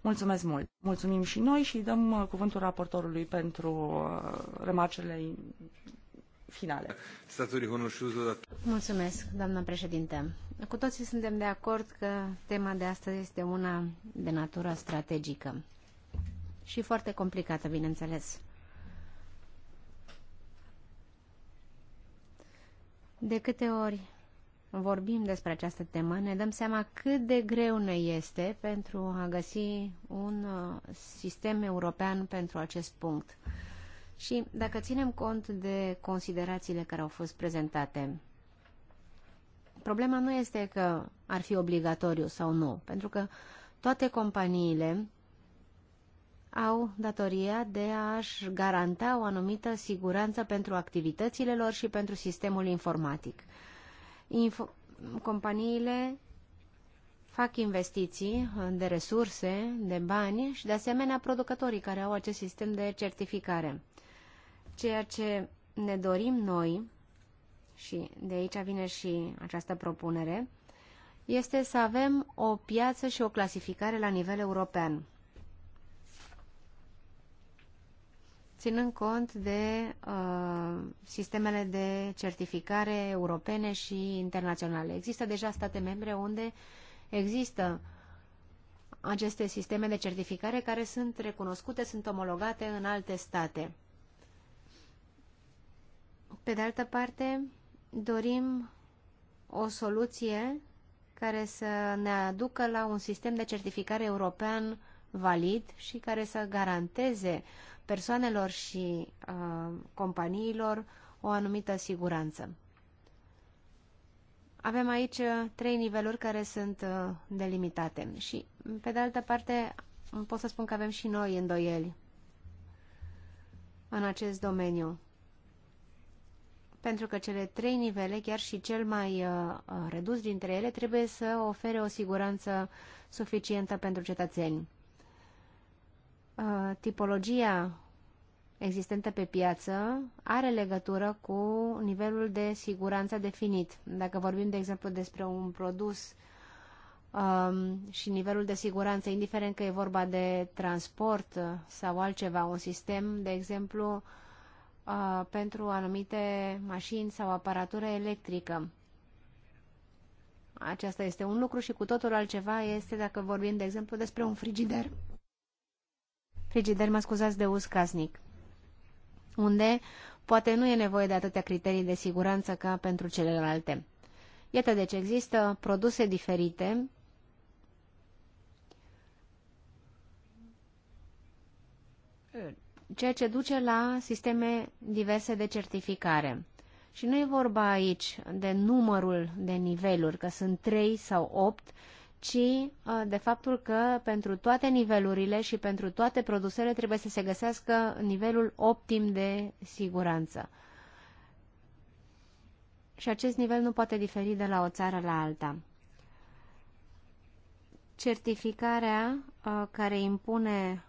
Mulțumesc mult! Mulțumim și noi și dăm uh, cuvântul raportorului pentru uh, remarcele finale. Mulțumesc, doamnă președinte. Cu toții suntem de acord că tema de astăzi este una de natură strategică și foarte complicată, bineînțeles. De câte ori vorbim despre această temă, ne dăm seama cât de greu ne este pentru a găsi un uh, sistem european pentru acest punct. Și dacă ținem cont de considerațiile care au fost prezentate, problema nu este că ar fi obligatoriu sau nu, pentru că toate companiile au datoria de a-și garanta o anumită siguranță pentru activitățile lor și pentru sistemul informatic. Info companiile fac investiții de resurse, de bani și de asemenea producătorii care au acest sistem de certificare. Ceea ce ne dorim noi, și de aici vine și această propunere, este să avem o piață și o clasificare la nivel european. ținând cont de uh, sistemele de certificare europene și internaționale. Există deja state membre unde există aceste sisteme de certificare care sunt recunoscute, sunt omologate în alte state. Pe de altă parte, dorim o soluție care să ne aducă la un sistem de certificare european valid și care să garanteze persoanelor și uh, companiilor o anumită siguranță. Avem aici uh, trei niveluri care sunt uh, delimitate și, mm, pe de altă parte, mm, pot să spun că avem și noi îndoieli în acest domeniu pentru că cele trei nivele, chiar și cel mai uh, uh, redus dintre ele, trebuie să ofere o siguranță suficientă pentru cetățeni. Uh, tipologia existentă pe piață are legătură cu nivelul de siguranță definit. Dacă vorbim, de exemplu, despre un produs um, și nivelul de siguranță, indiferent că e vorba de transport uh, sau altceva, un sistem, de exemplu, uh, uh, pentru anumite mașini sau aparatură electrică. Aceasta este un lucru și cu totul altceva este dacă vorbim, de exemplu, despre un frigider. Frigider, mă scuzați, de uz casnic. Unde poate nu e nevoie de atâtea criterii de siguranță ca pentru celelalte. Iată deci, există produse diferite ceea ce duce la sisteme diverse de certificare. Și nu e vorba aici de numărul de niveluri, că sunt 3 sau 8, ci uh, de faptul că pentru toate nivelurile și pentru toate produsele trebuie să se găsească nivelul optim de siguranță. Și acest nivel nu poate diferi de la o țară la alta. Certificarea uh, care impune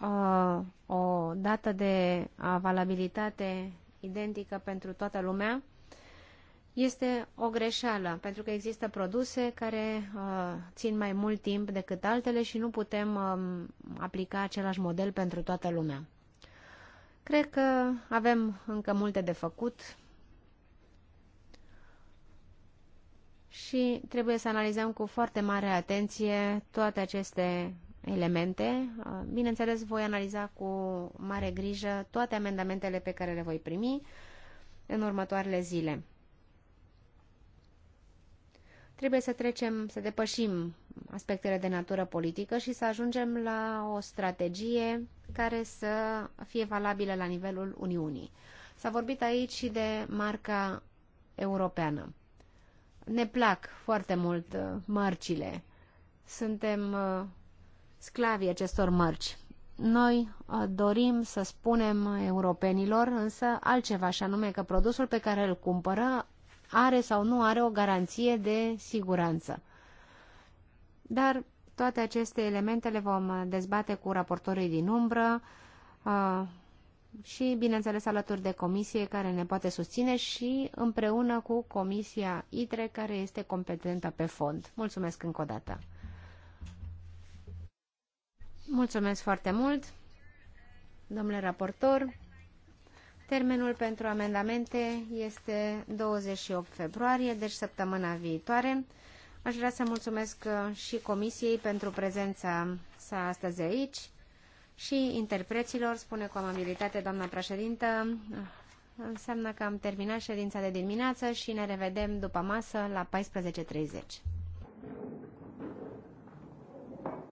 uh, o dată de valabilitate identică pentru toată lumea, este o greșeală, pentru că există produse care uh, țin mai mult timp decât altele și nu putem uh, aplica același model pentru toată lumea. Cred că avem încă multe de făcut și trebuie să analizăm cu foarte mare atenție toate aceste elemente. Uh, bineînțeles, voi analiza cu mare grijă toate amendamentele pe care le voi primi în următoarele zile. Trebuie să trecem, să depășim aspectele de natură politică și să ajungem la o strategie care să fie valabilă la nivelul Uniunii. S-a vorbit aici și de marca europeană. Ne plac foarte mult uh, mărcile. Suntem uh, sclavii acestor mărci. Noi uh, dorim să spunem europenilor însă altceva, și anume că produsul pe care îl cumpără are sau nu are o garanție de siguranță. Dar toate aceste elemente le vom uh, dezbate cu raportorii din umbră uh, și, bineînțeles, alături de comisie care ne poate susține și împreună cu comisia ITRE care este competentă pe fond. Mulțumesc încă o dată! Mulțumesc foarte mult, domnule raportor. Termenul pentru amendamente este 28 februarie, deci săptămâna viitoare. Aș vrea să mulțumesc uh, și Comisiei pentru prezența sa astăzi aici și interpreților, spune cu amabilitate doamna președintă. Uh, înseamnă că am terminat ședința de dimineață și ne revedem după masă la 14.30.